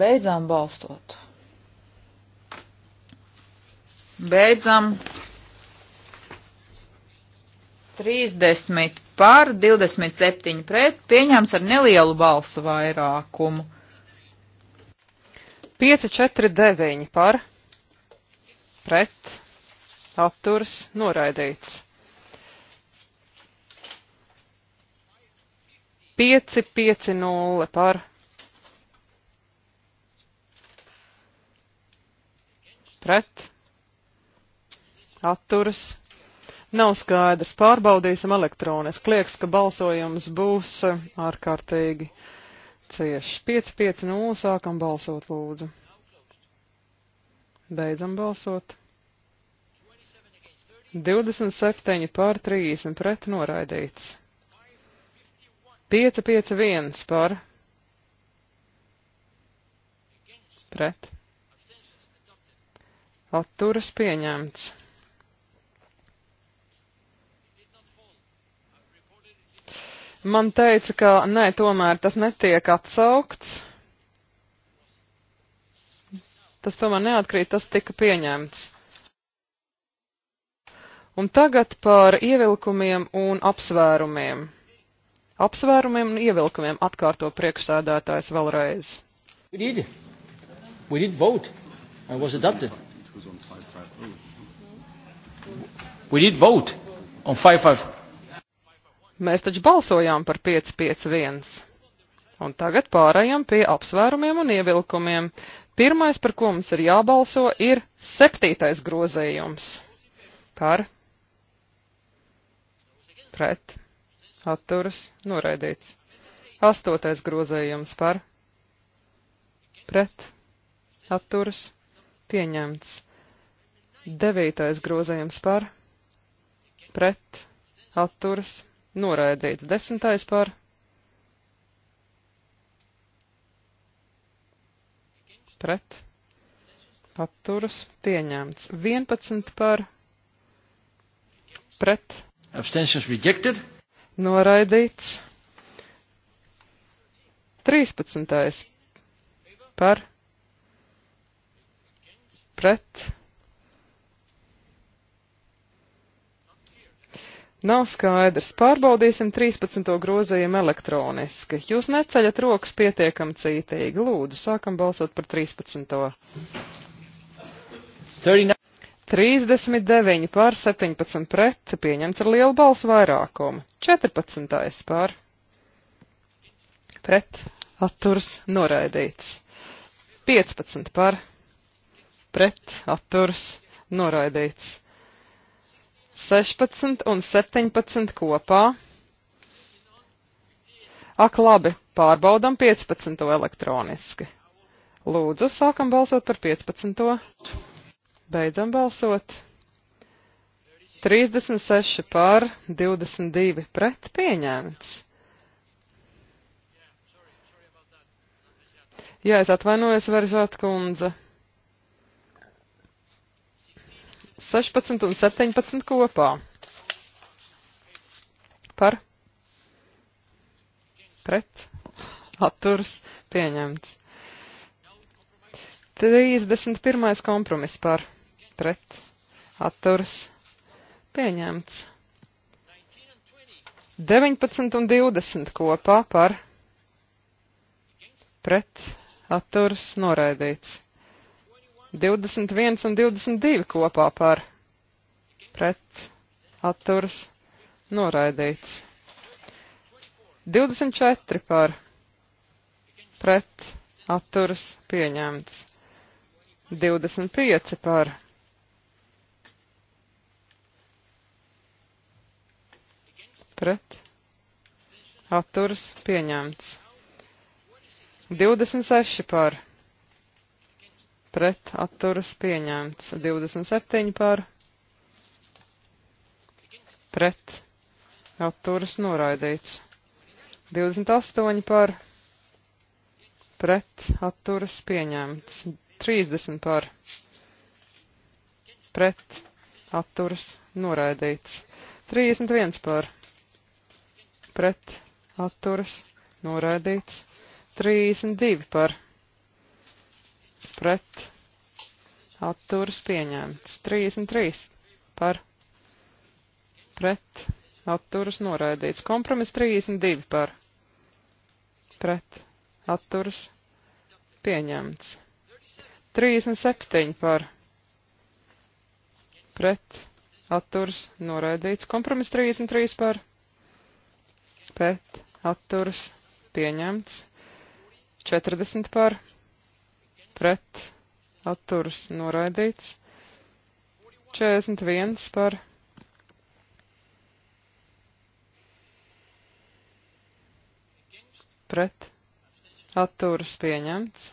Beidzām balstot. Beidzam 30 par, 27 pret, pieņems ar nelielu balsu vairākumu. 5, 4, 9 par, pret, atturs, noraidīts. 5, 5, 0 par, pret, atturs, Nav skaidrs, pārbaudīsim elektroniski. Liekas, ka balsojums būs ārkārtīgi cieši. 5-5-0 sākam balsot, lūdzu. Beidzam balsot. 27 pār 30 pret noraidīts. 5-5-1 par pret. Atturas pieņemts. Man teica, ka nē, tomēr tas netiek atsaukts. Tas tomēr neatkrīt, tas tika pieņemts. Un tagad par ievilkumiem un apsvērumiem. Apsvērumiem un ievilkumiem atkārto priekšsēdētājs vēlreiz. We did. We did vote and was adopted. We did vote on 550. Mēs taču balsojām par 551. Un tagad pārējām pie apsvērumiem un ievilkumiem. Pirmais, par ko mums ir jābalso, ir septītais grozējums. Par. Pret. Atturas. Noraidīts. Astotais grozējums par. Pret. Atturas. Pieņemts. Devītais grozējums par. Pret. Atturas Noraidīts. Desmitais par. Pret. Atturas. Pieņemts. Vienpadsmit par. Pret. Abstentions rejected. Noraidīts. 13. par pret Nav skaidrs. Pārbaudīsim 13. grozījumu elektroniski. Jūs neceļat rokas pietiekam cītīgi. Lūdzu, sākam balsot par 13. 39 pār 17 pret pieņemts ar lielu balsu vairākumu. 14. pār pret atturs noraidīts. 15 pār pret atturs noraidīts. 16 un 17 kopā. Ak, labi, pārbaudam 15 elektroniski. Lūdzu, sākam balsot par 15. Beidzam balsot. 36 pār 22 pret pieņēmts. Jā, es atvainojos, Veržāt kundze. 16 un 17 kopā. Par, pret, atturs, pieņemts. 31. kompromis par, pret, atturs, pieņemts. 19 un 20 kopā par, pret, atturs, noraidīts. 21 un 22 kopā par pret atturas noraidīts. 24 par pret atturas pieņemts. 25 par pret atturas pieņemts. 26 par pret pret atturas pieņemts. 27 par pret atturas noraidīts. 28 par pret atturas pieņemts. 30 par pret atturas noraidīts. 31 par pret atturas noraidīts. 32 par pret pret atturas pieņemts. 33 par pret atturas noraidīts. Kompromiss 32 par pret atturas pieņemts. 37 par pret atturas noraidīts. Kompromiss 33 par pret atturas pieņemts. 40 par pret pret atturas noraidīts. 41 par pret atturas pieņemts.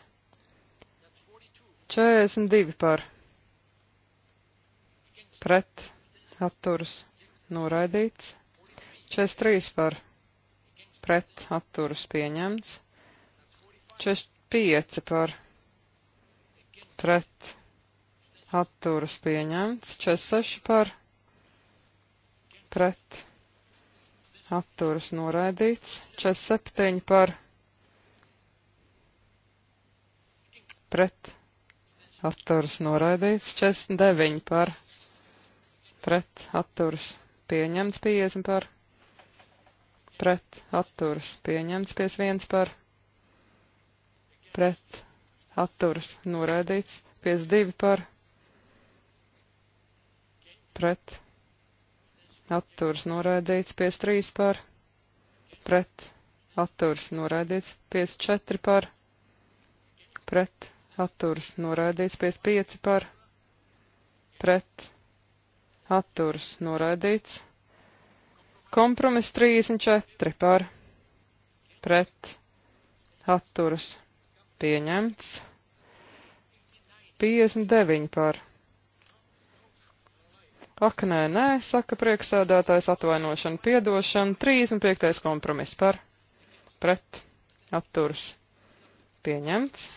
42 par pret atturas noraidīts. 43 par pret atturas pieņemts. 45 par pret pret atturas pieņemts, 46 par pret atturas noraidīts, 47 par pret atturas noraidīts, 49 par pret atturas pieņemts, 50 par pret atturas pieņemts, 51 par pret atturas noraidīts, 52 par pret atturas noraidīts, 53 par pret atturas noraidīts, 54 par pret atturas noraidīts, 55 par pret atturas noraidīts, kompromiss 34 par pret atturas pieņemts. 59 par. Ak, nē, nē, saka prieksēdētājs atvainošana, piedošana, 35. kompromiss par, pret, atturs, pieņemts,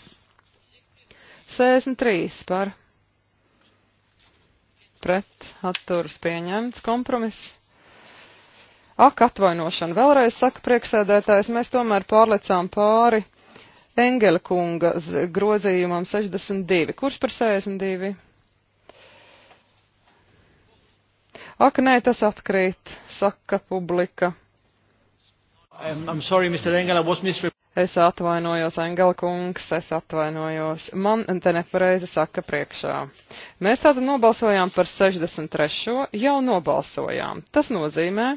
63 par, pret, atturs, pieņemts, kompromiss. Ak, atvainošana, vēlreiz saka prieksēdētājs, mēs tomēr pārlecām pāri Engela kunga grozījumam 62. Kurš par 62? Ak, nē, tas atkrīt, saka publika. I'm, um, I'm sorry, Mr. Engela, was Mr. Es atvainojos, Engela kungs, es atvainojos. Man te nepareizi saka priekšā. Mēs tātad nobalsojām par 63. jau nobalsojām. Tas nozīmē,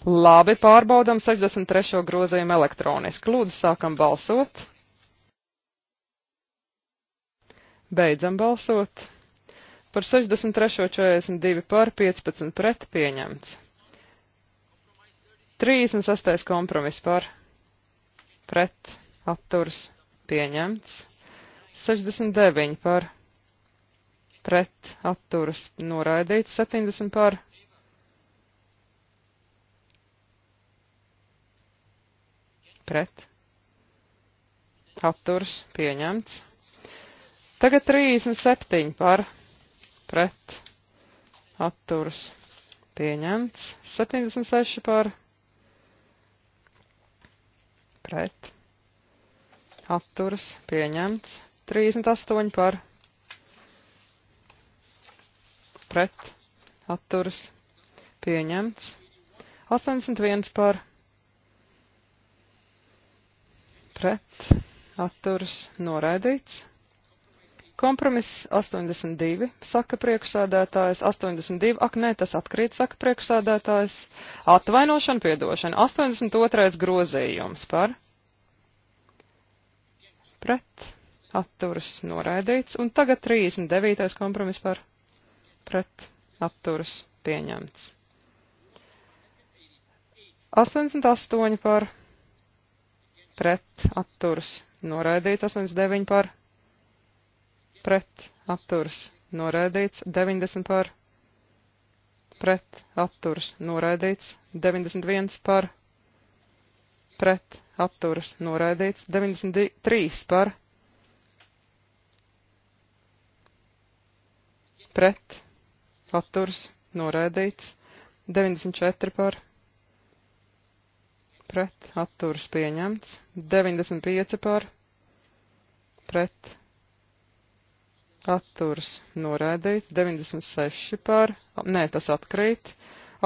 Labi, pārbaudam 63. grozījumu elektroniski. Lūdzu, sākam balsot. Beidzam balsot. Par 63.42 par 15 pret pieņemts. 36. kompromiss par pret atturs pieņemts. 69 par pret atturs noraidīts. 70 par pret pret, atturs, pieņemts. Tagad 37 par, pret, atturs, pieņemts. 76 par, pret, atturs, pieņemts. 38 par, pret, atturs, pieņemts. 81 par pret, atturas, noraidīts. Kompromiss 82, saka priekšsēdētājs, 82, ak nē, tas atkrīt, saka priekšsēdētājs. Atvainošana, piedošana, 82. grozījums par pret, atturas, noraidīts, un tagad 39. kompromiss par pret, atturas, pieņemts. 88 par pret pret atturas noraidīts, 89 par pret atturas noraidīts, 90 par pret atturas noraidīts, 91 par pret atturas noraidīts, 93 par pret atturas noraidīts, 94 par pret pret atturas pieņemts, 95 par pret atturas noraidīts, 96 par, nē, tas atkrīt,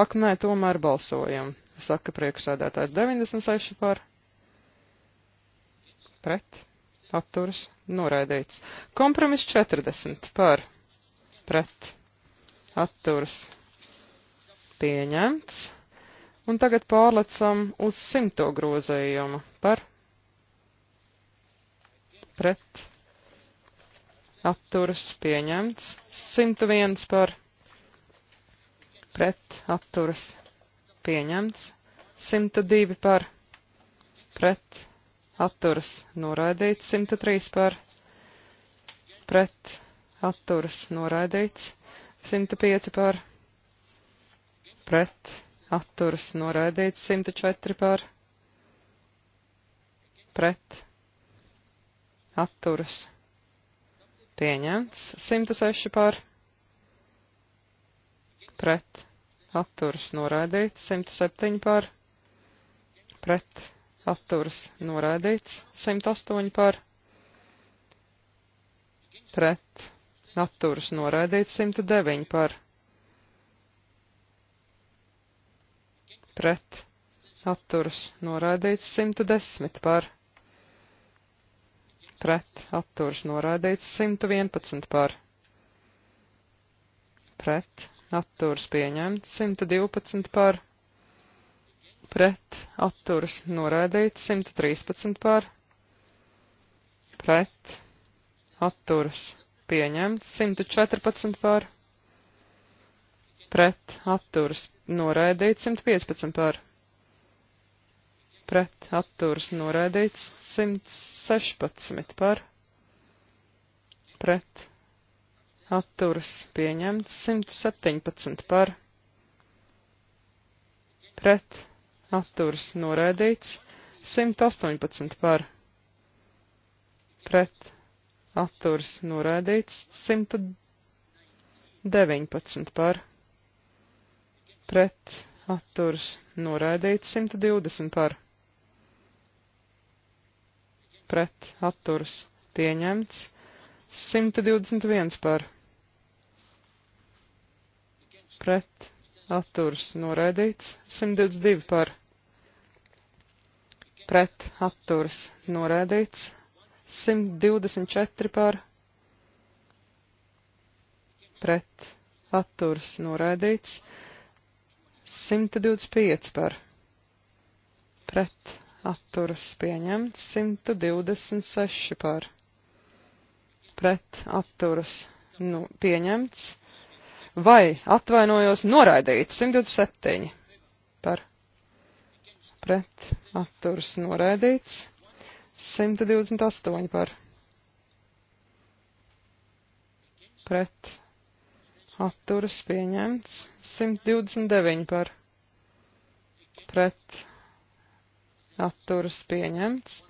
ak, nē, tomēr balsojam, saka priekšsēdētājs 96 par pret atturas noraidīts. Kompromiss 40 par pret atturas pieņemts. Un tagad pārlecam uz simto grozējumu par pret atturas pieņemts, 101 par pret atturas pieņemts, 102 par pret atturas noraidīts, 103 par pret atturas noraidīts, 105 par pret atturas noraidīts 104 par pret atturas pieņemts 106 par pret atturas noraidīts 107 par pret atturas noraidīts 108 par pret atturas noraidīts 109 par pret pret atturas noraidīts 110 par pret atturas noraidīts 111 par pret atturas pieņemts 112 par pret atturas noraidīts 113 par pret atturas pieņemts 114 par pret atturas noraidīts 115 par pret atturas noraidīts 116 par pret atturas pieņemts 117 par pret atturas noraidīts 118 par pret atturas noraidīts 119 par pret pret atturs noraidīts 120 par pret atturs pieņemts 121 par pret atturs noraidīts 122 par pret atturs noraidīts 124 par pret atturs noraidīts 125 par pret atturas pieņemts, 126 par pret atturas nu, pieņemts, vai atvainojos noraidīts, 127 par pret atturas noraidīts, 128 par pret atturas pieņemts, 129 par pret atturas pieņemts,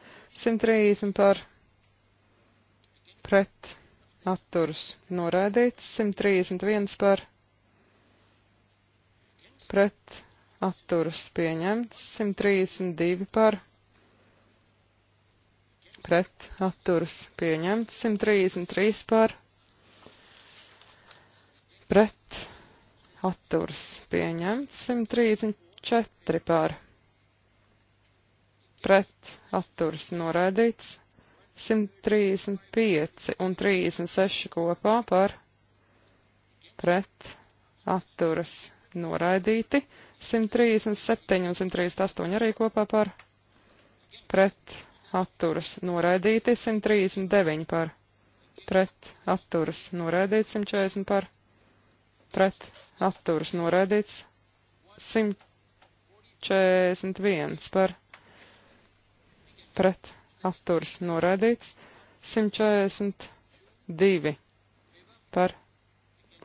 130 par pret atturas noraidīts, 131 par pret atturas pieņemts, 132 par pret atturas pieņemts, 133 par pret pret atturs pieņemts 134 par pret atturs noraidīts 135 un 36 kopā par pret atturas noraidīti 137 un 138 arī kopā par pret atturas noraidīti 139 par pret atturas noraidīti 140 par pret atturas noraidīts 141 par pret atturas noraidīts 142 par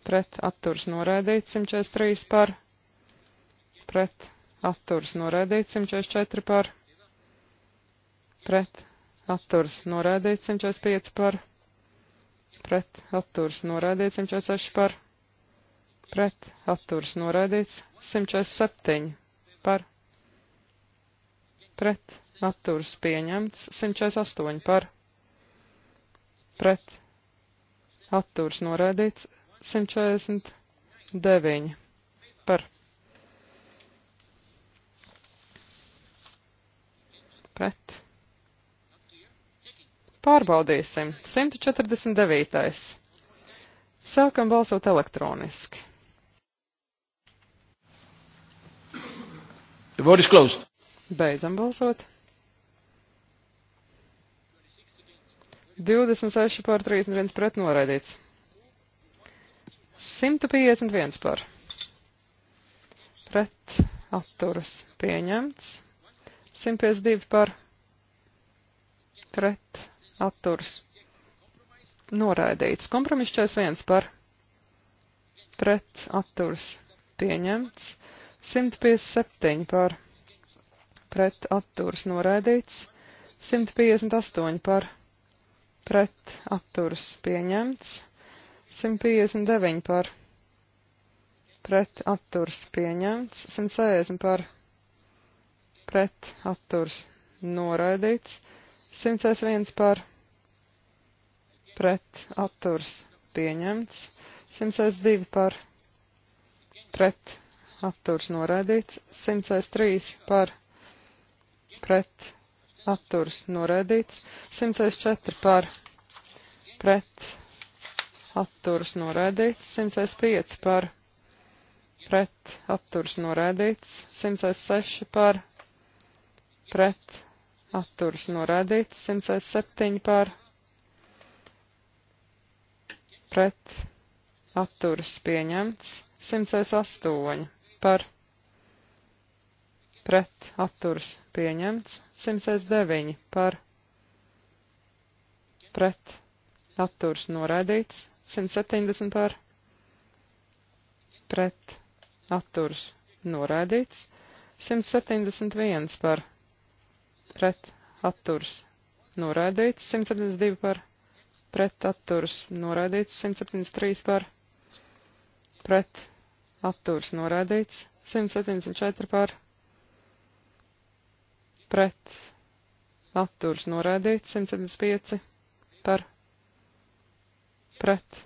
pret atturas noraidīts 143 par pret atturas noraidīts 144 par pret atturas noraidīts 145 par pret atturas noraidīts 146 par pret pret atturas noraidīts 147 par pret atturas pieņemts 148 par pret atturas noraidīts 149 par pret. Pārbaudīsim 149. Sākam balsot elektroniski. The vote is closed. Beidzam balsot. 26 pār 31 pret noraidīts. 151 par. Pret atturas pieņemts. 152 par. Pret atturas noraidīts. Kompromiss 41 par. Pret atturas pieņemts. 157 par pret atturs noraidīts, 158 par pret atturs pieņemts, 159 par pret atturs pieņemts, 160 par pret atturs noraidīts, 101 par pret atturs pieņemts, 102 par pret atturs atturs noraidīts, 103 par pret atturs noraidīts, 104 par pret atturs noraidīts, 105 par pret atturs noraidīts, 106 par pret atturs noraidīts, 107 par pret atturs pieņemts, 108 par pret atturs pieņemts, 109 par pret atturs noraidīts, 170 par pret atturs noraidīts, 171 par pret atturs noraidīts, 172 par pret atturs noraidīts, 173 par pret atturs atturs noraidīts, 174 par pret, atturs noraidīts, 175 par pret,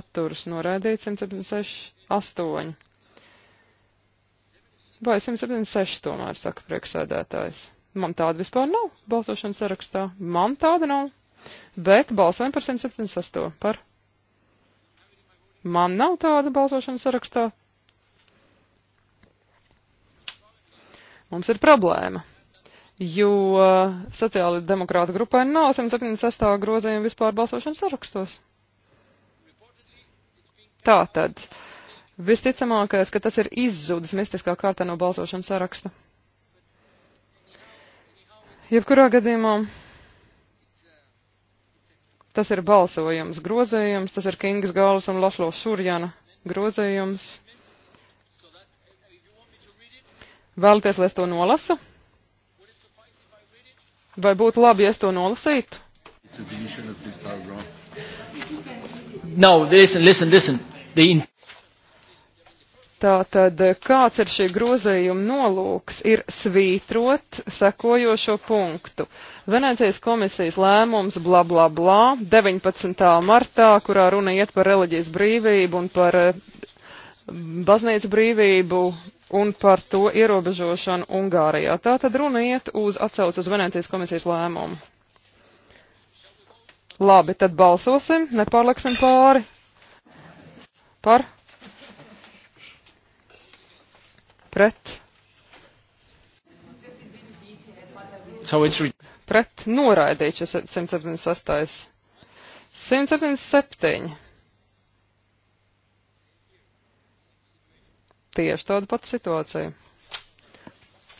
atturs noraidīts, 176, 8. Vai 176 tomēr, saka priekšsēdētājs. Man tāda vispār nav balsošanas sarakstā. Man tāda nav. Bet balsojam par 178. Par Man nav tāda balsošanas sarakstā. Mums ir problēma, jo sociāli demokrāta grupai nav 176. grozījuma vispār balsošanas sarakstos. Tātad, visticamākais, ka tas ir izzudis mistiskā kārtā no balsošanas saraksta. Jebkurā gadījumā Tas ir balsojums grozējums, tas ir Kingas Gāles un Laslo Šurjana grozējums. Vēlaties, lai es to nolasu? Vai būtu labi, ja es to nolasītu? No, listen, listen, listen. The... Tātad, kāds ir šī grozījuma nolūks, ir svītrot sekojošo punktu. Venecijas komisijas lēmums bla bla bla 19. martā, kurā runa iet par reliģijas brīvību un par eh, baznīcas brīvību un par to ierobežošanu Ungārijā. Tātad runa iet uz atsauc uz Venecijas komisijas lēmumu. Labi, tad balsosim, nepārliksim pāri. Par? pret, pret noraidīt šis 176. 177. Tieši tāda pati situācija.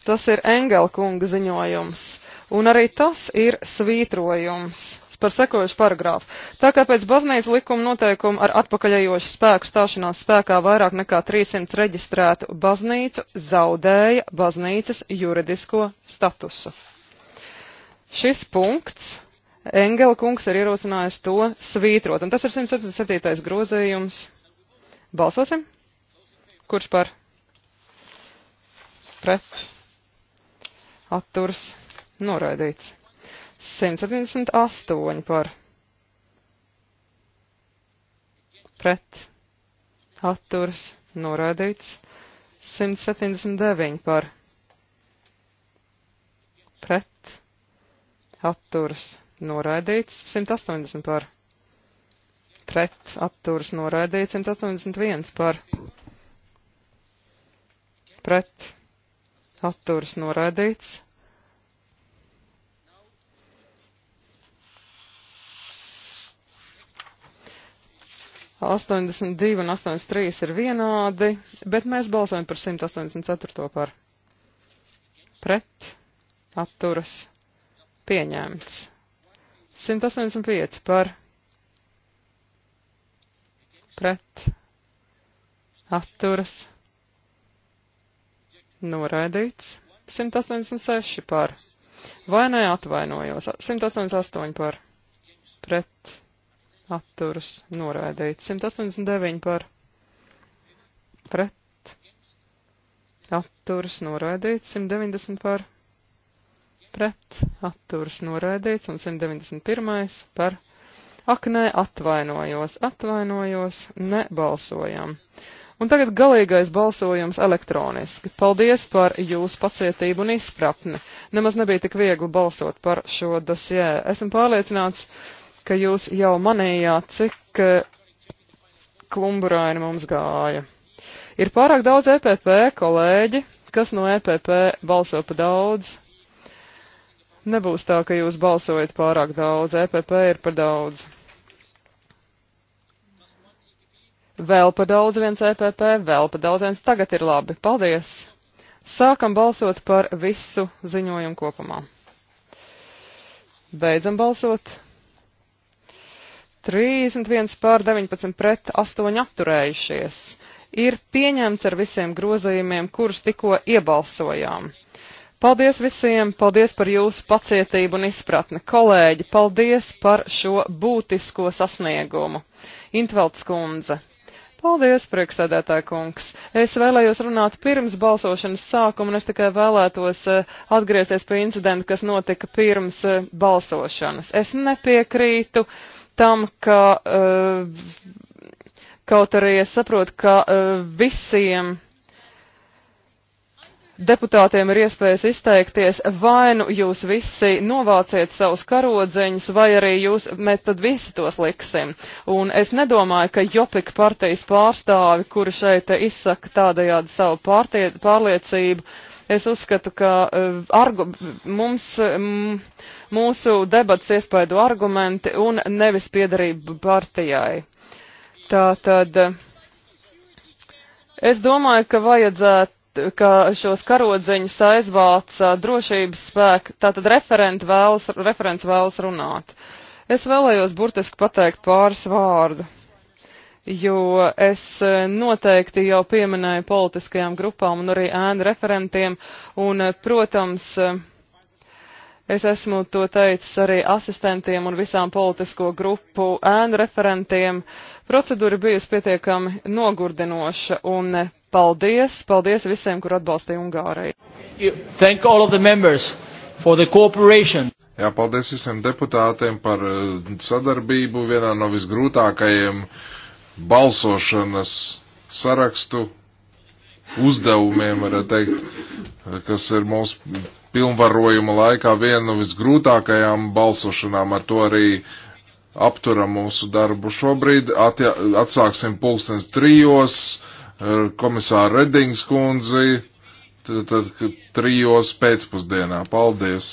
Tas ir Engela kunga ziņojums, un arī tas ir svītrojums par sekojušu paragrāfu. Tā kā pēc baznīcas likuma noteikuma ar atpakaļējošu spēku stāšanās spēkā vairāk nekā 300 reģistrētu baznīcu zaudēja baznīcas juridisko statusu. Šis punkts Engela kungs ir ierosinājis to svītrot, un tas ir 177. grozījums. Balsosim? Kurš par? Pret? Atturs? Noraidīts. 178 par pret atturs noraidīts 179 par pret atturs noraidīts 180 par pret atturs noraidīts 181 par pret atturs noraidīts 82 un 83 ir vienādi, bet mēs balsojam par 184 par. Pret, atturas, pieņēmts. 185 par. Pret, atturas, noraidīts. 186 par. Vai neatvainojos? 188 par. Pret, atturas noraidīts. 189 par pret atturas noraidīts. 190 par pret atturas noraidīts. Un 191 par ak nē, atvainojos, atvainojos, nebalsojam. Un tagad galīgais balsojums elektroniski. Paldies par jūsu pacietību un izpratni. Nemaz nebija tik viegli balsot par šo dosjē. Esmu pārliecināts, uh, ka jūs jau manījāt, cik eh, kumburaini mums gāja. Ir pārāk daudz EPP kolēģi, kas no EPP balso pa daudz. Nebūs tā, ka jūs balsojat pārāk daudz, EPP ir par daudz. Vēl pa daudz viens EPP, vēl pa daudz viens tagad ir labi. Paldies! Sākam balsot par visu ziņojumu kopumā. Beidzam balsot. 31 pār 19 pret 8 atturējušies. Ir pieņemts ar visiem grozījumiem, kurus tikko iebalsojām. Paldies visiem, paldies par jūsu pacietību un izpratni. Kolēģi, paldies par šo būtisko sasniegumu. Intvelts kundze. Paldies, priekšsēdētāja kungs. Es vēlējos runāt pirms balsošanas sākuma, un es tikai vēlētos eh, atgriezties pie incidenta, kas notika pirms eh, balsošanas. Es nepiekrītu. Uh, tam, ka eh, kaut arī es saprotu, ka eh, visiem deputātiem ir iespējas izteikties, vai nu jūs visi novāciet savus karodziņus, vai arī jūs, mēs tad visi tos liksim. Un es nedomāju, ka Jopika partijas pārstāvi, kuri šeit izsaka tādajādi savu pārtie, pārliecību, uh, Es uzskatu, ka eh, argu, mums, mm, mūsu debats iespaido argumenti un nevis piedarība partijai. Tā tad es domāju, ka vajadzētu ka šos karodziņus aizvāca drošības spēki, tātad referenti vēlas, referents vēlas runāt. Es vēlējos burtiski pateikt pāris vārdu jo es eh, noteikti jau pieminēju politiskajām grupām un arī ēnu referentiem, un, eh, protams, eh, es esmu to teicis arī asistentiem un visām politisko grupu ēnu referentiem. Procedūra bijusi pietiekami nogurdinoša, un paldies, paldies visiem, kur atbalstīja Ungāriju. Thank all of the members for the cooperation. Jā, paldies visiem deputātiem par sadarbību vienā no visgrūtākajiem uh, balsošanas sarakstu uzdevumiem, varētu teikt, kas ir mūsu pilnvarojuma laikā viena no visgrūtākajām balsošanām. Ar to arī apturam mūsu darbu šobrīd. Atja, atsāksim pulkstens trijos eh, komisāra Redings kundzi, tad, tad trijos pēcpusdienā. Paldies!